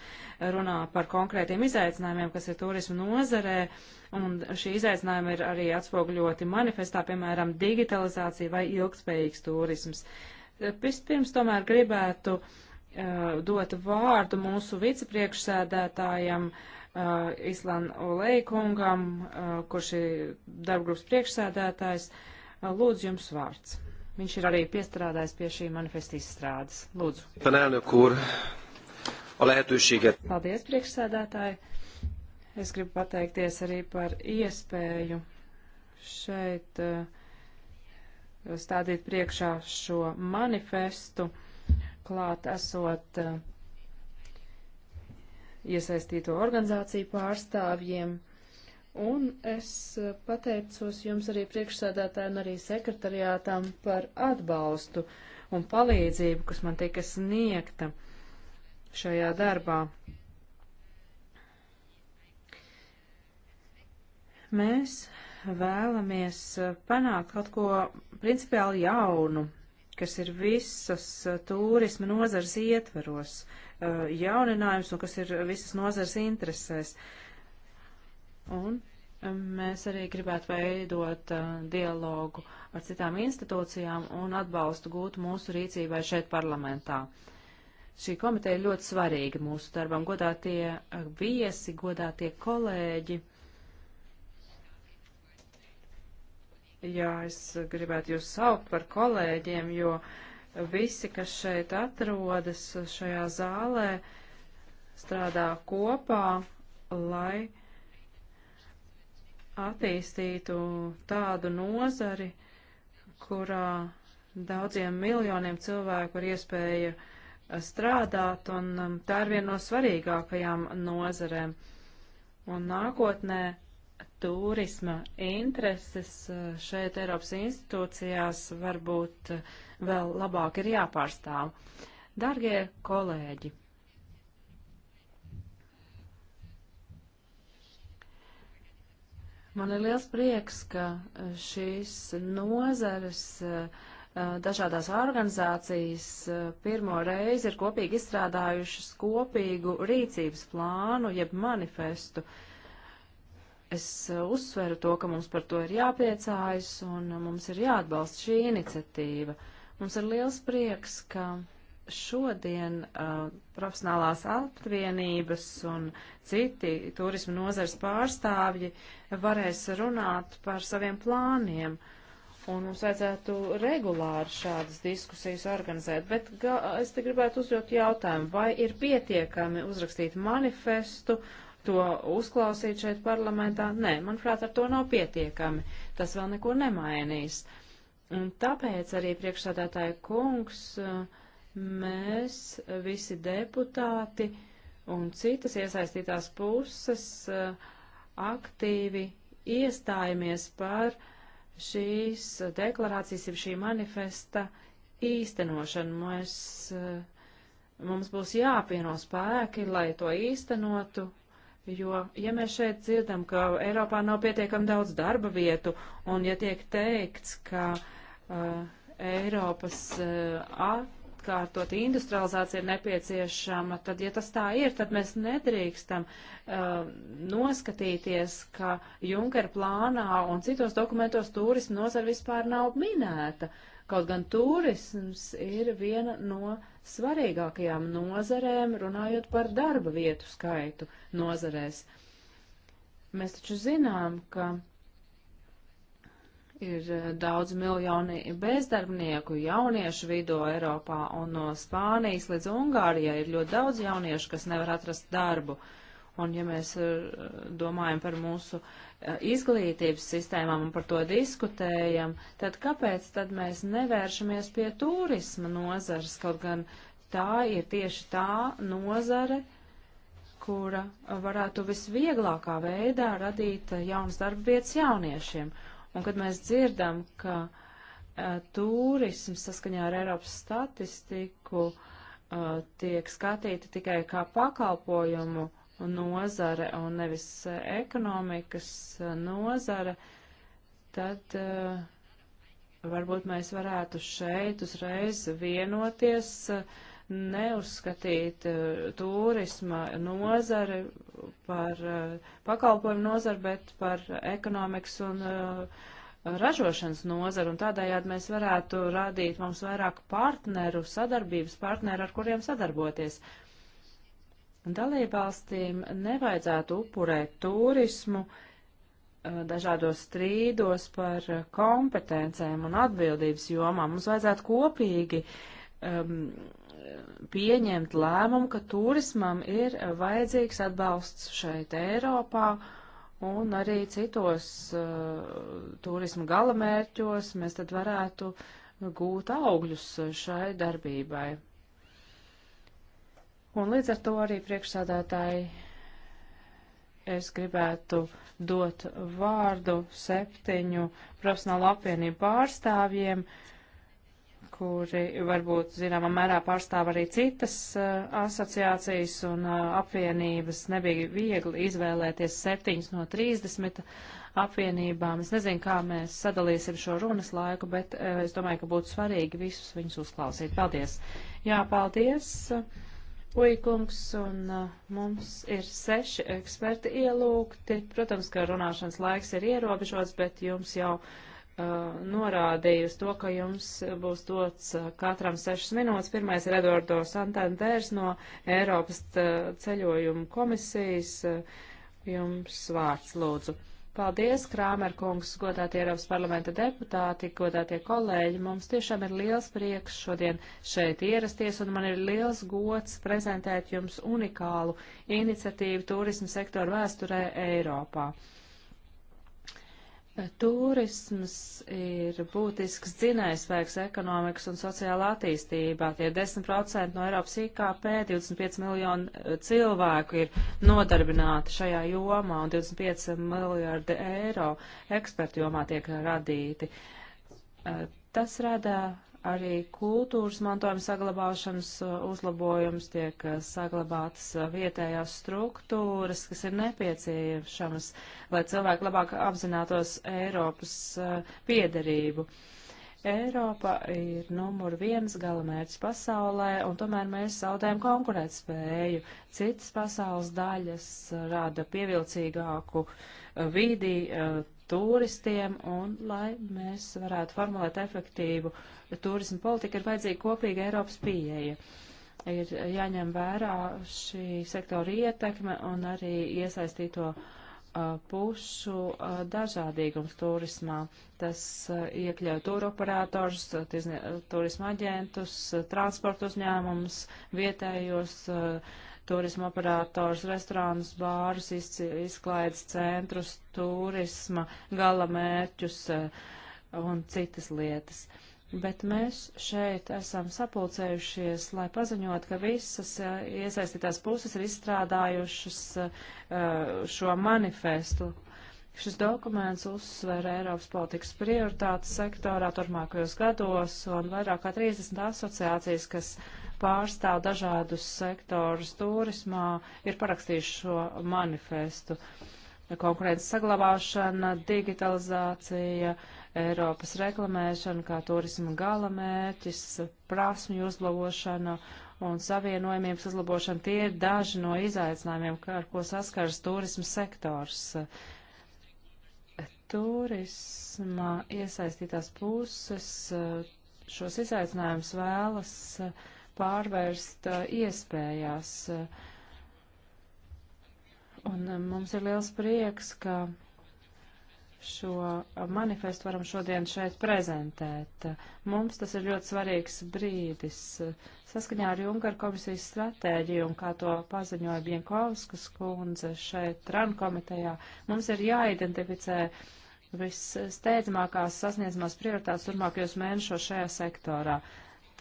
runā par konkrētiem izaicinājumiem, kas ir turisma nozarē. Un šī izaicinājuma ir arī atspoguļoti manifestā, piemēram, digitalizācija vai ilgspējīgs turisms. Uh, Vispirms tomēr gribētu uh, dot vārdu mūsu vicepriekšsēdētājam uh, Islan Oleikungam, uh, kurš ir darbgrupas priekšsēdētājs. Uh, lūdzu, jums vārds. Viņš ir arī piestrādājis pie šī manifesta izstrādes. Lūdzu. Paldies, priekšsēdētāji. Es gribu pateikties arī par iespēju šeit uh, stādīt priekšā šo manifestu, klāt esot eh, iesaistīto organizāciju pārstāvjiem. Un es eh, pateicos jums arī priekšsēdētāju un arī sekretariātām par atbalstu un palīdzību, kas man tika sniegta šajā darbā. Mēs vēlamies eh, panākt kaut ko principiāli jaunu, kas ir visas eh, turisma nozars ietveros, eh, jauninājums un kas ir visas nozars interesēs. Un mēs arī gribētu veidot dialogu ar citām institūcijām un atbalstu gūt mūsu rīcībai šeit parlamentā. Šī komiteja ir ļoti svarīga mūsu darbam, godā tie viesi, godā tie kolēģi. Jā, es gribētu jūs saukt par kolēģiem, jo visi, kas šeit atrodas šajā zālē, strādā kopā, lai attīstītu tādu nozari, kurā daudziem miljoniem cilvēku ir iespēja strādāt, un um, tā ir viena no svarīgākajām nozarēm. Un nākotnē turisma intereses eh, šeit Eiropas institūcijās varbūt eh, vēl labāk ir jāpārstāv. Dargie kolēģi! Man ir liels prieks, ka eh, šīs nozares dažādās organizācijas pirmo reizi ir kopīgi izstrādājušas kopīgu rīcības plānu jeb manifestu. Uh, es eh, uzsveru to, ka mums par to ir jāpriecājas un eh, mums ir jāatbalsta šī iniciatīva. Mums ir liels prieks, ka šodien uh, profesionālās apvienības un citi turismu nozars pārstāvji varēs runāt par saviem plāniem. Un mums vajadzētu regulāri šādas diskusijas organizēt, bet ga, es te gribētu uzdot jautājumu, vai ir pietiekami uzrakstīt manifestu to uzklausīt šeit parlamentā. Nē, manuprāt, ar to nav pietiekami. Tas vēl neko nemainīs. Un tāpēc arī priekšsādātāja kungs, mēs visi deputāti un citas iesaistītās puses aktīvi iestājamies par šīs deklarācijas, jau šī manifesta īstenošanu. Mēs, mums būs jāpieno spēki, lai to īstenotu Jo, ja mēs šeit dzirdam, ka Eiropā nav pietiekami daudz darba vietu, un ja tiek teikts, ka uh, Eiropas uh, atkārtot industrializācija ir nepieciešama, tad, ja tas tā ir, tad mēs nedrīkstam uh, noskatīties, ka Junker plānā un citos dokumentos turismu nozara vispār nav minēta. Uh, Kaut gan turisms ir viena no svarīgākajām nozarēm, runājot par darba vietu skaitu nozarēs. Mēs taču zinām, ka ir eh, daudz miljoni bezdarbnieku jauniešu vidū Eiropā, un no Spānijas līdz Ungārijai ir ļoti daudz jauniešu, kas nevar atrast darbu. Uh, Un ja mēs eh, domājam par mūsu eh, izglītības sistēmām un par to diskutējam, tad kāpēc tad mēs nevēršamies pie turisma nozares, kaut gan tā ir tieši tā nozare, kura varētu visvieglākā veidā radīt eh, jaunas darba vietas jauniešiem. Un kad mēs dzirdam, ka uh, turisms saskaņā ar Eiropas statistiku uh, tiek skatīta tikai kā pakalpojumu nozare un nevis eh, ekonomikas eh, nozare, tad uh, varbūt mēs varētu šeit uzreiz vienoties, neuzskatīt uh, turisma nozari par uh, pakalpojumu nozari, bet par ekonomikas un ražošanas nozari, un tādējādi mēs varētu radīt mums vairāk partneru, sadarbības partneru, ar kuriem sadarboties. Dalībvalstīm nevajadzētu upurēt turismu eh, dažādos strīdos par eh, kompetencēm un atbildības jomām. Mums vajadzētu kopīgi um, pieņemt lēmumu, ka turismam ir eh, vajadzīgs atbalsts šeit Eiropā un arī citos uh, turisma galamērķos mēs tad varētu gūt augļus šai darbībai. Un līdz ar to arī priekšsādātāji es gribētu dot vārdu septiņu profesionālu apvienību pārstāvjiem, kuri varbūt zināmā mērā pārstāv arī citas uh, asociācijas un uh, apvienības. Nebija viegli izvēlēties septiņas no trīsdesmit apvienībām. Es nezinu, kā mēs sadalīsim šo runas laiku, bet uh, es domāju, ka būtu svarīgi visus viņus uzklausīt. Paldies! Jā, paldies! Uh, Uikungs, un uh, mums ir seši eksperti ielūgti. Protams, ka runāšanas laiks ir ierobežots, bet jums jau uh, norādījusi to, ka jums būs dots uh, katram sešas minūtes. Pirmais ir Eduardo Santanders no Eiropas uh, ceļojuma komisijas. Uh, jums vārds, lūdzu. Paldies, Krāmer kungs, godātie Eiropas parlamenta deputāti, godātie kolēģi. Mums tiešām ir liels prieks šodien šeit ierasties, un man ir liels gods prezentēt jums unikālu iniciatīvu turismu sektoru vēsturē Eiropā. Turisms ir būtisks dzinējspēks ekonomikas un sociālā attīstībā. Tie 10% no Eiropas IKP, 25 miljonu cilvēku ir nodarbināti šajā jomā un 25 miljardi eiro ekspertu jomā tiek radīti. Eh, tas rada arī kultūras mantojuma saglabāšanas uh, uzlabojums, tiek uh, saglabātas uh, vietējās struktūras, kas ir nepieciešamas, lai cilvēki labāk apzinātos Eiropas piederību. Eiropa ir numur viens galamērķis pasaulē, un tomēr mēs zaudējam konkurētspēju. Citas pasaules daļas rada pievilcīgāku vidi turistiem un lai mēs varētu formulēt efektīvu turismu politiku, ir vajadzīga kopīga Eiropas pieeja. Ir jāņem vērā šī sektora ietekme un arī iesaistīto uh, pušu uh, dažādīgums turismā. Tas uh, iekļauj turoperators, turisma aģentus, transporta uzņēmumus, vietējos uh, turisma operators, restorānus, bārus, izklaides centrus, turisma, gala mērķus eh, un citas lietas. Bet mēs šeit esam sapulcējušies, lai paziņot, ka visas eh, iesaistītās puses ir izstrādājušas eh, šo manifestu Šis dokuments uzsver Eiropas politikas prioritātes sektorā turpmākajos gados un vairāk kā 30 asociācijas, kas pārstāv dažādus sektorus turismā, ir parakstījuši šo manifestu. Konkurences saglabāšana, digitalizācija, Eiropas reklamēšana kā turisma galamērķis, prasmju uzlabošana un savienojumības uzlabošana. Tie ir daži no izaicinājumiem, ar ko saskaras turisma sektors turismā iesaistītās puses eh, šos izaicinājumus vēlas eh, pārvērst uh, iespējās. Un uh, mums ir liels prieks, ka šo manifestu varam šodien šeit prezentēt. Mums tas ir ļoti svarīgs brīdis. Uh, saskaņā ar Junkara komisijas stratēģiju un kā to paziņoja Bienkovskas kundze šeit RAN komitejā, mums ir jāidentificē vissteidzamākās sasniedzamās prioritātes turmākajos mēnešos šajā sektorā.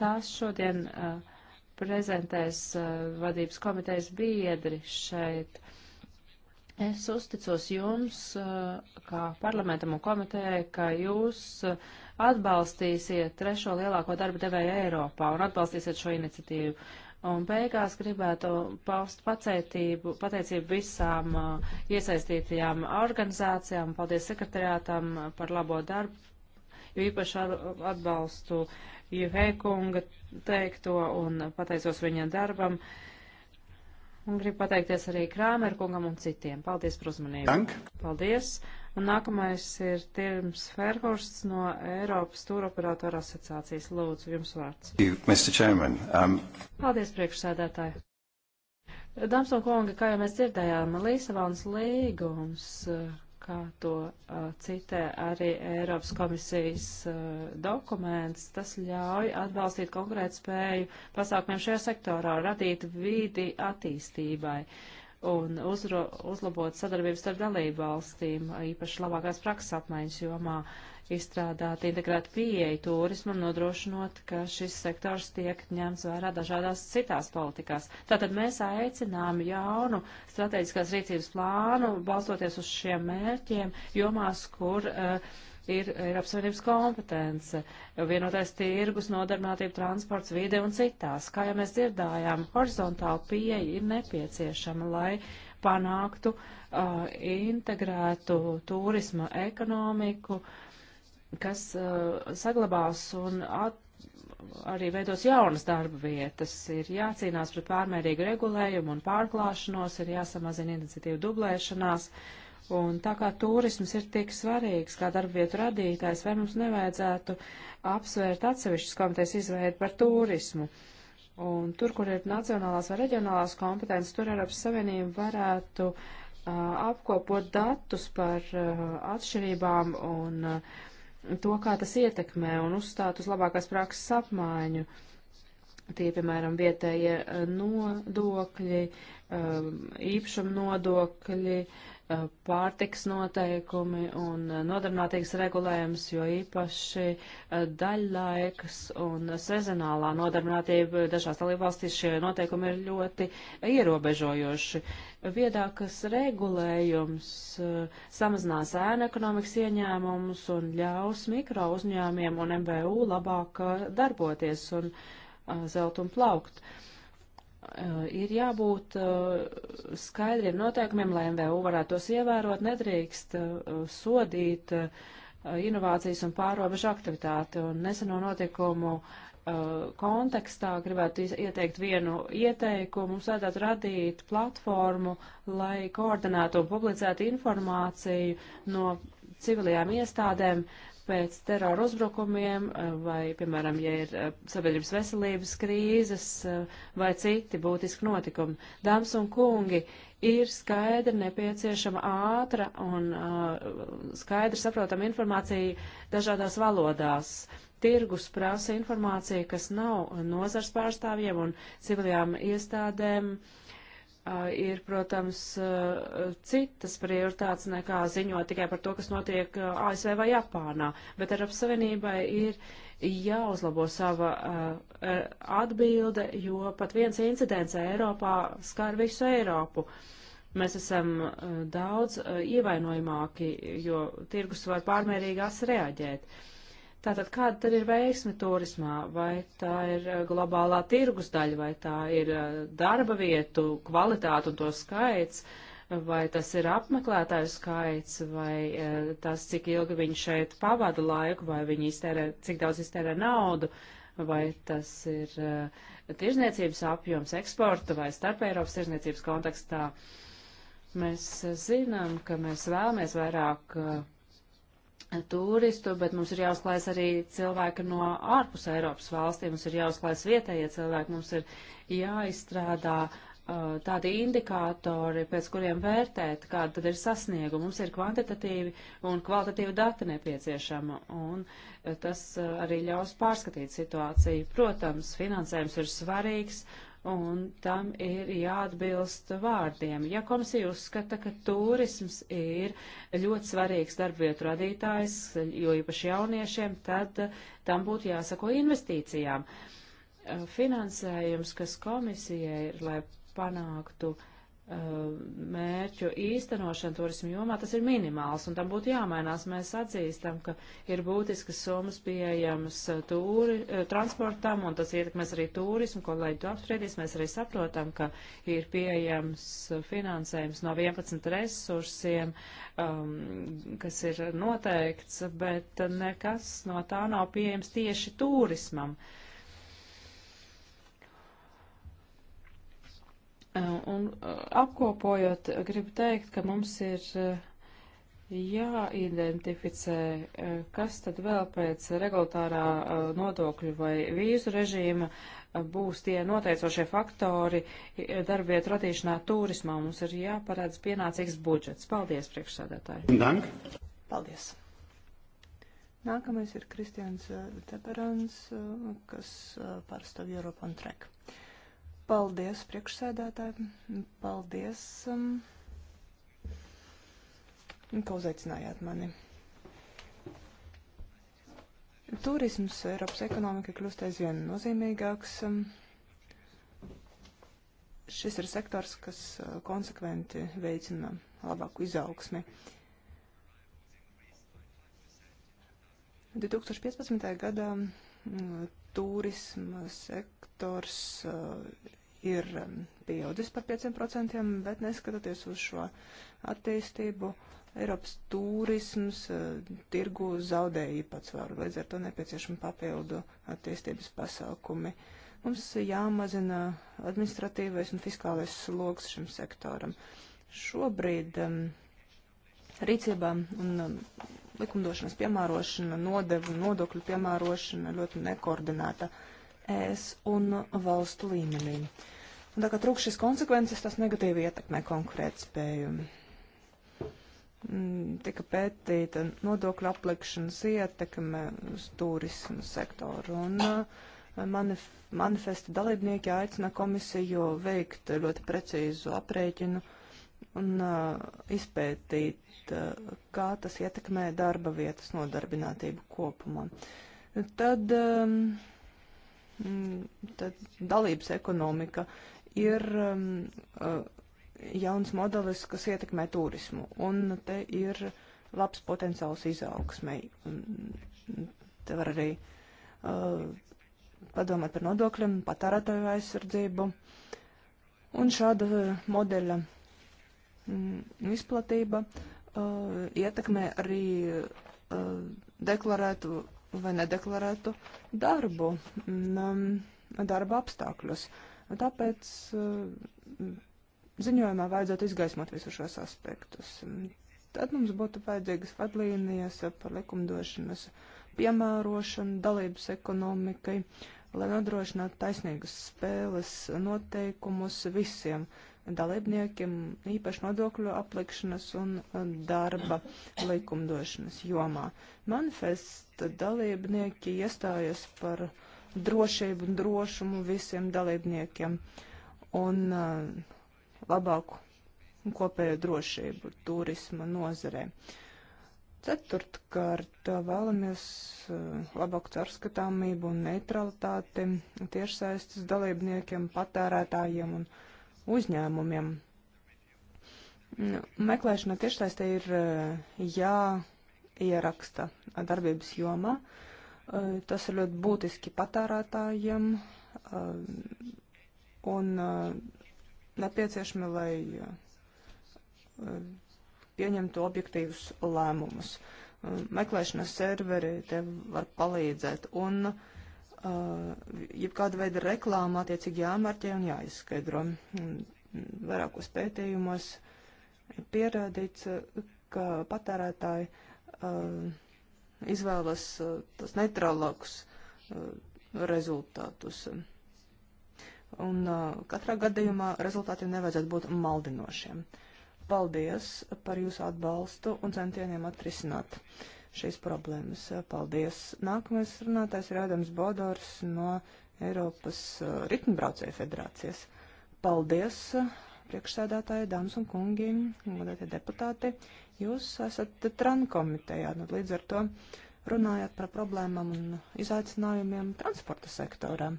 Tās šodien uh, prezentēs uh, vadības komitejas biedri šeit. Es uzticos jums, uh, kā parlamentam un komitejai, ka jūs uh, atbalstīsiet trešo lielāko darba devēju Eiropā un atbalstīsiet šo iniciatīvu. Un beigās gribētu paust pateicību, pateicību visām uh, iesaistītajām organizācijām, paldies sekretariātam uh, par labo darbu, jo īpaši ar, atbalstu Juhēkunga teikto un pateicos viņa darbam. Un gribu pateikties arī Krāmerkungam un citiem. Paldies par uzmanību. Dank. Paldies. Un nākamais ir Tirms Ferhorsts no Eiropas Tūroperatora asociācijas. Lūdzu, jums vārds. You, Mr. Chairman. Um... Paldies, priekšsēdētāji. Dāmas un kungi, kā jau mēs dzirdējām, Līsavāns līgums. Uh, kā to uh, citē arī Eiropas komisijas uh, dokuments, tas ļauj atbalstīt konkurētspēju pasākumiem šajā sektorā, radīt vīdi attīstībai. Uh, un uzro, uzlabot sadarbības starp dalību valstīm, īpaši labākās prakses apmaiņas jomā, izstrādāt integrētu pieeju turismam, nodrošinot, ka šis sektors tiek ņemts vērā dažādās citās politikās. Tātad mēs aicinām jaunu strateģiskās rīcības plānu, balstoties uz šiem mērķiem, jomās, kur uh, ir Eiropas Savienības kompetence, vienotais tirgus, nodarbinātība, transports, vide un citās. Kā jau mēs dzirdājām, horizontāla pieeja ir nepieciešama, lai panāktu uh, integrētu turisma ekonomiku, kas uh, saglabās un attīstās arī veidos jaunas darba vietas, ir jācīnās pret pārmērīgu regulējumu un pārklāšanos, ir jāsamazina intensīvu dublēšanās, Un tā kā turisms ir tik svarīgs kā darbvietu radītājs, vai mums nevajadzētu apsvērt atsevišķas komitejas izveidu par turismu? Un tur, kur ir nacionālās vai reģionālās kompetences, tur Eiropas Savienība varētu uh, apkopot datus par uh, atšķirībām un uh, to, kā tas ietekmē un uzstāt uz labākās prakses apmaiņu. Tie, piemēram, vietējie nodokļi, um, īpašuma nodokļi, uh, Eh, pārtiks noteikumi un eh, nodarbinātīgas regulējums, jo īpaši eh, daļlaiks un sezonālā nodarbinātība dažās dalībvalstīs šie noteikumi ir ļoti ierobežojoši. Viedākas regulējums samazinās ēnu ekonomikas ieņēmumus un ļaus mikro uzņēmiem un MBU labāk darboties un zelt un plaukt. Uh, Eh, ir jābūt eh, skaidriem noteikumiem, lai MVU varētu tos ievērot, nedrīkst eh, sodīt inovācijas un pārobežu aktivitāti. Un neseno notikumu kontekstā gribētu ieteikt vienu ieteikumu. Mums vajadzētu radīt platformu, lai koordinētu un publicētu informāciju no civilajām iestādēm uh, pēc terora uzbrukumiem eh, vai, piemēram, ja ir eh, sabiedrības veselības krīzes eh, vai citi būtiski notikumi. Dāmas un kungi, ir skaidri nepieciešama ātra un uh, skaidri saprotama informācija dažādās valodās. Tirgus prasa informāciju, kas nav nozars pārstāvjiem un civilajām iestādēm. Uh, ir, protams, citas prioritātes nekā ziņot tikai par to, kas notiek ASV vai Japānā, bet Eiropas Savienībai ir jāuzlabo sava atbilde, jo pat viens incidents Eiropā skar visu Eiropu. Mēs esam daudz ievainojamāki, jo tirgus var pārmērīgi reaģēt. Uh, Tātad kāda tad ir veiksme turismā? Vai tā ir eh, globālā tirgus daļa, vai tā ir eh, darba vietu kvalitāte un to skaits, vai tas ir apmeklētāju skaits, vai eh, tas, cik ilgi viņi šeit pavada laiku, vai viņi iztērē, cik daudz iztērē naudu, vai tas ir tirzniecības apjoms eksporta vai starp Eiropas tirzniecības kontekstā. Mēs zinām, ka mēs vēlamies vairāk uh, turistu, bet mums ir jāuzklājas arī cilvēki no ārpus Eiropas valstīm, mums ir jāuzklājas vietējie cilvēki, mums ir jāizstrādā uh, tādi indikātori, pēc kuriem vērtēt, kāda tad ir sasnieguma. Mums ir kvantitatīvi un kvalitatīvi dati nepieciešama, un uh, tas uh, arī ļaus pārskatīt situāciju. Protams, finansējums ir svarīgs, un tam ir jāatbilst vārdiem. Ja komisija uzskata, ka turisms ir ļoti svarīgs darbvietu radītājs, jo īpaši jauniešiem, tad tam būtu jāsako investīcijām. Finansējums, kas komisijai ir, lai panāktu uh, Uh, mērķu īstenošana turismu jomā, tas ir minimāls, un tam būtu jāmainās. Mēs atzīstam, ka ir būtiskas summas pieejamas uh, tūri, uh, transportam, un tas ietekmēs arī turismu, ko lai tu apspriedīs. Mēs arī saprotam, ka ir pieejams finansējums no 11 resursiem, um, kas ir noteikts, bet nekas no tā nav pieejams tieši turismam. Uh, Un apkopojot, gribu teikt, ka mums ir jāidentificē, kas tad vēl pēc regulārā nodokļu vai vīzu režīma būs tie noteicošie faktori darbvietu radīšanā turismā. Mums ir jāparādz pienācīgs budžets. Paldies, priekšsādātāji. Dank. Paldies. Nākamais ir Kristians Teperans, kas pārstāv Europa on Track. Paldies priekšsēdētājiem, paldies, um, ka uzaicinājāt mani. Turisms Eiropas ekonomika kļūst aizvien nozīmīgāks. Um, šis ir sektors, kas uh, konsekventi veicina labāku izaugsmi. 2015. gadā mm, turisma sektors uh, ir um, pieaudzis par 5%, bet neskatoties uz šo attīstību, Eiropas turisms uh, tirgu zaudēja īpatsvaru, līdz ar to nepieciešama papildu attīstības pasākumi. Mums jāmazina administratīvais un fiskālais sloks šim sektoram. Šobrīd um, rīcībā un um, likumdošanas piemērošana, nodevu, nodokļu piemērošana ļoti nekoordinēta. Uh, ES un valstu līmenī. Un tā kā trūkst šīs konsekvences, tas negatīvi ietekmē konkurētspēju. Mm, tika pētīta nodokļu aplikšanas ietekme uz turismu sektoru. Un, uh, manif manifesta dalībnieki aicina komisiju veikt ļoti precīzu aprēķinu un uh, izpētīt, uh, kā tas ietekmē darba vietas nodarbinātību kopumā. Tad um, Mm, tad dalības ekonomika ir um, uh, jauns modelis, kas ietekmē turismu. Un te ir labs potenciāls izaugsmei. Te var arī uh, padomāt par nodokļiem, patērētāju aizsardzību. Un šāda modeļa mm, izplatība uh, ietekmē arī uh, deklarētu vai nedeklarētu darbu un mm, um, darba apstākļus. Tāpēc uh, mm, ziņojumā vajadzētu izgaismot visus šos aspektus. Tad mums būtu vajadzīgas vadlīnijas par likumdošanas piemērošanu, dalības ekonomikai, lai nodrošinātu taisnīgas spēles noteikumus visiem uh, dalībniekiem īpaši nodokļu aplikšanas un uh, darba likumdošanas jomā. Manifesta dalībnieki iestājas par drošību un drošumu visiem dalībniekiem un uh, labāku kopējo drošību turisma nozarē. Ceturtkārt, uh, vēlamies labāku caurskatāmību un neutralitāti tiešsaistes dalībniekiem, patērētājiem un patērētājiem uzņēmumiem. Nu, meklēšana tiešsaistē ir eh, jāieraksta darbības jomā. Eh, tas ir ļoti būtiski patērētājiem eh, un nepieciešami, lai pieņemtu objektīvus lēmumus. Meklēšanas serveri tev var palīdzēt. Un uh, Uh, jebkāda veida reklāma attiecīgi jāmarķē un jāizskaidro. Vairākos pētījumos pierādīts, ka patērētāji uh, izvēlas uh, tas neutrālākus uh, rezultātus. Un uh, katrā gadījumā rezultātiem nevajadzētu būt maldinošiem. Paldies par jūsu atbalstu un centieniem atrisināt uh, šīs problēmas. Paldies! Nākamais runātājs ir Ādams Bodors no Eiropas Ritenbraucēju federācijas. Paldies! priekšsēdētāji, dāmas un kungi, godātie deputāti, jūs esat TRAN komitejā, nu, līdz ar to runājat par problēmām un izaicinājumiem transporta sektorā.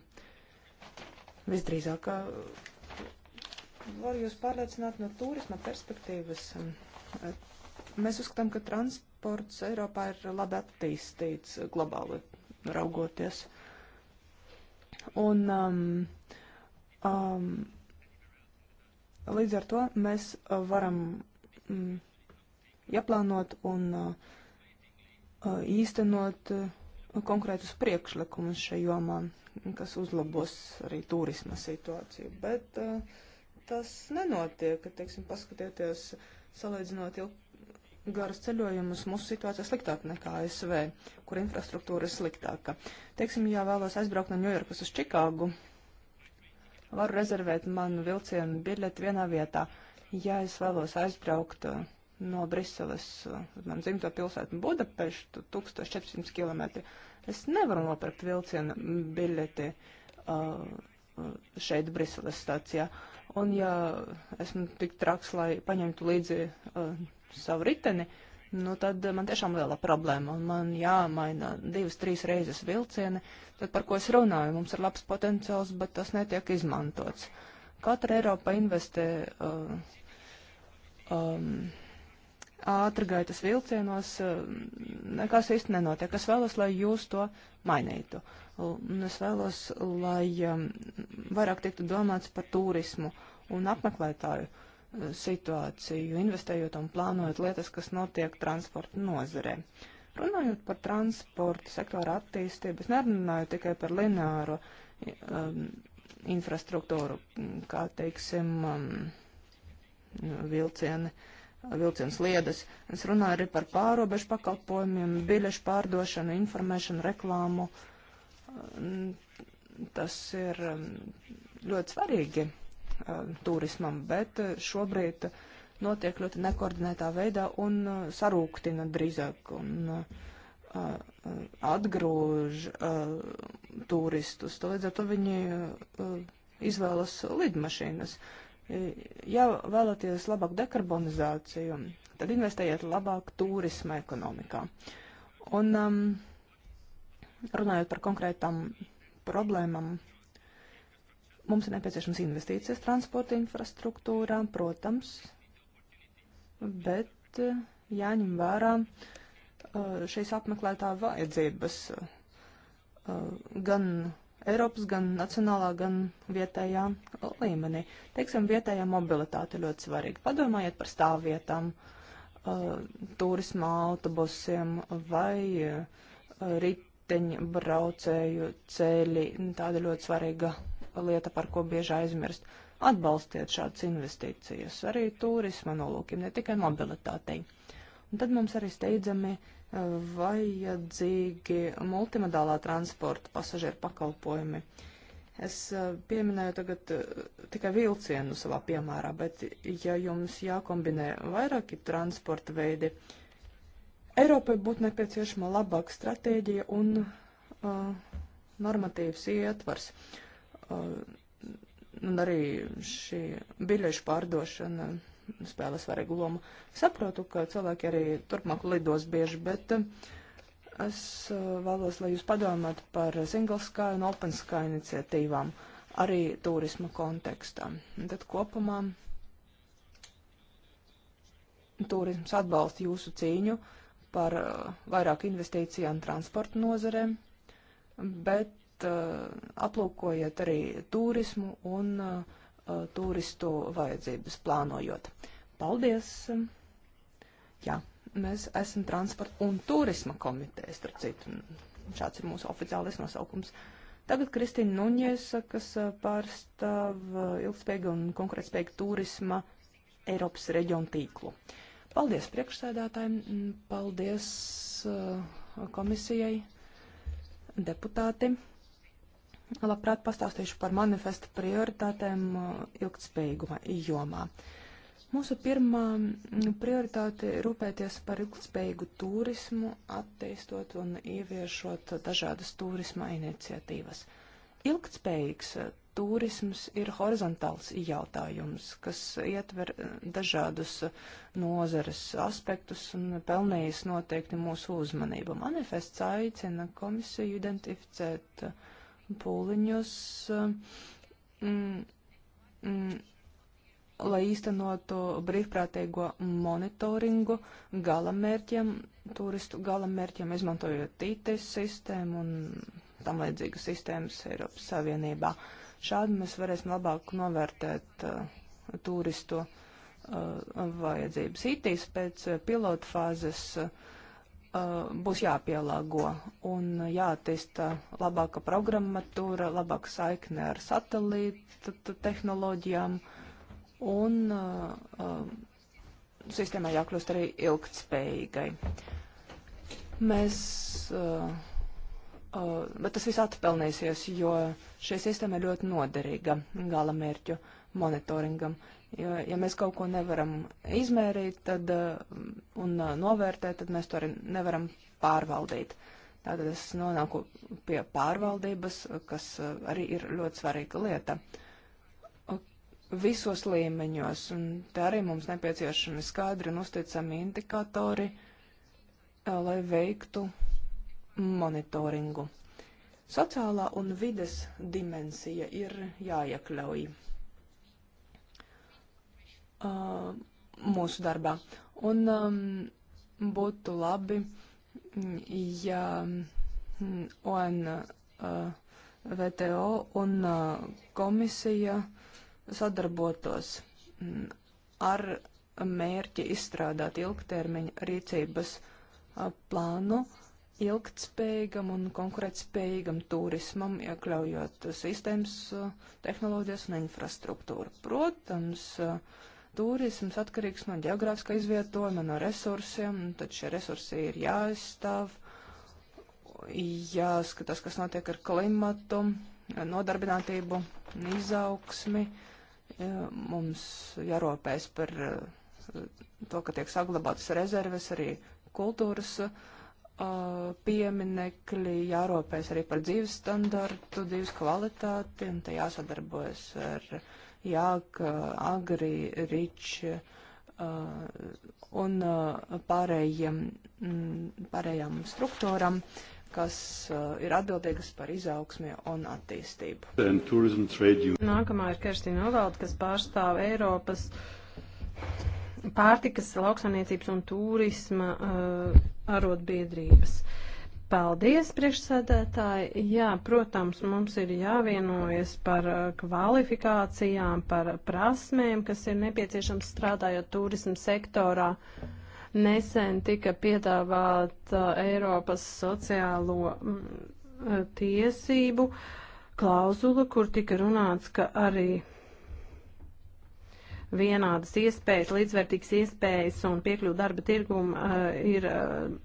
Visdrīzāk, varu jūs pārliecināt no turisma perspektīvas. Mēs uzskatām, ka trans, eksports Eiropā ir labi attīstīts globāli raugoties. Un um, um, līdz ar to mēs varam mm, ieplānot un uh, īstenot uh, konkrētus priekšlikumus šajā jomā, kas uzlabos arī turisma situāciju. Bet uh, tas nenotiek, teiksim, paskatieties, salīdzinot ilg garus ceļojumus, mūsu situācija sliktāka nekā ASV, kur infrastruktūra ir sliktāka. Teiksim, ja vēlos aizbraukt no Ņujorkas uz Čikāgu, varu rezervēt manu vilcienu biļeti vienā vietā. Ja es vēlos aizbraukt uh, no Briseles uh, uz manu dzimto pilsētu Budapeštu, 1400 km, es nevaru nopirkt vilcienu biļeti. Uh, uh, šeit Briseles stācijā. Un ja esmu tik traks, lai paņemtu līdzi uh, savu riteni, nu tad man tiešām liela problēma, un man jāmaina divas, trīs reizes vilcieni, tad par ko es runāju, mums ir labs potenciāls, bet tas netiek izmantots. Katra Eiropa investē uh, um, ātrgaitas vilcienos, uh, nekas īsti nenotiek. Es vēlos, lai jūs to mainītu. Un es vēlos, lai um, vairāk tiktu domāts par turismu un apmeklētāju. Uh, situāciju, investējot un plānojot lietas, kas notiek transporta nozarē. Runājot par transporta sektora attīstību, es nerunāju tikai par lineāro um, infrastruktūru, kā teiksim um, vilcieni, vilciens liedas. Es runāju arī par pārobežu pakalpojumiem, biļešu pārdošanu, informēšanu, reklāmu. Um, tas ir um, ļoti svarīgi Uh, turismam, bet uh, šobrīd uh, notiek ļoti nekoordinētā veidā un sarūktina drīzāk un atgrūž turistus. Tā līdz ar to viņi izvēlas lidmašīnas. Ja vēlaties labāku dekarbonizāciju, tad investējiet labāk turisma ekonomikā. Un um, runājot par konkrētām problēmām, Mums ir nepieciešams investīcijas transporta infrastruktūrā, protams, bet eh, jāņem vērā eh, šīs apmeklētā vajadzības eh, gan Eiropas, gan nacionālā, gan vietējā līmenī. Teiksim, vietējā mobilitāte ļoti svarīga. Padomājiet par stāvvietām, turismā, autobusiem vai riteņbraucēju ceļi. Tāda ļoti svarīga lieta, par ko bieži aizmirst. Atbalstiet šādas investīcijas arī turisma nolūkiem, ne tikai mobilitātei. Un tad mums arī steidzami eh, vajadzīgi multimodālā transporta pasažieru pakalpojumi. Es eh, pieminēju tagad eh, tikai vilcienu savā piemērā, bet ja jums jākombinē vairāki transporta veidi, Eiropai būtu nepieciešama labāka stratēģija un uh, normatīvs ietvars. Uh, un arī šī biļešu pārdošana spēlē svarīgu lomu. Saprotu, ka cilvēki arī turpmāk lidos bieži, bet um, es uh, vēlos, lai jūs padomājat par Single Sky un Open Sky iniciatīvām arī turisma kontekstā. Tad kopumā turisms atbalsta jūsu cīņu par uh, vairāk investīcijām transporta nozarēm, bet Eh, aplūkojiet arī turismu un eh, turistu vajadzības plānojot. Paldies! Jā, mēs esam transporta un turisma komiteja, starp citu. Šāds ir mūsu oficiālais nosaukums. Tagad Kristīna Nuņiesa, kas eh, pārstāv ilgspējīgu un konkurētspējīgu turisma Eiropas reģionu tīklu. Paldies priekšsēdātājiem, paldies komisijai, deputāti labprāt pastāstīšu par manifestu prioritātēm uh, ilgtspējīguma jomā. Mūsu pirmā mm, prioritāte ir rūpēties par ilgtspējīgu turismu, attīstot un ieviešot dažādas turisma iniciatīvas. Ilgtspējīgs uh, turisms ir horizontāls jautājums, kas ietver uh, dažādus nozares aspektus un pelnījis noteikti mūsu uzmanību. Manifests aicina komisiju identificēt uh, pūliņus, mm, mm, lai īstenotu brīvprātīgo monitoringu galamērķiem, turistu galamērķiem, izmantojot IT sistēmu un tam līdzīgas sistēmas Eiropas Savienībā. Šādi mēs varēsim labāk novērtēt uh, turistu uh, vajadzības. IT pēc pilotfāzes uh, Uh, būs jāpielāgo un jāattīsta labāka programmatūra, labāka saikne ar satelītu tehnoloģijām un uh, uh, sistēmai jākļūst arī ilgtspējīgai. Mēs, uh, uh, bet tas viss atpelnīsies, jo šī sistēma ir ļoti noderīga galamērķu monitoringam. Uh, Jo, ja mēs kaut ko nevaram izmērīt tad, mm, un uh, novērtēt, tad mēs to arī nevaram pārvaldīt. Tātad es nonāku pie pārvaldības, kas uh, arī ir ļoti svarīga lieta. Visos līmeņos, un te arī mums nepieciešami skaidri un uzticami indikatori, uh, lai veiktu monitoringu. Sociālā un vides dimensija ir jāiekļauj uh, mūsu darbā. Un um, būtu labi, ja UN, uh, VTO un uh, komisija sadarbotos um, ar mērķi izstrādāt ilgtermiņa rīcības uh, plānu ilgtspējīgam un konkurētspējīgam turismam, iekļaujot sistēmas, tehnoloģijas un infrastruktūru. Protams, uh, Turisms atkarīgs no geogrāfiskā izvietojuma, no resursiem, tad šie resursi ir jāizstāv, jāskatās, kas notiek ar klimatu, nodarbinātību, izaugsmi. Mums jārūpēs par eh, to, ka tiek saglabātas rezerves, arī kultūras uh, pieminekļi, jārūpēs arī par dzīves standartu, dzīves kvalitāti, un te jāsadarbojas ar uh, JAK, Agri, Rič un uh, pārējiem, mm, pārējām struktūram, kas uh, ir atbildīgas par izaugsmi un attīstību. Nākamā ir Kerstina Ovalda, kas pārstāv Eiropas pārtikas, lauksaimniecības un turisma uh, arotbiedrības. Uh, Paldies, priekšsēdētāji. Jā, protams, mums ir jāvienojas par uh, kvalifikācijām, par prasmēm, kas ir nepieciešams strādājot turismu sektorā. Nesen tika piedāvāta uh, Eiropas sociālo mm, uh, tiesību klauzula, kur tika runāts, ka arī vienādas iespējas, līdzvērtīgas iespējas un piekļuvu darba tirgumu uh, ir. Uh,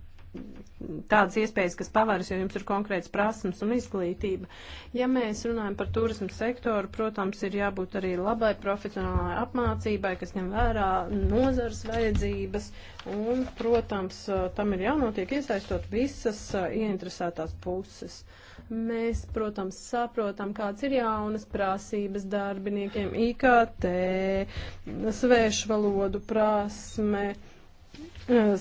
tādas iespējas, kas pavaras, jo jums ir konkrēts prasmes un izglītība. Ja mēs runājam par turismu sektoru, protams, ir jābūt arī labai profesionālai apmācībai, kas ņem vērā nozars vajadzības, un, protams, tam ir jānotiek iesaistot visas ieinteresētās puses. Mēs, protams, saprotam, kāds ir jaunas prasības darbiniekiem IKT, svešvalodu prasme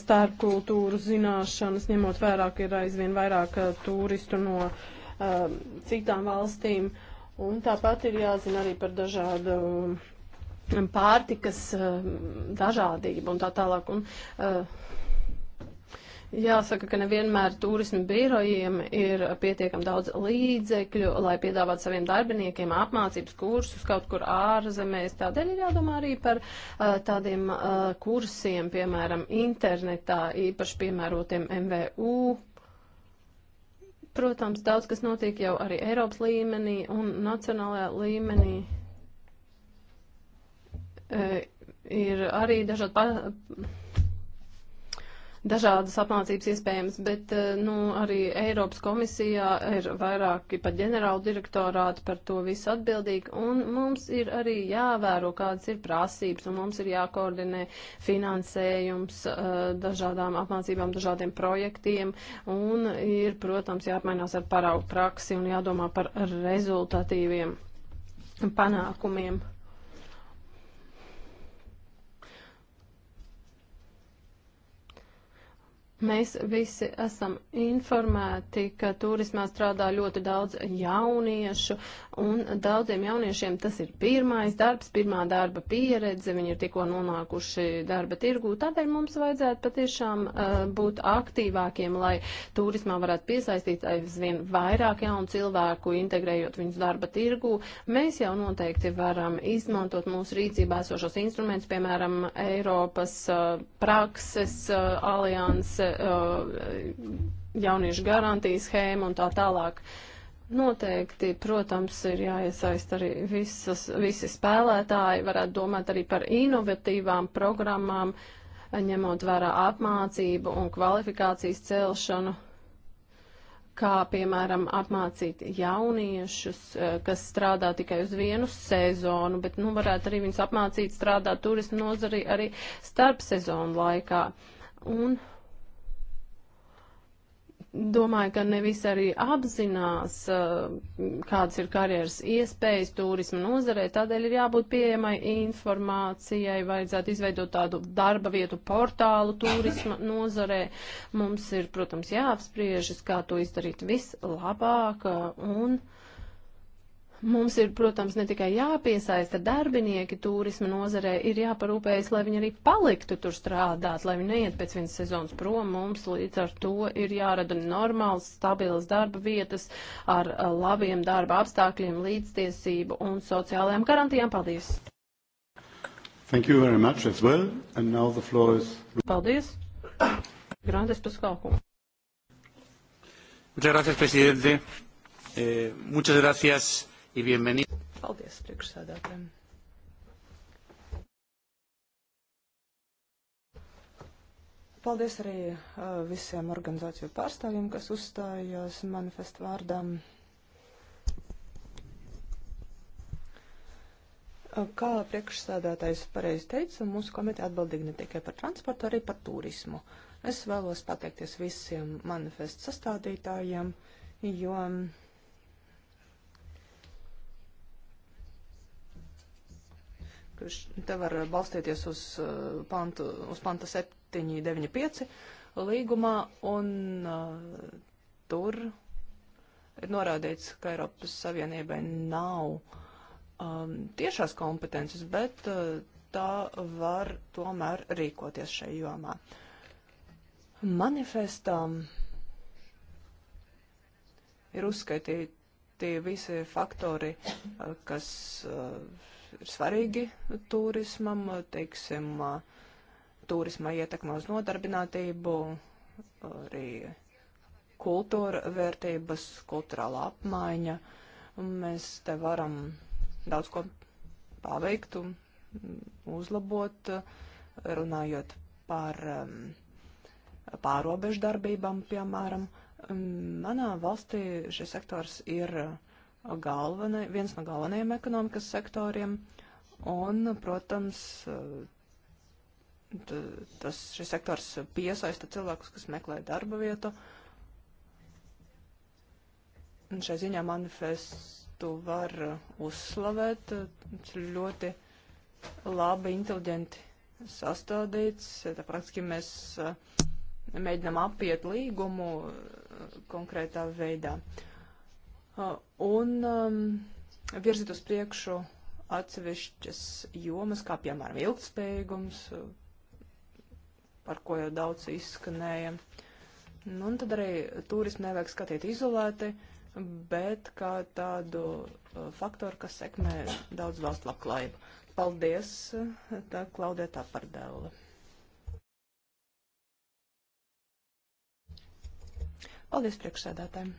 starp kultūru zināšanas, ņemot vērā, ka ir aizvien vairāk uh, turistu no um, citām valstīm. Un tāpat ir jāzina arī par dažādu um, pārtikas um, dažādību un tā tālāk. Un, uh, Jāsaka, ka nevienmēr turismu birojiem ir pietiekami daudz līdzekļu, lai piedāvātu saviem darbiniekiem apmācības kursus kaut kur ārzemēs. Tādēļ ir jādomā arī par uh, tādiem uh, kursiem, piemēram, internetā, īpaši piemērotiem MVU protams, daudz kas notiek jau arī Eiropas līmenī un nacionālajā līmenī. E, ir arī dažādi pa, dažādas apmācības iespējamas, bet eh, nu, arī Eiropas komisijā ir vairāki pat ģenerāla direktorāti par to visu atbildīgi, un mums ir arī jāvēro, kādas ir prasības, un mums ir jākoordinē finansējums eh, dažādām apmācībām, dažādiem projektiem, un ir, protams, jāapmainās ar paraugu praksi un jādomā par rezultatīviem panākumiem. Mēs visi esam informēti, ka turismā strādā ļoti daudz jauniešu, un daudziem jauniešiem tas ir pirmais darbs, pirmā darba pieredze, viņi ir tikko nonākuši darba tirgū, tādēļ mums vajadzētu patiešām uh, būt aktīvākiem, lai turismā varētu piesaistīt aizvien vairāk jaunu cilvēku, integrējot viņus darba tirgū. Mēs jau noteikti varam izmantot mūsu rīcībā esošos instrumentus, piemēram, Eiropas uh, prakses uh, alianses, Uh, jauniešu garantijas schēma un tā tālāk. Noteikti, protams, ir jāiesaist arī visas, visi spēlētāji, varētu domāt arī par inovatīvām programmām, ņemot vērā apmācību un kvalifikācijas celšanu, kā piemēram apmācīt jauniešus, uh, kas strādā tikai uz vienu sezonu, bet nu varētu arī viņus apmācīt strādāt turismu nozari arī starp sezonu laikā. Un domāju, ka nevis arī apzinās, eh, kādas ir karjeras iespējas turisma nozarē, tādēļ ir jābūt pieejamai informācijai, vajadzētu izveidot tādu darba vietu portālu turisma nozarē. Mums ir, protams, jāapspriežas, kā to izdarīt vislabāk eh, un. Uh, Mums ir, protams, ne tikai jāpiesaista darbinieki turisma nozarē, ir jāparūpējas, lai viņi arī paliktu tur strādāt, lai viņi neiet pēc vienas sezonas prom. Mums līdz ar to ir jārada normāls, stabils darba vietas ar labiem darba apstākļiem, līdztiesību un sociālajām garantijām. Paldies! Thank you very much as well. And now the floor is... Paldies! Grandes Pascalco. Muchas gracias, presidente. Eh, muchas gracias y bienvenido. Paldies priekšsēdētājiem. Paldies arī uh, visiem organizāciju pārstāvjiem, kas uzstājās manifestu vārdām. Uh, kā priekšsādātājs pareizi teica, mūsu komiteja atbildīga ne tikai par transportu, arī par turismu. Es vēlos pateikties visiem manifestu sastādītājiem, jo. Um, Te var balstīties uz, eh, pantu, uz panta 795 līgumā, un uh, tur ir norādīts, ka Eiropas Savienībai nav um, tiešās kompetences, bet uh, tā var tomēr rīkoties šai jomā. Manifestām ir uzskaitīti visi faktori, kas uh, ir svarīgi turismam, teiksim, turisma ietekma uz nodarbinātību, arī kultūra vērtības, kulturāla apmaiņa. Mēs te varam daudz ko paveikt un uzlabot, runājot par um, pārobežu darbībām, piemēram. Manā valstī šis sektors ir galvena, viens no galvenajiem ekonomikas sektoriem. Un, protams, tas, šis sektors piesaista cilvēkus, kas meklē darba vietu. Un šai ziņā manifestu var uzslavēt. Tas ir ļoti labi, inteliģenti sastādīts. Tā praktiski mēs uh, mēģinām apiet līgumu uh, konkrētā veidā. Uh, Uh, un um, virzīt uz priekšu atsevišķas jomas, kā piemēram ilgspējīgums, uh, par ko jau daudz izskanēja. Nu, un tad arī turismu nevajag skatīt izolēti, bet kā tādu uh, faktoru, kas sekmē daudz valstu labklājību. Paldies, tā Klaudē tā par dēlu. Paldies priekšsēdētājiem.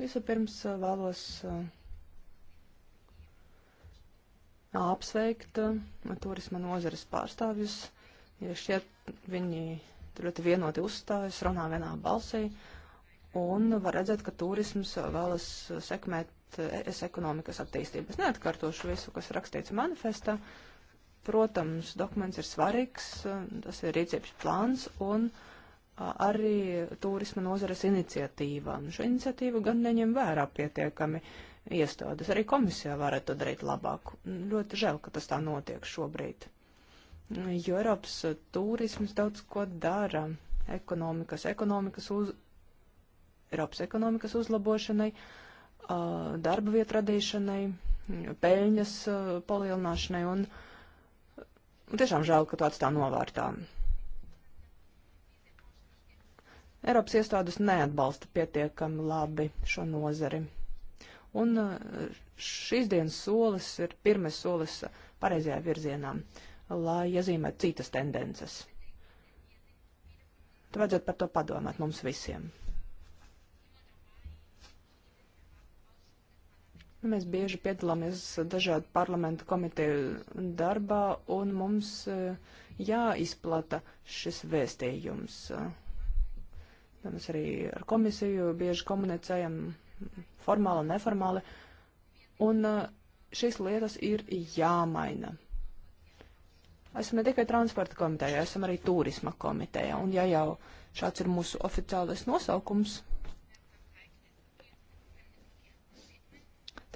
Vispirms eh, vēlos eh, apsveikt eh, turisma nozares pārstāvjus, jo ja šķiet viņi ļoti vienoti uzstājas, runā vienā balsī, un var redzēt, ka turisms vēlas sekmēt es ekonomikas attīstības. Neatkārtošu visu, kas rakstīts manifestā. Protams, dokuments ir svarīgs, tas ir rīcības plāns, un uh, arī turisma nozares iniciatīvām. Šo iniciatīvu gan neņem vērā pietiekami iestādes. Arī komisija varētu to darīt labāk. Ļoti žēl, ka tas tā notiek šobrīd. Jo Eiropas turisms daudz ko dara ekonomikas, ekonomikas uz, Eiropas ekonomikas uzlabošanai, darba vietu radīšanai, peļņas palielināšanai un tiešām žēl, ka to atstā novārtām. Eiropas iestādes neatbalsta pietiekami labi šo nozari. Un eh, šīs dienas solis ir pirmais solis pareizajā virzienā, lai iezīmētu citas tendences. Tu vajadzētu par to padomāt mums visiem. Nu, mēs bieži piedalāmies dažādu parlamentu komiteju darbā, un mums eh, jāizplata šis vēstījums. Uh, Mēs arī ar komisiju bieži komunicējam formāli un neformāli. Un eh, šīs lietas ir jāmaina. Esam ne tikai transporta komiteja, esam arī turisma komiteja. Un ja jau šāds ir mūsu oficiālais nosaukums,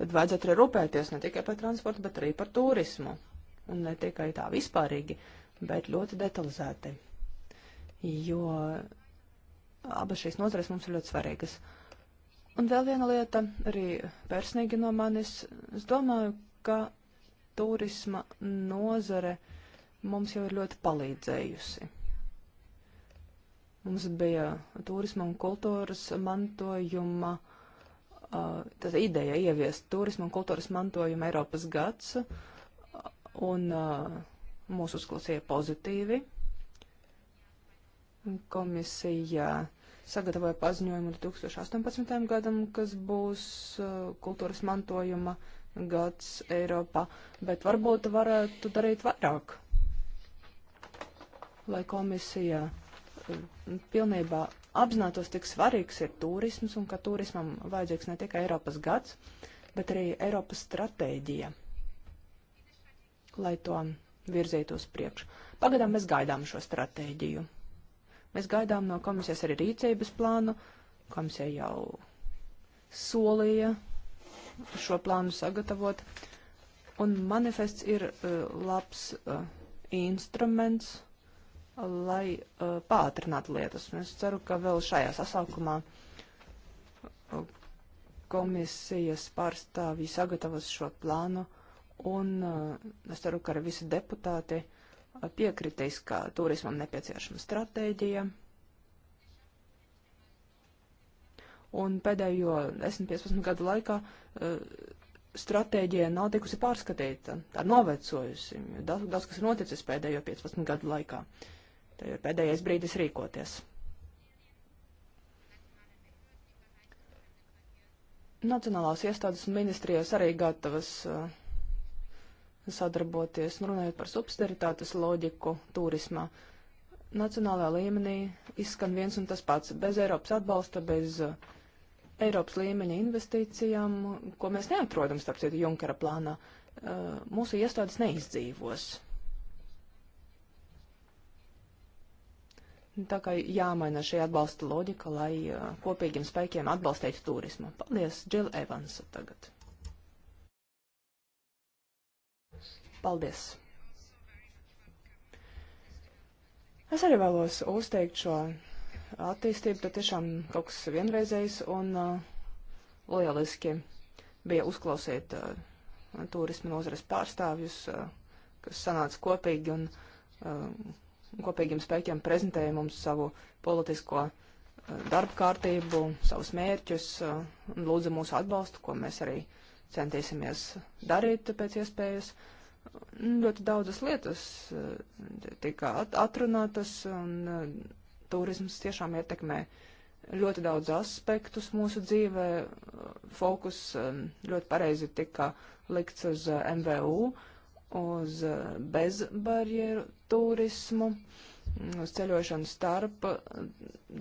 tad vajadzētu arī rūpēties ne tikai par transportu, bet arī par turismu. Un ne tikai tā vispārīgi, bet ļoti detalizēti. Jo Abas šīs nozares mums ir ļoti svarīgas. Un vēl viena lieta, arī personīgi no manis, es domāju, ka turisma nozare mums jau ir ļoti palīdzējusi. Mums bija turisma un kultūras mantojuma, tas ideja ieviest turisma un kultūras mantojuma Eiropas gads, un mūs uzklausīja pozitīvi. Komisija sagatavoja paziņojumu 2018. gadam, kas būs uh, kultūras mantojuma gads Eiropā, bet varbūt varētu darīt vairāk, lai komisija uh, pilnībā apzinātos, cik svarīgs ir turisms un ka turismam vajadzīgs ne tikai Eiropas gads, bet arī Eiropas stratēģija, lai to virzītu uz priekšu. Pagadām mēs gaidām šo stratēģiju. Mēs gaidām no komisijas arī rīcības plānu. Komisija jau solīja šo plānu sagatavot. Un manifests ir uh, labs uh, instruments, lai uh, pātrinātu lietas. Es ceru, ka vēl šajā sasaukumā uh, komisijas pārstāvji sagatavos šo plānu, un uh, es ceru, ka arī visi deputāti piekritīs, ka turismam nepieciešama stratēģija. Un pēdējo 10-15 gadu laikā eh, stratēģija nav tikusi pārskatīta, tā novecojusi. Daudz, daudz kas ir noticis pēdējo 15 gadu laikā. Tā ir pēdējais brīdis rīkoties. Nacionālās iestādes un ministrijas arī gatavas uh, sadarboties. Un runājot par subsidiaritātes loģiku turismā, nacionālā līmenī izskan viens un tas pats - bez Eiropas atbalsta, bez uh, Eiropas līmeņa investīcijām, ko mēs neatrodam, starp citu, Junkera plānā, uh, mūsu iestādes neizdzīvos. Tā kā jāmaina šī atbalsta loģika, lai uh, kopīgiem spēkiem atbalstītu turismu. Paldies, Džil Evansa tagad. Paldies! Es arī vēlos uzteikt šo attīstību, tad tiešām kaut kas vienreizējs un uh, lieliski bija uzklausīt uh, turisma nozares pārstāvjus, uh, kas sanāca kopīgi un uh, kopīgiem spēkiem prezentēja mums savu politisko uh, darba kārtību, savus mērķus uh, un lūdza mūsu atbalstu, ko mēs arī centīsimies darīt pēc iespējas. Uh, ļoti daudzas lietas eh, tika atrunātas, un eh, turisms tiešām ietekmē ļoti daudz aspektus mūsu dzīvē. Fokus eh, ļoti pareizi tika likts uz MVU, uz bezbarjeru turismu, uz ceļošanu starp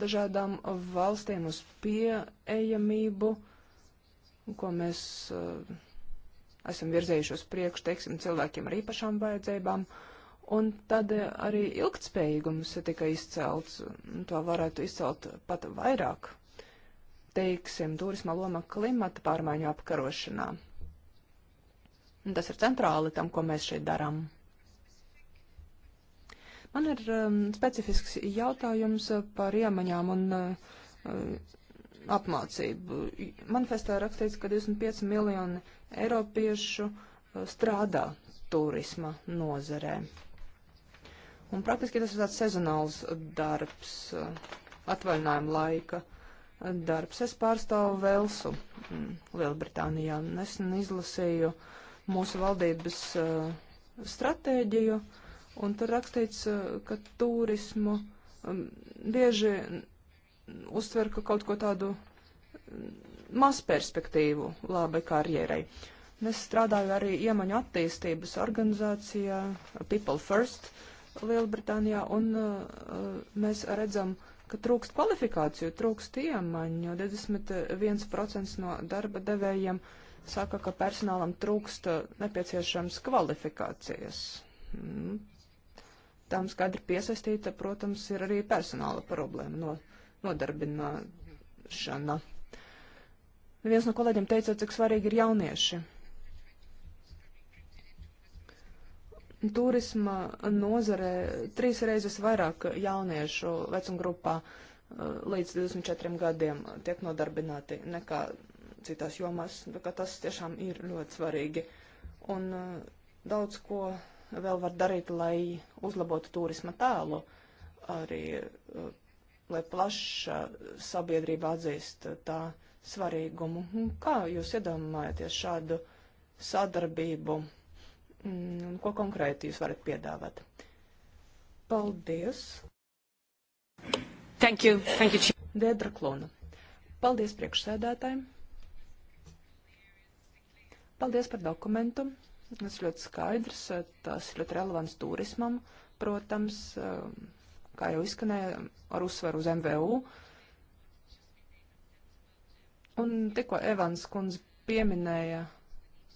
dažādām valstīm, uz pieejamību, ko mēs uh, esam virzējušos priekš, teiksim, cilvēkiem ar īpašām vajadzībām. Un tad eh, arī ilgtspējīgums tika izcelts, to varētu izcelt pat vairāk, teiksim, turisma loma klimata pārmaiņu apkarošanā. Un tas ir centrāli tam, ko mēs šeit darām. Man ir um, specifisks jautājums par iemaņām un uh, apmācību. Manifestā rakstīts, ka 25 miljoni Eiropiešu eh, strādā turisma nozarē. Un praktiski tas ir tāds sezonāls darbs, eh, atvaļinājuma laika darbs. Es pārstāvu Velsu mm, Lielbritānijā un nesen izlasīju mūsu valdības eh, stratēģiju, un tur rakstīts, ka turismu mm, bieži uztver, ka kaut ko tādu maz perspektīvu labai karjerai. Un es strādāju arī iemaņu attīstības organizācijā People First Lielbritānijā, un uh, mēs redzam, ka trūkst kvalifikāciju, trūkst iemaņu. 21% no darba devējiem saka, ka personālam trūkst uh, nepieciešams kvalifikācijas. Mm. Tām skaidri piesaistīta, protams, ir arī personāla problēma no nodarbināšana. Viens no kolēģiem teica, cik svarīgi ir jaunieši. Turisma nozare trīs reizes vairāk jauniešu vecumgrupā eh, līdz 24 gadiem tiek nodarbināti nekā citās jomās. Tas tiešām ir ļoti svarīgi. Un eh, daudz ko vēl var darīt, lai uzlabotu turisma tēlu, arī eh, lai plaša sabiedrība atzīst tā svarīgumu. Kā jūs iedomājaties šādu sadarbību? Mm, ko konkrēti jūs varat piedāvāt? Paldies! Thank you. Thank you. Dēdra Klona. Paldies priekšsēdētājiem. Paldies par dokumentu. Tas ļoti skaidrs, tas ļoti relevants turismam, protams, kā jau izskanēja, ar uzsvaru uz MVU. Uh, Un tikko Evans kundze pieminēja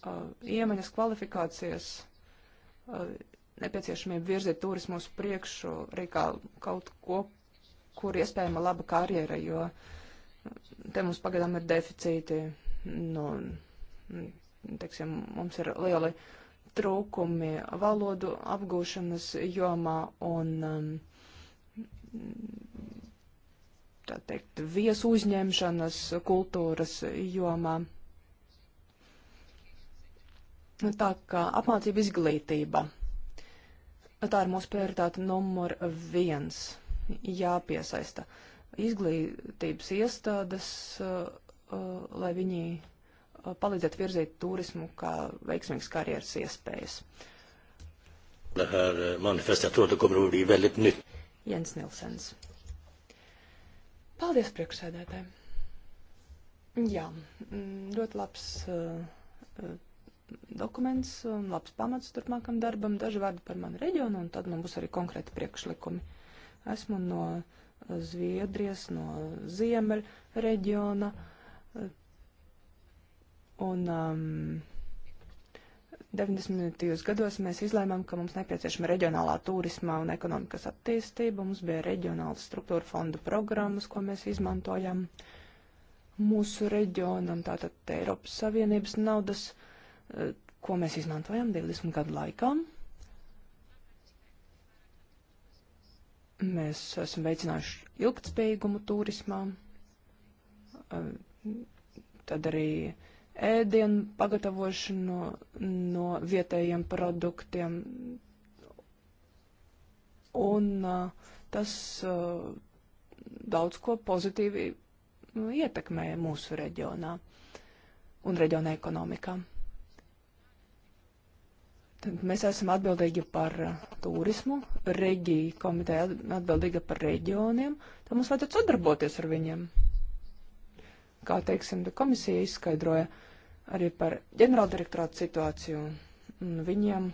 uh, iemaņas kvalifikācijas uh, nepieciešamību virzīt turismu uz priekšu, arī kā kaut ko, kur iespējama laba karjera, jo uh, te mums pagadām ir deficīti, nu, teiksim, mums ir lieli trūkumi valodu apgūšanas jomā un um, tā teikt, viesu uzņemšanas kultūras jomā. Nu, tā kā apmācība izglītība. Tā ir mūsu prioritāte numur viens. Jāpiesaista izglītības iestādes, uh, uh, lai viņi uh, palīdzētu virzīt turismu kā veiksmīgas karjeras iespējas. Det här eh, manifestet, jag tror att det kommer att bli väldigt nytt. Jens Nilsens. Paldies priekšsēdētājiem! Jā, mm, ļoti labs uh, dokuments, labs pamats turpmākam darbam, daži vārdi par manu reģionu, un tad man būs arī konkrēti priekšlikumi. Esmu no eh, Zviedrijas, no Ziemeļ reģiona, un um, 90. gados mēs izlēmām, ka mums nepieciešama reģionālā turisma un ekonomikas attīstība. Mums bija reģionāls struktūra fondu programmas, ko mēs izmantojam mūsu reģionam, tātad Eiropas Savienības naudas, eh, ko mēs izmantojam 20 gadu laikā. Mēs esam veicinājuši ilgtspējīgumu turismā, eh, tad arī uh, ēdienu pagatavošanu no vietējiem produktiem. Un uh, tas uh, daudz ko pozitīvi nu, ietekmē mūsu reģionā un reģiona ekonomikā. Tad mēs esam atbildīgi par turismu, reģija komiteja atbildīga par reģioniem, tad mums vajadzētu sadarboties ar viņiem. Kā, teiksim, komisija izskaidroja, uh, arī par ģenerāldirektorātu situāciju. Un viņiem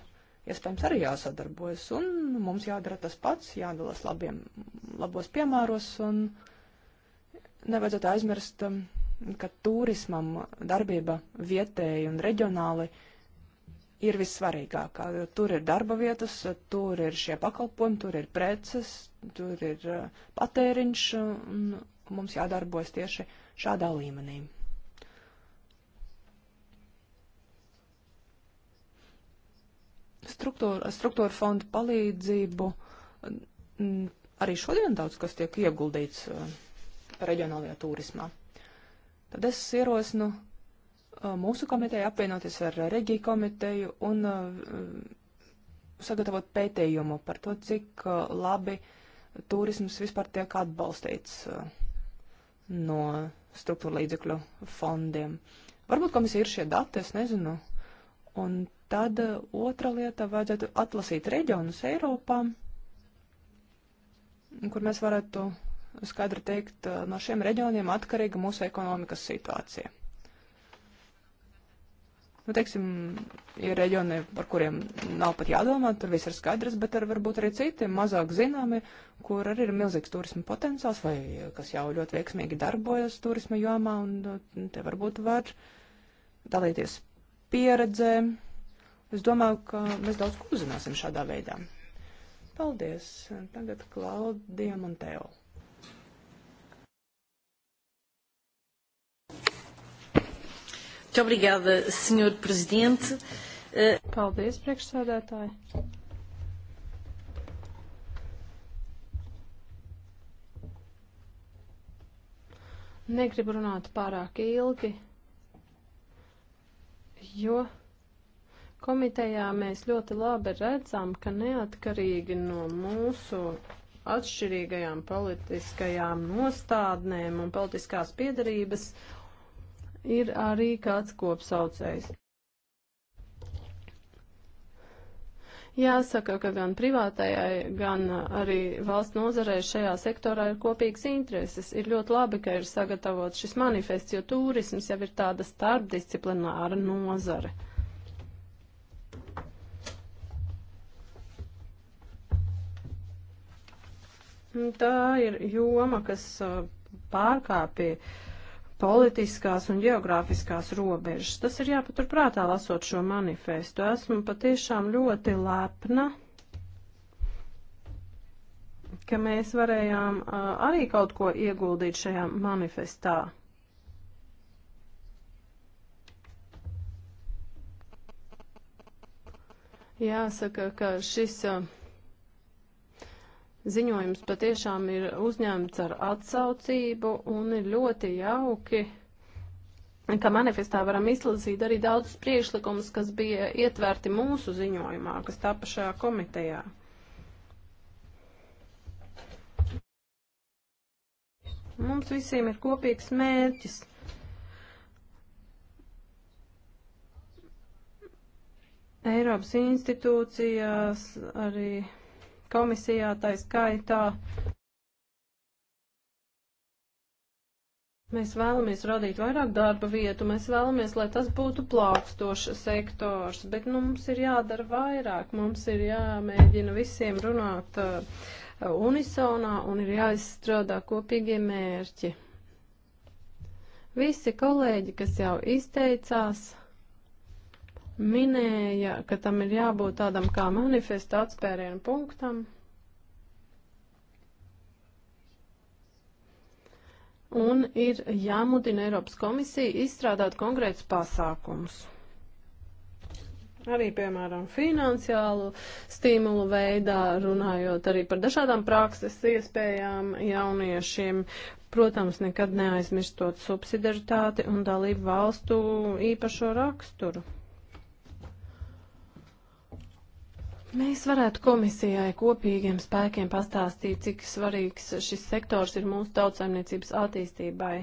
iespējams arī jāsadarbojas, un mums jādara tas pats, jādalās labiem, labos piemēros, un nevajadzētu aizmirst, um, ka turismam darbība vietēji un reģionāli ir vissvarīgākā, jo tur ir darba vietas, tur ir šie pakalpojumi, tur ir preces, tur ir uh, patēriņš, un mums jādarbojas tieši šādā līmenī. struktūra, struktūra fonda palīdzību arī šodien daudz kas tiek ieguldīts eh, reģionālajā turismā. Tad es ierosinu eh, mūsu komiteju apvienoties ar reģiju komiteju un eh, sagatavot pētījumu par to, cik labi turisms vispār tiek atbalstīts no struktūra līdzekļu fondiem. Varbūt komisija ir šie dati, es nezinu. Un Tad eh, otra lieta - vajadzētu atlasīt reģionus Eiropā, kur mēs varētu skaidri teikt, eh, no šiem reģioniem atkarīga mūsu ekonomikas situācija. Nu, teiksim, ir reģioni, par kuriem nav pat jādomā, tur viss ir skaidrs, bet ir varbūt arī citi mazāk zināmi, kur arī ir milzīgs turisma potenciāls vai eh, kas jau ļoti veiksmīgi darbojas turisma jomā, un te varbūt var dalīties pieredzēm Es domāju, ka mēs daudz ko uzzināsim šādā veidā. Paldies! Tagad Klaudija Monteo. Muito obrigada, Sr. Presidente. Paldies, priekšsēdētāji. Negribu runāt pārāk ilgi, jo Komitejā mēs ļoti labi redzam, ka neatkarīgi no mūsu atšķirīgajām politiskajām nostādnēm un politiskās piedarības ir arī kāds kopsaucējs. Jāsaka, ka gan privātajai, gan arī valsts nozarei šajā sektorā ir kopīgas intereses. Ir ļoti labi, ka ir sagatavots šis manifests, jo turisms jau ir tāda starpdisciplināra nozare. Tā ir joma, kas pārkāpja politiskās un geogrāfiskās robežas. Tas ir jāpaturprātā lasot šo manifestu. Esmu patiešām ļoti lepna, ka mēs varējām arī kaut ko ieguldīt šajā manifestā. Jāsaka, ka šis. Uh, Ziņojums patiešām ir uzņemts ar atsaucību un ir ļoti jauki ka manifestā varam izlasīt arī daudzus priekšlikumus, kas bija ietverti mūsu ziņojumā, kas tapa šajā komitejā. Mums visiem ir kopīgs mērķis. Eiropas institūcijās arī komisijā, tā skaitā. Mēs vēlamies radīt vairāk darba vietu, mēs vēlamies, lai tas būtu plaukstošs sektors, bet nu, mums ir jādara vairāk, mums ir jāmēģina visiem runāt uh, unisonā un ir jāizstrādā kopīgie mērķi. Visi kolēģi, kas jau izteicās, minēja, ka tam ir jābūt tādam kā manifesta atspērienu punktam. Un ir jāmudina Eiropas komisija izstrādāt konkrētus pasākumus arī, piemēram, finansiālu stimulu veidā, runājot arī par dažādām prakses iespējām jauniešiem. Protams, nekad neaizmirstot subsidaritāti un dalību valstu īpašo raksturu. Mēs varētu komisijai kopīgiem spēkiem pastāstīt, cik svarīgs šis sektors ir mūsu tautsaimniecības attīstībai.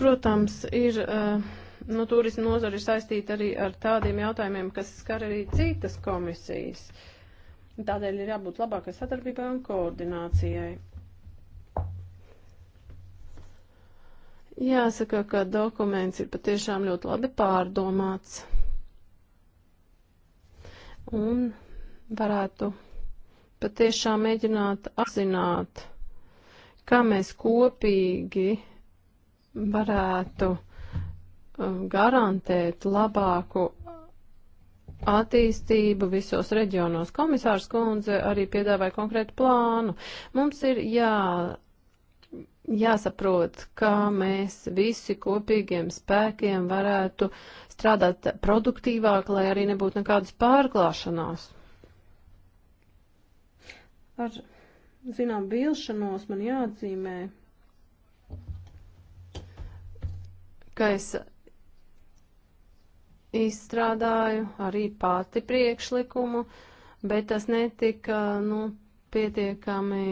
Protams, ir, eh, nu, turisma nozara ir saistīta arī ar tādiem jautājumiem, kas skar arī citas komisijas. Tādēļ ir jābūt labākai sadarbībai un koordinācijai. Jāsaka, ka dokuments ir patiešām ļoti labi pārdomāts un varētu patiešām mēģināt apzināt, kā mēs kopīgi varētu um, garantēt labāku attīstību visos reģionos. Komisārs kundze arī piedāvāja konkrētu plānu. Mums ir jā, jāsaprot, kā mēs visi kopīgiem spēkiem varētu strādāt produktīvāk, lai arī nebūtu nekādas pārklāšanās. Ar zinām vilšanos man jāatzīmē, ka es izstrādāju arī pati priekšlikumu, bet tas netika, nu, pietiekami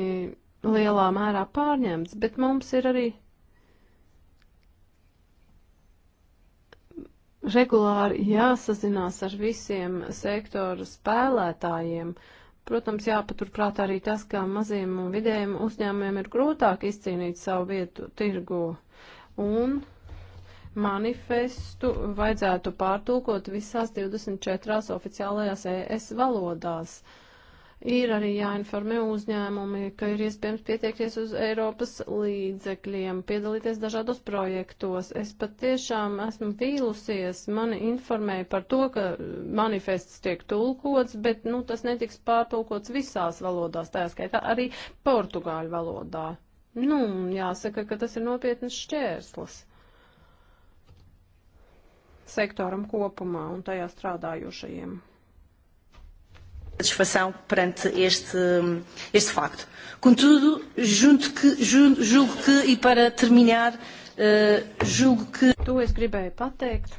lielā mērā pārņemts, bet mums ir arī regulāri jāsazinās ar visiem sektoru spēlētājiem. Protams, jāpaturprāt arī tas, ka maziem un vidējiem uzņēmumiem ir grūtāk izcīnīt savu vietu tirgu. Un manifestu vajadzētu pārtulkot visās 24 oficiālajās ES valodās. Uh, Ir arī jāinformē uzņēmumi, ka ir iespējams pieteikties uz Eiropas līdzekļiem, piedalīties dažādos projektos. Es pat tiešām esmu vīlusies, mani informēja par to, ka manifests tiek tulkots, bet nu, tas netiks pārtulkots visās valodās, tā skaitā arī portugāļu valodā. Nu, jāsaka, ka tas ir nopietnas šķērslis sektoram kopumā un tajā strādājošajiem satisfação perante este, este facto. Contudo, junto que, junto, julgo que, e para terminar, uh, julgo que. To es gribēju pateikt.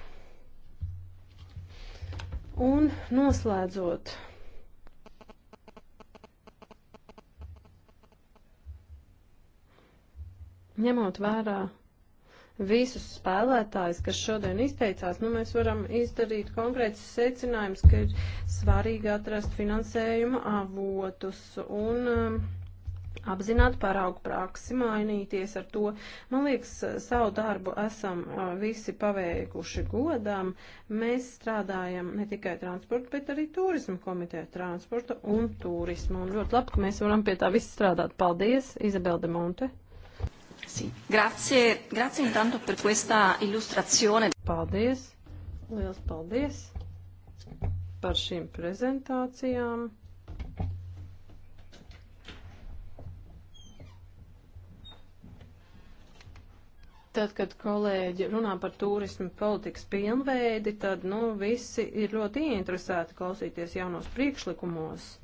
Un noslēdzot. Ņemot vērā visus spēlētājus, kas šodien izteicās, nu, mēs varam izdarīt konkrēts secinājums, ka ir svarīgi atrast finansējuma avotus un um, apzināt paraugu praksi, mainīties ar to. Man liekas, savu darbu esam uh, visi paveikuši godām. Mēs strādājam ne tikai transporta, bet arī turismu komiteja transporta un turismu. Un ļoti labi, ka mēs varam pie tā viss strādāt. Paldies, Izabelde Monte. Sì. Grazie, grazie intanto per questa illustrazione. Paldies, liels paldies par šīm prezentācijām. Tad, kad kolēģi runā par turismu politikas pilnveidi, tad, nu, visi ir ļoti ieinteresēti klausīties jaunos priekšlikumos.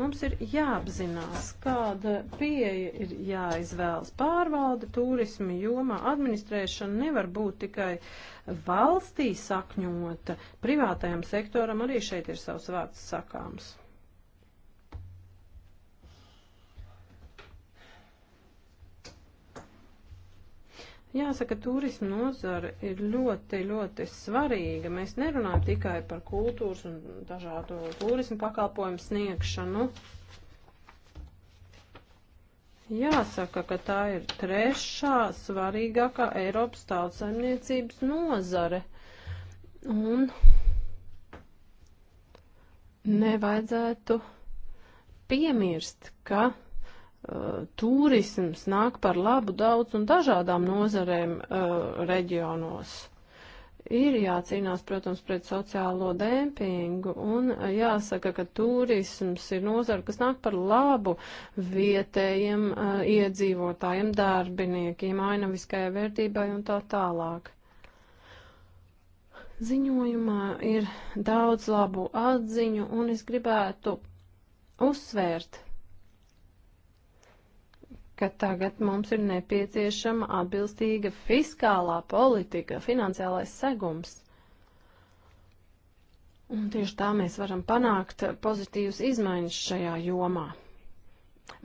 Mums ir jāapzinās, kāda pieeja ir jāizvēlas. Pārvalde turismu jomā administrēšana nevar būt tikai valstī sakņota. Privātajam sektoram arī šeit ir savs vārds sakāms. Jāsaka, turisma nozara ir ļoti, ļoti svarīga. Mēs nerunājam tikai par kultūras un dažādu turismu pakalpojumu sniegšanu. Jāsaka, ka tā ir trešā svarīgākā Eiropas tautsaimniecības nozare. Un nevajadzētu piemirst, ka turisms nāk par labu daudz un dažādām nozarēm uh, reģionos. Ir jācīnās, protams, pret sociālo dēmpingu un jāsaka, ka turisms ir nozara, kas nāk par labu vietējiem uh, iedzīvotājiem, darbiniekiem, ainaviskajai vērtībai un tā tālāk. Ziņojumā ir daudz labu atziņu un es gribētu uzsvērt ka tagad mums ir nepieciešama atbilstīga fiskālā politika, finansiālais segums. Un tieši tā mēs varam panākt pozitīvas izmaiņas šajā jomā.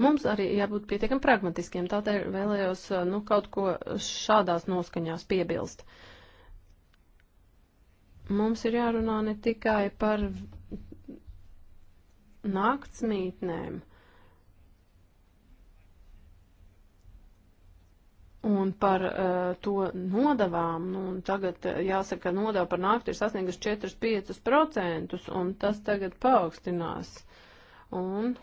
Mums arī jābūt pietiekam pragmatiskiem, tādēļ vēlējos uh, nu, kaut ko šādās noskaņās piebilst. Mums ir jārunā ne tikai par naktsmītnēm. Uh, Un par uh, to nodavām, nu, tagad uh, jāsaka, ka nodava par nakti ir sasniegusi 4-5%, un tas tagad paaugstinās. Un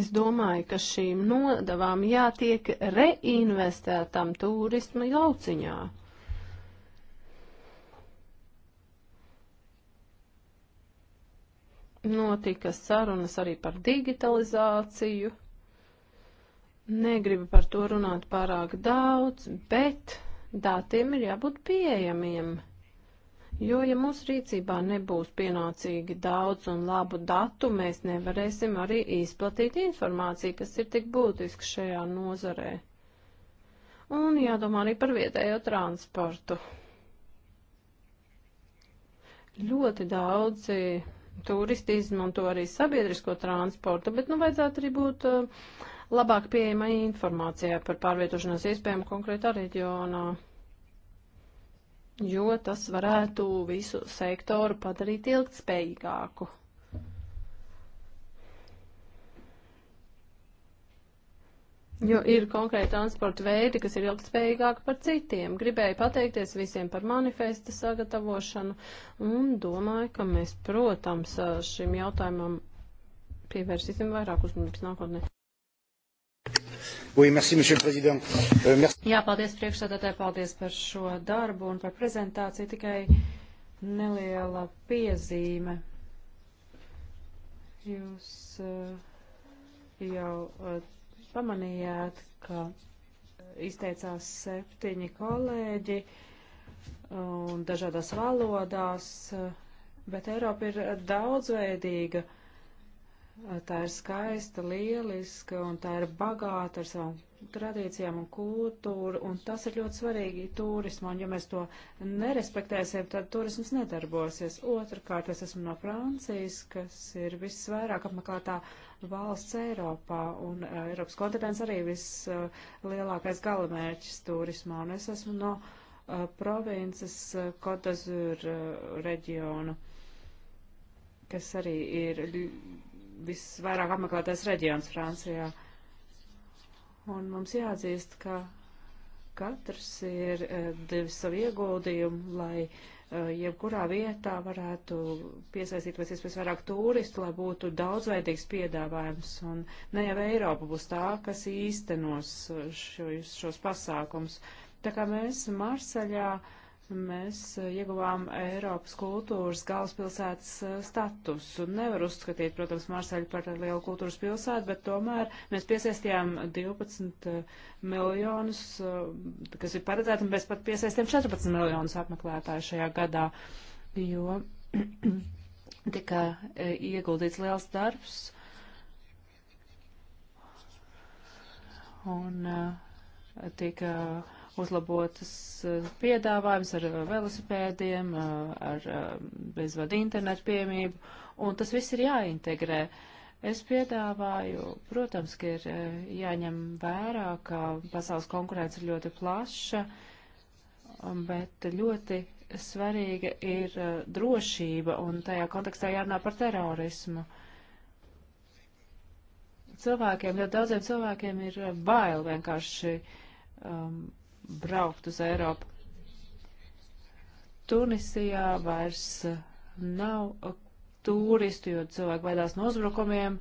es domāju, ka šīm nodavām jātiek reinvestētam turismu lauciņā. Notika sarunas arī par digitalizāciju. Negribu par to runāt pārāk daudz, bet datiem ir jābūt pieejamiem. Jo, ja mūsu rīcībā nebūs pienācīgi daudz un labu datu, mēs nevarēsim arī izplatīt informāciju, kas ir tik būtiska šajā nozarē. Un jādomā arī par vietējo transportu. Ļoti daudzi turisti izmanto arī sabiedrisko transportu, bet nu vajadzētu arī būt uh, labāk pieejamai informācijai par pārvietošanās iespējām konkrētā reģionā, jo tas varētu visu sektoru padarīt ilgtspējīgāku. Jo ir konkrēti transporta veidi, kas ir ilgspējīgāki par citiem. Gribēju pateikties visiem par manifesta sagatavošanu un domāju, ka mēs, protams, šim jautājumam pievērsīsim vairāk uzmanības nākotnē. Oui, merci, uh, merci. Jā, paldies priekšsēdētāji, paldies par šo darbu un par prezentāciju. Tikai neliela piezīme. Jūs uh, jau uh, pamanījāt, ka izteicās septiņi kolēģi un dažādās valodās, uh, bet Eiropa ir daudzveidīga. Uh, Tā ir skaista, lieliska un tā ir bagāta ar savām tradīcijām un kultūru, un tas ir ļoti svarīgi turismam. Ja mēs to nerespektēsim, tad turisms nedarbosies. Otrakārt, es esmu no Francijas, kas ir visvairāk apmeklētā valsts Eiropā, un eh, Eiropas kontinents arī vislielākais galamērķis turismā, un es esmu no uh, provinces Kotazur eh, reģionu, kas arī ir visvairāk apmeklētais reģions Francijā. Un mums jāatzīst, ka katrs ir eh, devis savu ieguldījumu, lai uh, jebkurā vietā varētu piesaistīt pēc iespējas vairāk turistu, lai būtu daudzveidīgs piedāvājums. Un ne jau Eiropa būs tā, kas īstenos eh, šo, šos pasākums. Tā kā mēs Marseļā uh, mēs eh, ieguvām Eiropas kultūras galvaspilsētas eh, statusu. Nevar uzskatīt, protams, Marseļu par lielu kultūras pilsētu, bet tomēr mēs piesaistījām 12 eh, miljonus, kas ir paredzēti, un mēs pat piesaistījām 14 miljonus apmeklētāju šajā gadā, jo tika ieguldīts liels darbs. Un tika uzlabotas eh, piedāvājums ar eh, velosipēdiem, eh, ar bezvadu internetu piemību, un tas viss ir jāintegrē. Es piedāvāju, protams, ka ir jāņem vērā, ka pasaules konkurence ir ļoti plaša, um, bet ļoti svarīga ir drošība, un tajā kontekstā jārunā par terorismu cilvēkiem, ļoti daudziem cilvēkiem ir bail vienkārši um, braukt uz Eiropu. Tunisijā vairs nav turistu, jo cilvēki baidās no uzbrukumiem,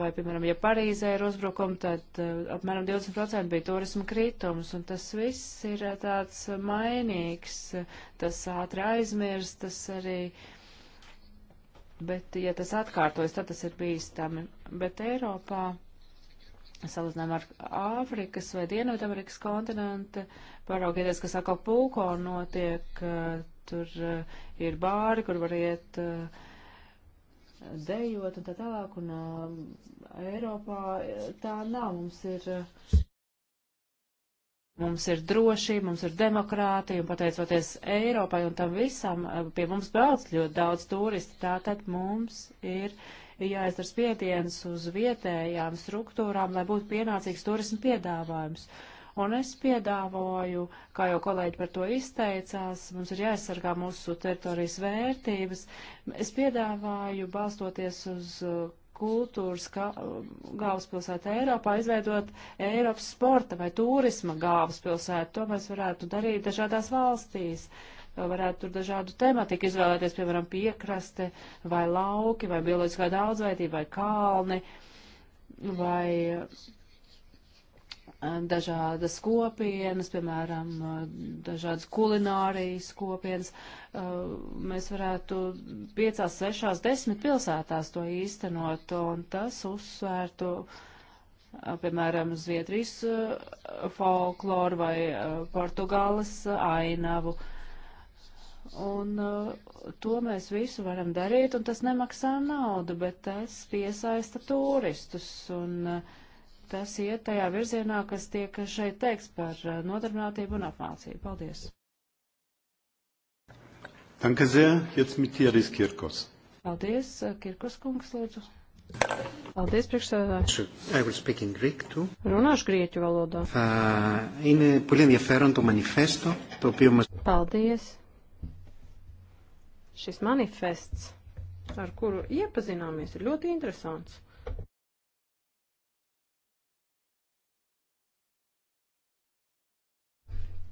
vai, piemēram, ja Parīzē ir uzbrukumi, tad eh, apmēram 20% bija turisma kritums, un tas viss ir eh, tāds mainīgs, tas ātri aizmirst, tas arī uh, bet ja tas atkārtojas, tad tas ir bīstami. Bet Eiropā salīdzinām ar Āfrikas vai Dienvidamerikas kontinentu, paraugieties, kas atkal pulko notiek, tur eh, ir bāri, kur var iet eh, dejot un tā tālāk, un eh, Eiropā tā nav, mums ir. Mums ir drošība, mums ir demokrātija, un pateicoties Eiropai un tam visam, pie mums brauc ļoti daudz turisti, tātad mums ir uh, ir jāizdara spiediens uz vietējām struktūrām, lai būtu pienācīgs turismu piedāvājums. Un es piedāvoju, kā jau kolēģi par to izteicās, mums ir jāaizsargā mūsu teritorijas vērtības. Es piedāvāju, balstoties uz uh, kultūras uh, galvaspilsētu Eiropā, izveidot Eiropas sporta vai turisma galvaspilsētu. To mēs varētu darīt dažādās valstīs. Uh, varētu tur dažādu tematiku izvēlēties, piemēram, piekraste vai lauki vai bioloģiskā daudzveidība vai kalni vai eh, dažādas kopienas, piemēram, eh, dažādas kulinārijas kopienas. Eh, mēs varētu piecās, sešās, desmit pilsētās to īstenot, un tas uzsvērtu, piemēram, Zviedrijas folkloru vai Portugāles ainavu. Uh, Un uh, to mēs visu varam darīt, un tas nemaksā naudu, bet tas piesaista turistus. Un uh, tas iet tajā virzienā, kas tiek šeit teiks par uh, nodarbinātību un apmācību. Paldies! Danke sehr. Jetzt mit Thieris Kirkos. Paldies, uh, Kirkos kungs, lūdzu. Paldies, priekšsēdētāji. Runāšu grieķu valodā. Uh, Paldies. Šis manifests, ar kuru iepazināmies, ir ļoti interesants.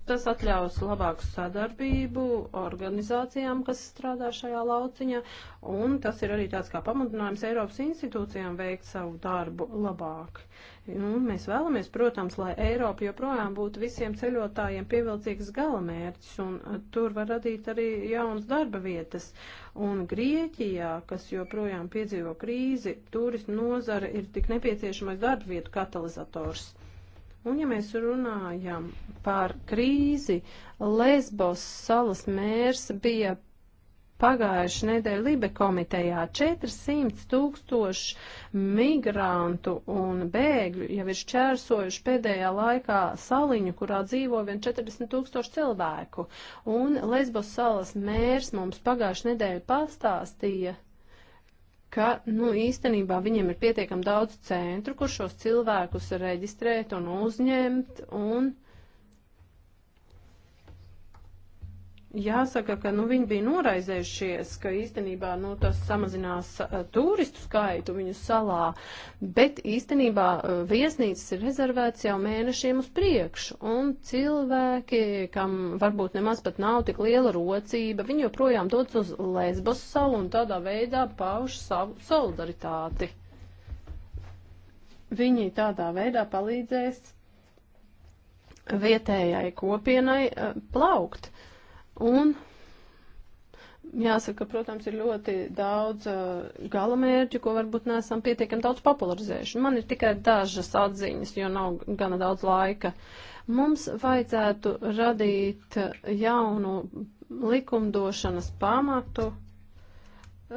Tas atļaus labāku sadarbību organizācijām, kas strādā šajā lauciņā, un tas ir arī tāds kā pamudinājums Eiropas institūcijām veikt savu darbu labāk. Un nu, mēs vēlamies, protams, lai Eiropa joprojām būtu visiem ceļotājiem pievilcīgs galamērķis, un uh, tur var radīt arī jaunas darba vietas. Un Grieķijā, kas joprojām piedzīvo krīzi, turismu nozara ir tik nepieciešamais darba vietu katalizators. Un ja mēs runājam par krīzi, Lesbos salas mērs bija pagājuši nedēļa Libe komitejā 400 tūkstoši migrantu un bēgļu jau ir šķērsojuši pēdējā laikā saliņu, kurā dzīvo vien 40 tūkstoši cilvēku. Un Lesbos salas mērs mums pagājuši nedēļa pastāstīja, ka nu, īstenībā viņiem ir pietiekami daudz centru, kur šos cilvēkus reģistrēt un uzņemt, un Jāsaka, ka nu, viņi bija noraizējušies, ka īstenībā nu, tas samazinās uh, turistu skaitu viņu salā, bet īstenībā uh, viesnīcas ir rezervēts jau mēnešiem uz priekšu, un cilvēki, kam varbūt nemaz pat nav tik liela rocība, viņi joprojām dodas uz Lesbos salu un tādā veidā pauž savu solidaritāti. Viņi tādā veidā palīdzēs vietējai kopienai uh, plaukt. Uh, Un jāsaka, protams, ir ļoti daudz uh, galamērķu, ko varbūt neesam pietiekami daudz popularizējuši. Man ir tikai dažas atziņas, jo nav gana daudz laika. Mums vajadzētu radīt jaunu likumdošanas pamatu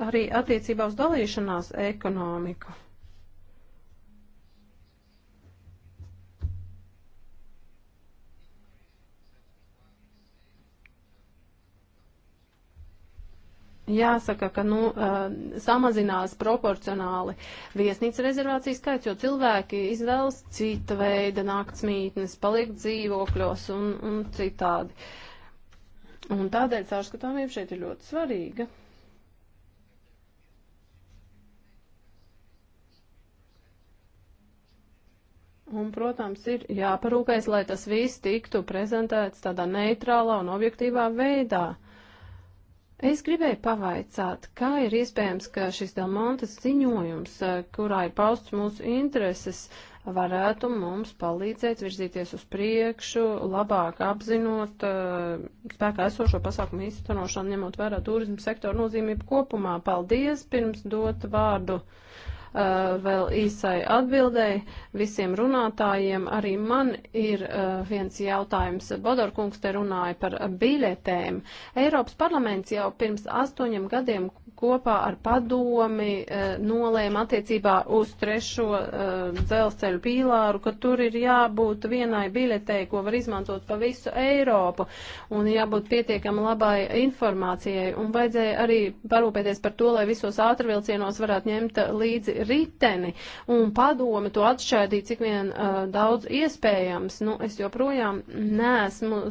arī attiecībā uz dalīšanās ekonomiku. Jāsaka, ka nu, samazinās proporcionāli viesnīca rezervācijas skaits, jo cilvēki izvēlas cita veida naktsmītnes, paliek dzīvokļos un, un citādi. Un tādēļ caurskatāmība šeit ir ļoti svarīga. Un, protams, ir jāparūpēs, lai tas viss tiktu prezentēts tādā neitrālā un objektīvā veidā. Es gribēju pavaicāt, kā ir iespējams, ka šis Delmontas ziņojums, eh, kurā ir pausts mūsu intereses, varētu mums palīdzēt virzīties uz priekšu, labāk apzinot uh, spēkā esošo pasākumu īstenošanu, ņemot vērā turismu sektoru nozīmību kopumā. Paldies, pirms dot vārdu vēl īsai atbildēji visiem runātājiem. Arī man ir viens jautājums. Bodorkungs te runāja par biļetēm. Eiropas parlaments jau pirms astoņiem gadiem kopā ar padomi eh, nolēma attiecībā uz trešo eh, dzelzceļu pīlāru, ka tur ir jābūt vienai biļetei, ko var izmantot pa visu Eiropu, un jābūt pietiekam labai informācijai, un vajadzēja arī parūpēties par to, lai visos ātrvilcienos varētu ņemt līdzi riteni, un padomi to atšķaidīja cik vien uh, daudz iespējams. Nu, es joprojām neesmu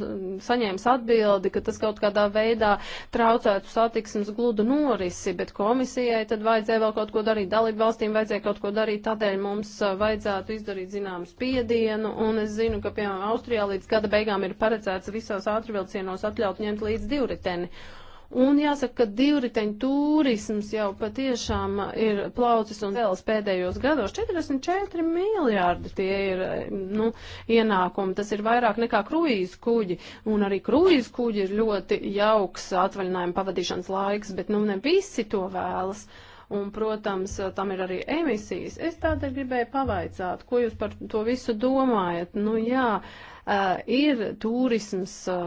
saņēmis atbildi, ka tas kaut kādā veidā traucētu satiksmes gludu noris visi, bet komisijai tad vajadzēja vēl kaut ko darīt, dalību valstīm vajadzēja kaut ko darīt, tādēļ mums uh, vajadzētu izdarīt zināmu spiedienu, un es zinu, ka, piemēram, Austrijā līdz gada beigām ir paredzēts visos ātrvilcienos atļaut ņemt līdz divriteni. Uh, Un jāsaka, ka divriteņu turisms jau patiešām ir plaucis un vēlas pēdējos gados 44 miljārdi tie ir nu, ienākumi. Tas ir vairāk nekā kruīzu kuģi. Un arī kruīzu kuģi ir ļoti jauks atvaļinājuma pavadīšanas laiks, bet nu ne visi to vēlas. Un, protams, tam ir arī emisijas. Es tādēļ gribēju pavaicāt, ko jūs par to visu domājat. Nu jā. Uh, uh, ir turisms uh,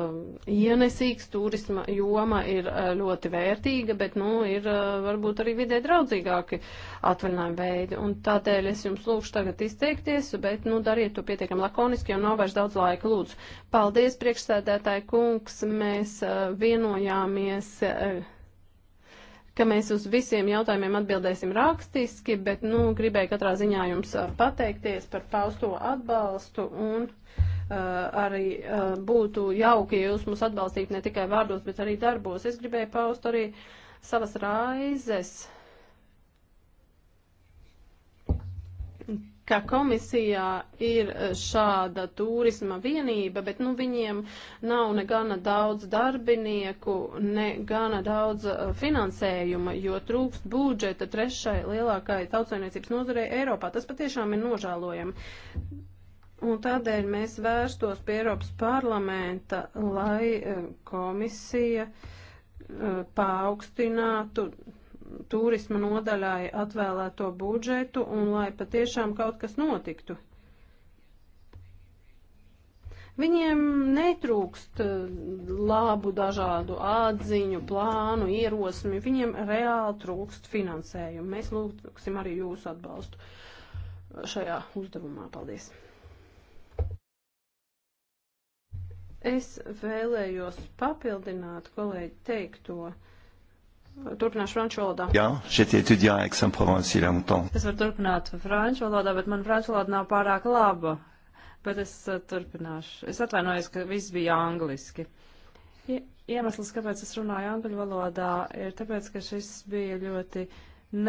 ienesīgs, turisma joma ir uh, ļoti vērtīga, bet, nu, ir uh, varbūt arī vidē draudzīgāki atvaļinājumi veidi. Un tādēļ es jums lūgšu tagad izteikties, bet, nu, dariet to pietiekam lakoniski, jo nav vairs daudz laika lūdzu. Paldies, priekšsēdētāji kungs, mēs uh, vienojāmies. Uh, ka mēs uz visiem jautājumiem atbildēsim rakstiski, bet, nu, gribēju katrā ziņā jums pateikties par pausto atbalstu un Eh, arī eh, būtu jauki, ja jūs mūs atbalstītu ne tikai vārdos, bet arī darbos. Es gribēju paust arī savas raizes, ka komisijā ir šāda turisma vienība, bet nu, viņiem nav ne gana daudz darbinieku, ne gana daudz eh, finansējuma, jo trūkst budžeta trešai lielākai tautsainiecības nozarei Eiropā. Tas patiešām ir nožēlojami. Un tādēļ mēs vērstos pie Eiropas parlamenta, lai e, komisija e, paaugstinātu turisma nodaļai atvēlēto budžetu un lai patiešām kaut kas notiktu. Viņiem netrūkst e, labu dažādu atziņu, plānu, ierosmi, viņiem reāli trūkst finansējumu. Mēs lūgsim arī jūsu atbalstu šajā uzdevumā. Paldies! Es vēlējos papildināt kolēģi teikto. Turpināšu franču valodā. Jā, šeit ietudījā Aix-en-Provence ir longtemps. Es varu turpināt franču valodā, bet man franču valoda nav pārāk laba. Bet es uh, turpināšu. Es atvainojos, ka viss bija angliski. I iemesls, kāpēc es runāju angļu valodā, ir tāpēc, ka šis bija ļoti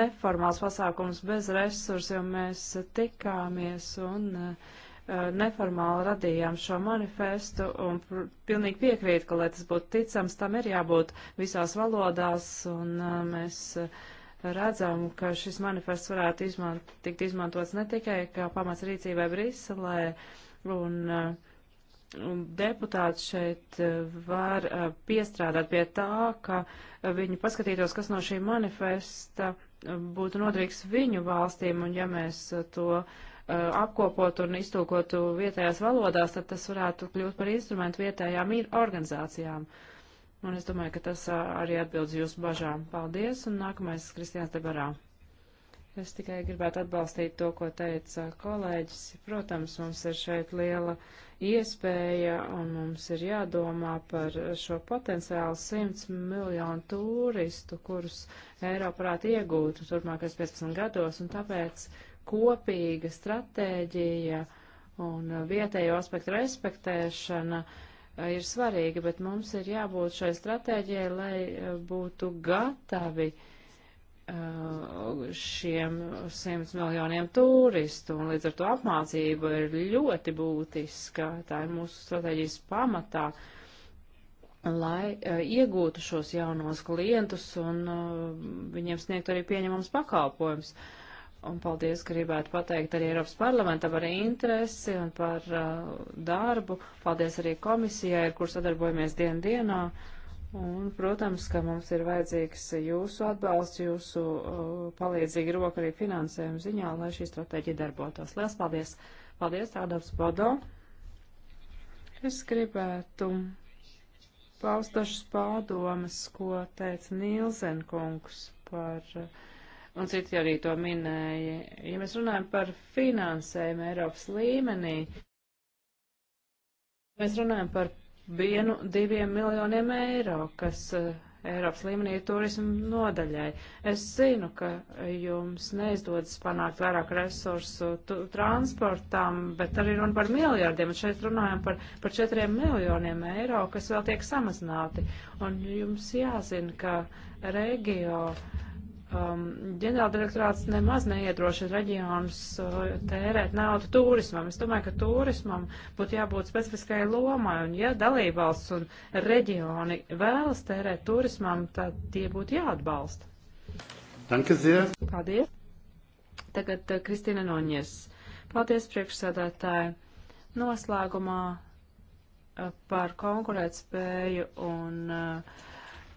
neformāls pasākums bez resursiem. Mēs tikāmies un uh, Eh, neformāli radījām šo manifestu un pilnīgi piekrītu, ka, lai tas būtu ticams, tam ir jābūt visās valodās un eh, mēs eh, redzam, ka šis manifests varētu izmant, tikt izmantots ne tikai kā pamats rīcībai Briselē un, un deputāts šeit var piestrādāt pie tā, ka viņi paskatītos, kas no šī manifesta būtu nodrīgs viņu valstīm, un ja mēs to uh, Uh, apkopotu un iztūkotu vietējās valodās, tad tas varētu kļūt par instrumentu vietējām organizācijām. Un es domāju, ka tas uh, arī atbildes jūsu bažām. Paldies, un nākamais Kristiāns Debarā. Es tikai gribētu atbalstīt to, ko teica kolēģis. Protams, mums ir šeit liela iespēja, un mums ir jādomā par šo potenciālu 100 miljonu turistu, kurus Eiropā iegūtu turpmākais 15 gados, un tāpēc uh, kopīga stratēģija un vietējo aspektu respektēšana ir svarīga, bet mums ir jābūt šai stratēģijai, lai eh, būtu gatavi eh, šiem simts miljoniem turistu, un līdz ar to apmācība ir ļoti būtiska, tā ir mūsu stratēģijas pamatā, lai eh, iegūtu šos jaunos klientus un viņiem sniegtu arī pieņemams pakalpojums. Uh, Un paldies, gribētu pateikt arī Eiropas parlamentam par interesi un par uh, darbu. Paldies arī komisijai, ar kur sadarbojamies dienu dienā. Un, protams, ka mums ir vajadzīgs jūsu atbalsts, jūsu uh, palīdzīgi roka arī finansējuma ziņā, lai šī stratēģija darbotos. Lielas paldies! Paldies, Ādams Bodo! Es gribētu paust dažas pārdomas, ko teica Nīlzenkungs par. Uh, un citi arī to minēja. Ja mēs runājam par finansējumu Eiropas līmenī, mēs runājam par vienu, diviem miljoniem eiro, kas uh, Eiropas līmenī ir turismu nodaļai. Es zinu, ka jums neizdodas panākt vairāk resursu transportam, bet arī runa par miljardiem. Un šeit runājam par, par četriem miljoniem eiro, kas vēl tiek samazināti. Un jums jāzina, ka regio uh, um, ģenerāldirektorāts nemaz neiedrošina reģionus uh, tērēt naudu turismam. Es domāju, ka turismam būtu jābūt specifiskai lomai, un ja dalībvalsts un reģioni vēlas tērēt turismam, tad tie būtu jāatbalsta. Danke sehr. Paldies. Tagad uh, Kristīna Noņies. Paldies, priekšsēdētāji. Noslēgumā uh, par konkurētspēju un uh,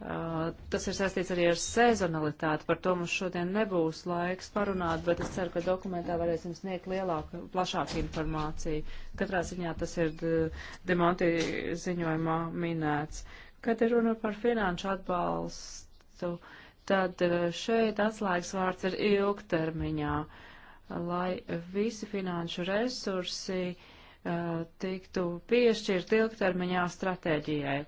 Uh, tas ir saistīts arī ar sezonalitāti, par to mums šodien nebūs laiks parunāt, bet es ceru, ka dokumentā varēsim sniegt lielāku, plašāku informāciju. Katrā ziņā tas ir demonti ziņojumā minēts. Kad ir runa par finanšu atbalstu, tad uh, šeit atslēgas vārds ir ilgtermiņā, lai visi finanšu resursi uh, tiktu piešķirt ilgtermiņā stratēģijai.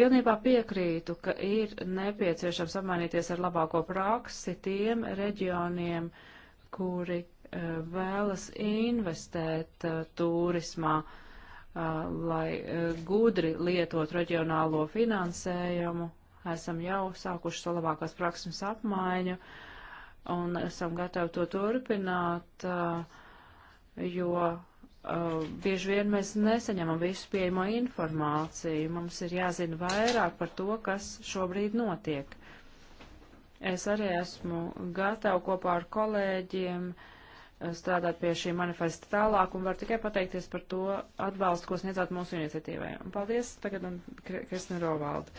Pilnībā piekrītu, ka ir nepieciešams apmainīties ar labāko praksi tiem reģioniem, kuri eh, vēlas investēt eh, turismā, eh, lai gudri lietot reģionālo finansējumu. Esam jau sākuši to labākās prakses apmaiņu un esam gatavi to turpināt, jo Uh, bieži vien mēs nesaņemam visu pieejamo informāciju. Mums ir jāzina vairāk par to, kas šobrīd notiek. Es arī esmu gatava kopā ar kolēģiem uh, strādāt pie šī manifesta tālāk un varu tikai pateikties par to atbalstu, ko sniedzāt mūsu iniciatīvai. Un paldies tagad un Kristina Rovalda.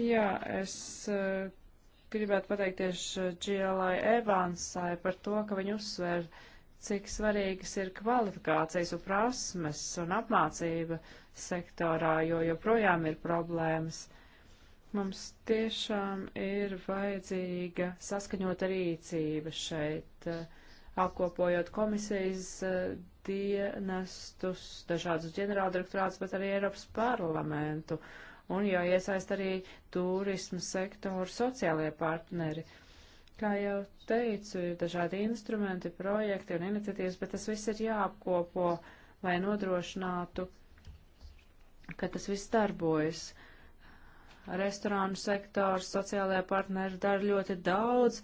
Jā, es uh, gribētu pateikties uh, GLI Evansai par to, ka viņi uzsver uh, cik svarīgas ir kvalifikācijas un prasmes un apmācība sektorā, jo joprojām ir problēmas. Mums tiešām ir vajadzīga saskaņota rīcība šeit, eh, apkopojot komisijas eh, dienestus, dažādus ģenerāldirektorātus, bet arī Eiropas parlamentu un jāiesaist arī turismu sektoru sociālajie partneri. Uh, Kā jau teicu, ir dažādi instrumenti, projekti un iniciatīvas, bet tas viss ir jāapkopo, lai nodrošinātu, ka tas viss darbojas. Restorānu sektors, sociālajā partneri dara ļoti daudz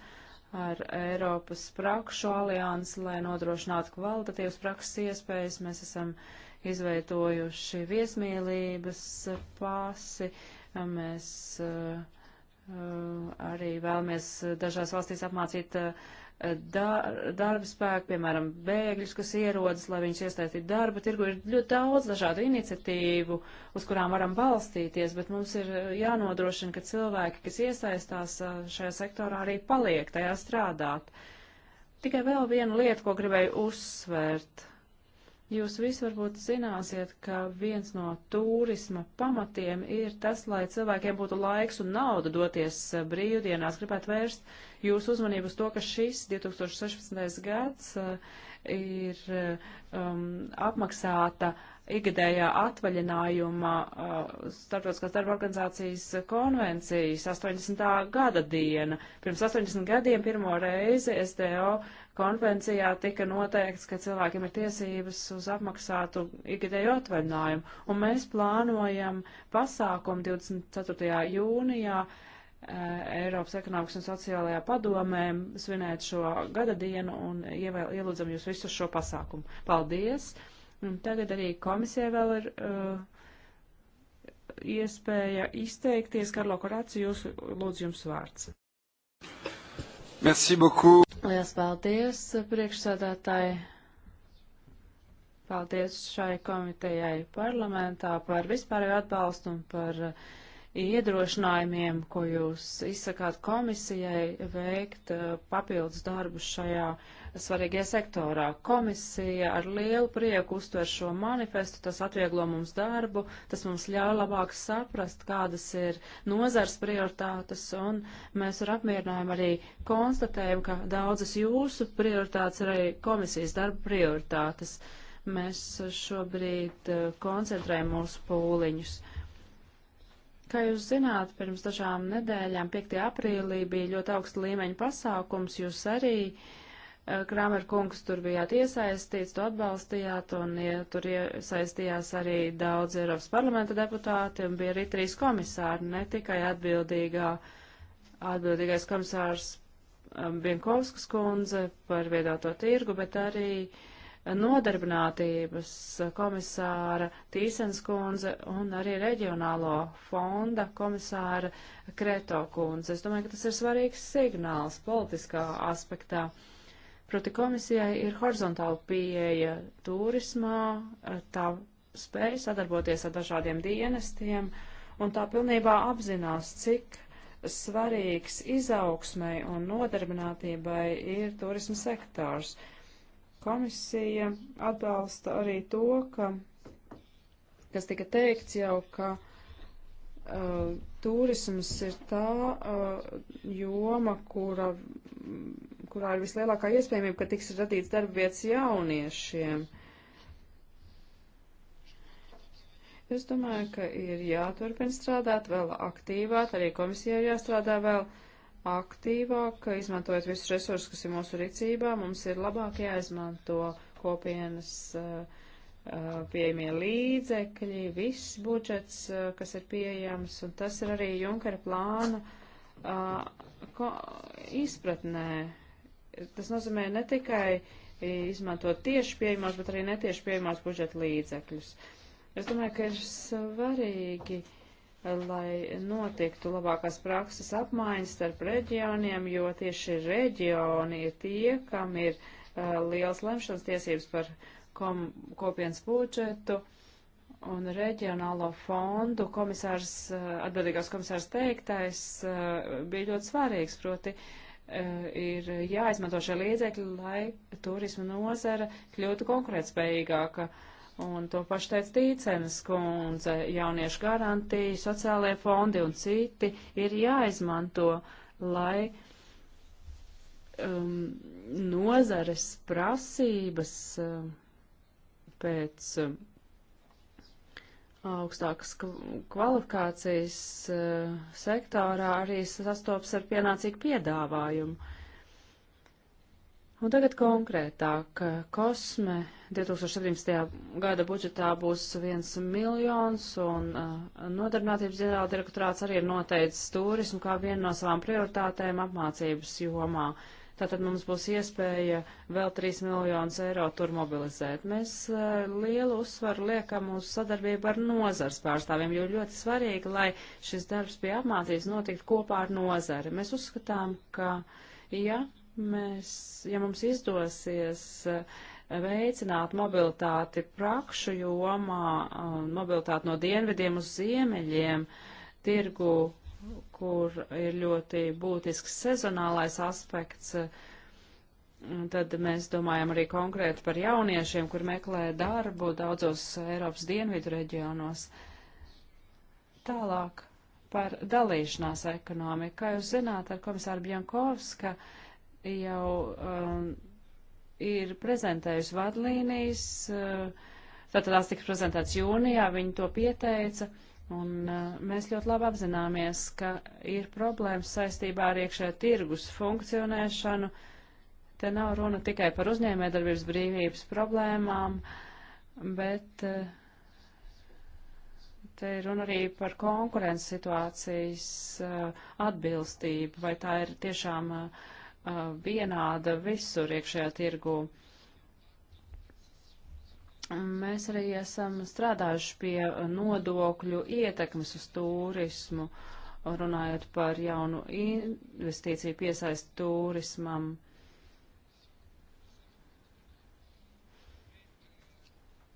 ar Eiropas prakšu aliansi, lai nodrošinātu kvalitatīvas prakses iespējas. Mēs esam izveidojuši viesmīlības pasi, mēs uh, Arī vēlamies dažās valstīs apmācīt darba spēku, piemēram, bēgļus, kas ierodas, lai viņus iesaistītu darba tirgu. Ir ļoti daudz dažādu iniciatīvu, uz kurām varam balstīties, bet mums ir jānodrošina, ka cilvēki, kas iesaistās šajā sektorā, arī paliek tajā strādāt. Tikai vēl viena lieta, ko gribēju uzsvērt. Jūs visi varbūt zināsiet, ka viens no turisma pamatiem ir tas, lai cilvēkiem būtu laiks un nauda doties eh, brīvdienās. Gribētu vērst jūsu uzmanību uz to, ka šis 2016. gads eh, ir eh, um, apmaksāta ikgadējā atvaļinājuma uh, Startautiskās darba organizācijas konvencijas 80. gada diena. Pirms 80 gadiem pirmo reizi SDO konvencijā tika noteikts, ka cilvēkiem ir tiesības uz apmaksātu ikgadēju atvaļinājumu, un mēs plānojam pasākumu 24. jūnijā eh, Eiropas ekonomikas un sociālajā padomē svinēt šo gada dienu un ievēl, ielūdzam jūs visus šo pasākumu. Paldies! Un tagad arī komisija vēl ir uh, iespēja izteikties. Karlo Korāci, jūs lūdzu jums vārds. Merci beaucoup. Lielas paldies, priekšsādātāji. Paldies šai komitejai parlamentā par vispārējo atbalstu un par uh, iedrošinājumiem, ko jūs izsakāt komisijai veikt uh, papildus darbus šajā svarīgajā sektorā. Komisija ar lielu prieku uztver šo manifestu, tas atvieglo mums darbu, tas mums ļauj labāk saprast, kādas ir nozars prioritātes, un mēs ar apmierinājumu arī konstatējam, ka daudzas jūsu prioritātes ir arī komisijas darba prioritātes. Mēs šobrīd eh, koncentrējam mūsu pūliņus. Kā jūs zināt, pirms dažām nedēļām, 5. aprīlī, bija ļoti augsta līmeņa pasākums. Jūs arī uh, Eh, Kramer kungs, tur bijāt iesaistīts, tu atbalstījāt, un ja, tur iesaistījās arī daudz Eiropas parlamenta deputāti, un bija arī trīs komisāri, ne tikai atbildīgā, atbildīgais komisārs eh, Bienkovskas kundze par viedoto tirgu, bet arī eh, nodarbinātības komisāra Tīsens kundze un arī reģionālo fonda komisāra Kreto kundze. Es domāju, ka tas ir svarīgs signāls politiskā aspektā. Uh, Proti komisijai ir horizontāla pieeja turismā, tā spēja sadarboties ar dažādiem dienestiem, un tā pilnībā apzinās, cik svarīgs izaugsmai un nodarbinātībai ir turisma sektors. Komisija atbalsta arī to, ka, kas tika teikts jau, ka Uh, turisms ir tā uh, joma, kura, kurā ir vislielākā iespējamība, ka tiks radīts darbvietas jauniešiem. Es domāju, ka ir jāturpina strādāt vēl aktīvāk, arī komisijai jāstrādā vēl aktīvāk, izmantojot visus resursus, kas ir mūsu rīcībā, mums ir labāk jāizmanto kopienas uh, Uh, pieejamie līdzekļi, viss budžets, uh, kas ir pieejams, un tas ir arī Junkara plāna uh, ko, izpratnē. Tas nozīmē ne tikai izmantot tieši pieejamos, bet arī netieši pieejamos budžeta līdzekļus. Es domāju, ka ir svarīgi, lai notiktu labākās prakses apmaiņas starp reģioniem, jo tieši reģioni ir tie, kam ir uh, liels lemšanas tiesības par uh, kom, kopienas budžetu un reģionālo fondu komisārs, eh, atbildīgās komisārs teiktais eh, bija ļoti svarīgs, proti eh, ir jāizmanto šie līdzekļi, lai turisma nozara kļūtu konkurētspējīgāka. Un to pašu teica Tīcenes kundze, jauniešu garantija, sociālajie fondi un citi ir jāizmanto, lai um, nozares prasības. Um, pēc um, augstākas kvalifikācijas uh, sektorā arī sastopas ar pienācīgu piedāvājumu. Un tagad konkrētāk, kosme 2017. gada budžetā būs viens miljons, un uh, nodarbinātības ģenerāla direktorāts arī ir noteicis turismu kā vienu no savām prioritātēm apmācības jomā. Uh, Tātad mums būs iespēja vēl 3 miljonus eiro tur mobilizēt. Mēs e, lielu uzsvaru liekam uz sadarbību ar nozars pārstāvjiem, jo ļoti svarīgi, lai šis darbs pie apmācības notiktu kopā ar nozari. Mēs uzskatām, ka, ja, mēs, ja mums izdosies e, veicināt mobilitāti prakšu jomā, e, mobilitāti no dienvidiem uz ziemeļiem, tirgu kur ir ļoti būtisks sezonālais aspekts, tad mēs domājam arī konkrēti par jauniešiem, kur meklē darbu daudzos Eiropas dienvidu reģionos. Tālāk par dalīšanās ekonomiku. Kā jūs zināt, ar komisāru Bjankovska jau um, ir prezentējusi vadlīnijas, uh, tātad tās tika prezentētas jūnijā, viņi to pieteica. Uh, Un uh, mēs ļoti labi apzināmies, ka ir problēmas saistībā ar iekšē tirgus funkcionēšanu. Te nav runa tikai par uzņēmējdarbības brīvības problēmām, bet uh, te ir runa arī par konkurences situācijas uh, atbilstību, vai tā ir tiešām vienāda visur iekšējā tirgū. Mēs arī esam strādājuši pie nodokļu ietekmes uz turismu, runājot par jaunu investīciju piesaistu turismam.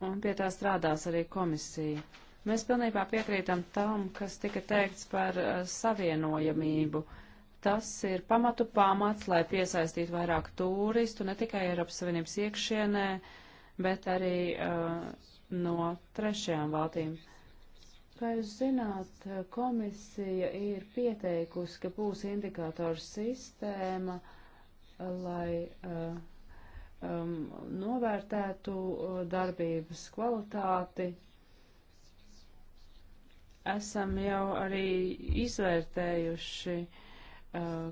Un pie tā strādās arī komisija. Mēs pilnībā piekrītam tam, kas tika teikts par uh, savienojamību. Tas ir pamatu pamats, lai piesaistītu vairāk turistu ne tikai Eiropas Savienības iekšienē, uh, bet arī uh, no trešajām valstīm. Kā jūs zināt, komisija ir pieteikusi, ka būs indikātoru sistēma, lai uh, um, novērtētu uh, darbības kvalitāti. Esam jau arī izvērtējuši uh,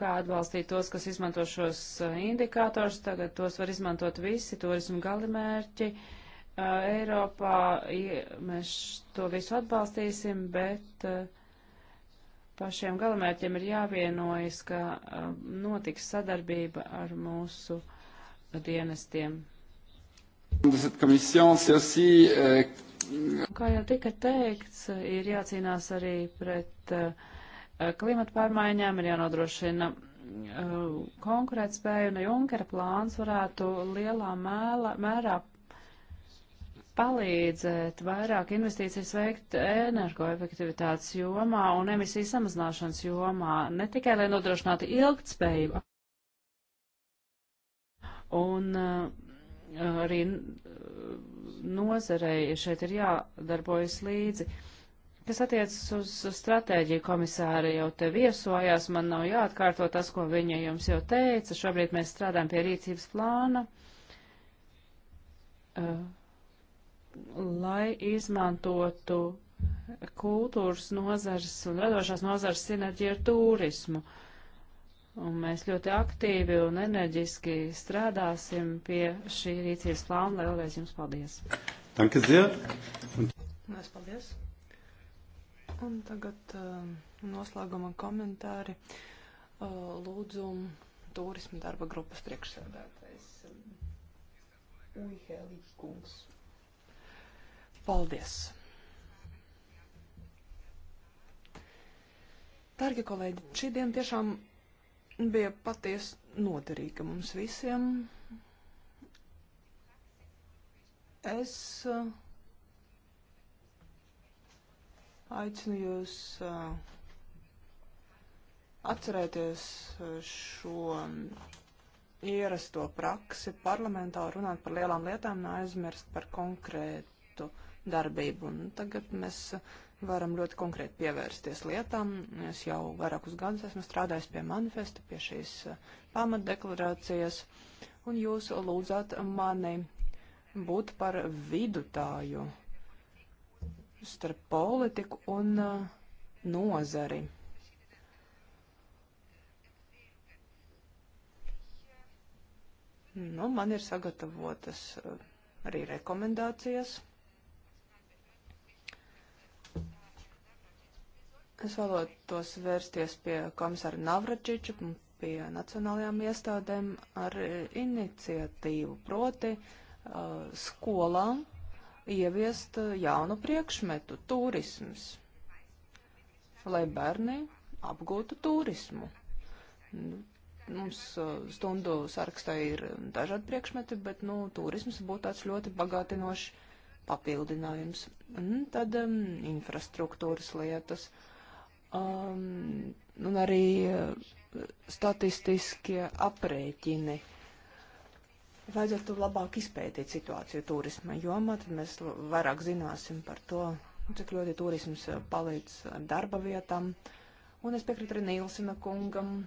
kā atbalstīt tos, kas izmanto šos eh, indikātors. Tagad tos var izmantot visi turismu galimērķi. Eh, Eiropā mēs to visu atbalstīsim, bet eh, pašiem galamērķiem ir jāvienojas, ka notiks sadarbība ar mūsu dienestiem. Kā jau tika teikts, ir jācīnās arī pret uh, Eh, klimata pārmaiņām, ir jānodrošina eh, konkurētspēju, un Junkera plāns varētu lielā mēla, mērā palīdzēt vairāk investīcijas veikt energoefektivitātes jomā un emisiju samazināšanas jomā, ne tikai lai nodrošinātu ilgtspējību. Un eh, arī nozarei šeit ir jādarbojas līdzi. Uh, Kas attiecas uz stratēģiju, komisāra jau te viesojās, man nav jāatkārto tas, ko viņa jums jau teica. Šobrīd mēs strādājam pie rīcības plāna, uh, lai izmantotu kultūras nozares un radošās nozares sinerģiju ar turismu. Un mēs ļoti aktīvi un enerģiski strādāsim pie šī rīcības plāna. Vēlreiz jums paldies! Danke sehr! Un... Mēs paldies! Un tagad uh, noslēguma komentāri. Uh, lūdzu, turisma darba grupas priekšsēdētājs um, Uihēlī kungs. Paldies! Dargi kolēģi, šī diena tiešām bija patiesi noderīga mums visiem. Es uh, Aicinu jūs atcerēties šo ierasto praksi parlamentā runāt par lielām lietām, neaizmirst par konkrētu darbību. Un tagad mēs varam ļoti konkrēti pievērsties lietām. Es jau vairākus gadus esmu strādājis pie manifesta, pie šīs pamatdeklarācijas, un jūs lūdzat mani būt par vidutāju starp politiku un uh, nozari. Nu, man ir sagatavotas uh, arī rekomendācijas. Es vēlētos vērsties pie komisāra Navračiča, pie nacionālajām iestādēm ar uh, iniciatīvu, proti uh, skolām ieviest eh, jaunu priekšmetu - turisms, lai bērni apgūtu turismu. Mums eh, stundu sarakstā ir dažādi priekšmeti, bet nu, turisms būtu tāds ļoti bagātinošs papildinājums. Un tad um, infrastruktūras lietas um, un arī eh, statistiskie aprēķini. Uh, vajadzētu labāk izpētīt situāciju turisma jomā, tad mēs vairāk zināsim par to, cik ļoti turisms eh, palīdz darba vietām. Un es piekrītu arī Nīlsina kungam.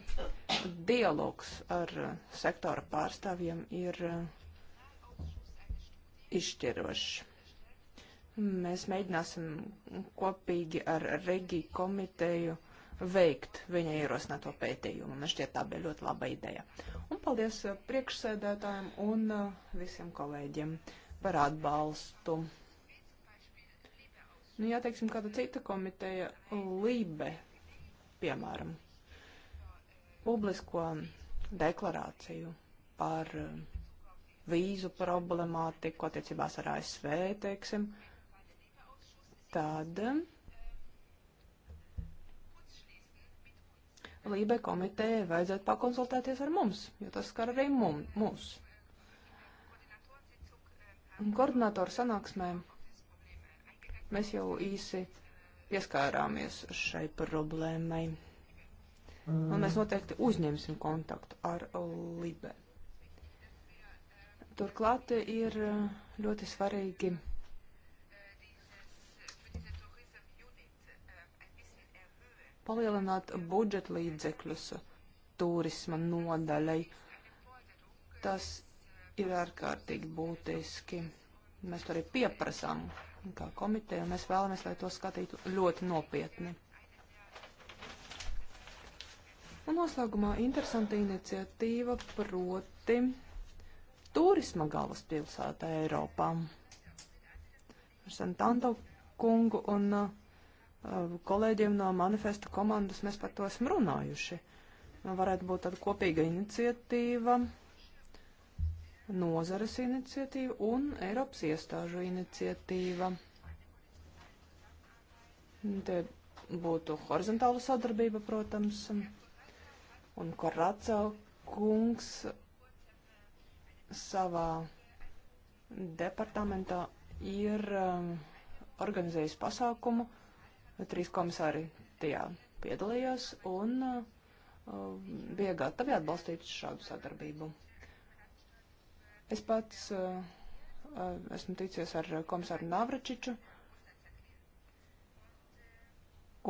Dialogs ar eh, sektora pārstāvjiem ir eh, izšķirošs. Mēs mēģināsim kopīgi ar Regi komiteju veikt viņa ierosināto pētījumu. Man šķiet tā bija ļoti laba ideja. Un paldies uh, priekšsēdētājiem un uh, visiem kolēģiem par atbalstu. Nu, ja teiksim, kāda cita komiteja, LIBE, piemēram, publisko deklarāciju par uh, vīzu problemātiku attiecībās ar ASV, teiksim, tad Lībe komitejai vajadzētu pakonsultēties ar mums, jo tas skar arī mum, mūs. Koordinātoru sanāksmē mēs jau īsi pieskārāmies šai problēmai. Un mēs mm. noteikti uzņemsim kontaktu ar Libe. Turklāt ir ļoti svarīgi palielināt budžeta līdzekļus turisma nodaļai. Tas ir ārkārtīgi būtiski. Mēs to arī pieprasām kā komiteja, un mēs vēlamies, lai to skatītu ļoti nopietni. Un noslēgumā interesanta iniciatīva proti turisma galvaspilsēta Eiropā. Ar Santanto kungu un uh, kolēģiem no manifesta komandas mēs par to esam runājuši. Nu, varētu būt tāda kopīga iniciatīva, nozares iniciatīva un Eiropas iestāžu iniciatīva. Te būtu horizontāla sadarbība, protams, un Korāca kungs savā departamentā ir um, organizējis pasākumu, uh, Trīs komisāri tajā piedalījās un uh, bija gatavi atbalstīt šādu sadarbību. Es pats uh, uh esmu ticies ar komisāru Navračiču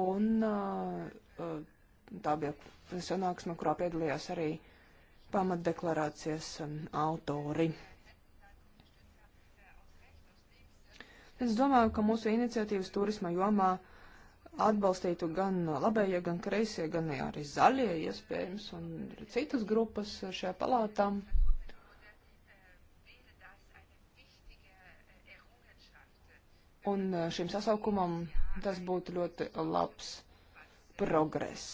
un uh, uh, tā bija sanāksme, kurā piedalījās arī pamatdeklarācijas um, autori. Es domāju, ka mūsu iniciatīvas turisma jomā uh, atbalstītu gan labējie, gan kreisie, gan arī zaļie iespējams un citas grupas šajā palātā. Un eh, šim sasaukumam tas būtu ļoti labs progress.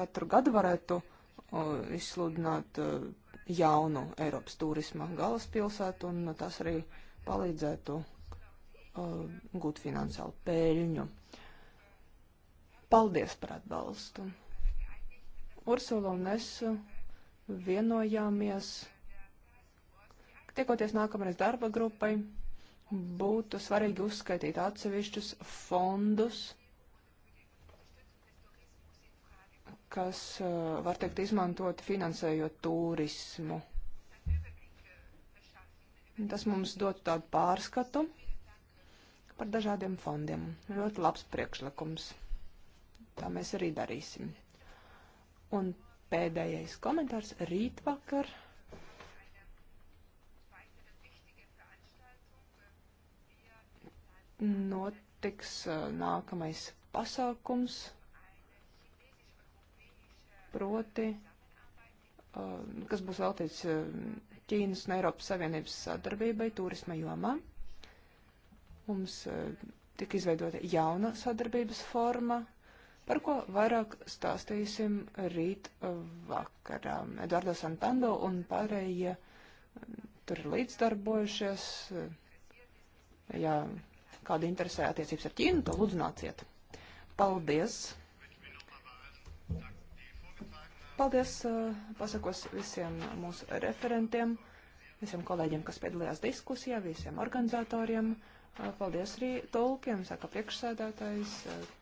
Katru gadu varētu eh, izsludināt eh, jaunu Eiropas turisma galvaspilsētu, un tas arī palīdzētu Uh, gūt finansiālu pēļņu. Paldies par atbalstu. Ursula un es vienojāmies, ka tiekoties nākamreiz darba grupai, būtu svarīgi uzskaitīt atsevišķus fondus, kas, uh, var teikt, izmantot finansējot turismu. Tas mums dotu tādu pārskatu par dažādiem fondiem. Ļoti labs priekšlikums. Tā mēs arī darīsim. Un pēdējais komentārs rītvakar. Notiks uh, nākamais pasākums, proti, uh, kas būs veltīts uh, Ķīnas un Eiropas Savienības sadarbībai turisma jomā. Mums e, tika izveidota jauna sadarbības forma, par ko vairāk stāstīsim rīt vakarā. Eduardo Santando un pārējie e, tur ir līdzdarbojušies. E, ja kāda interesē attiecības ar Ķīnu, to lūdzu nāciet. Paldies! Paldies, pasakos visiem mūsu referentiem, visiem kolēģiem, kas piedalījās diskusijā, visiem organizatoriem. Paldies arī tulkiem, saka priekšsēdētājs,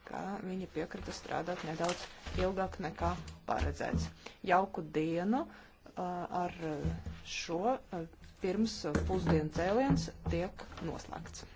ka viņi piekrita strādāt nedaudz ilgāk nekā paredzēts. Jauku dienu ar šo pirms pusdienu cēliens tiek noslēgts.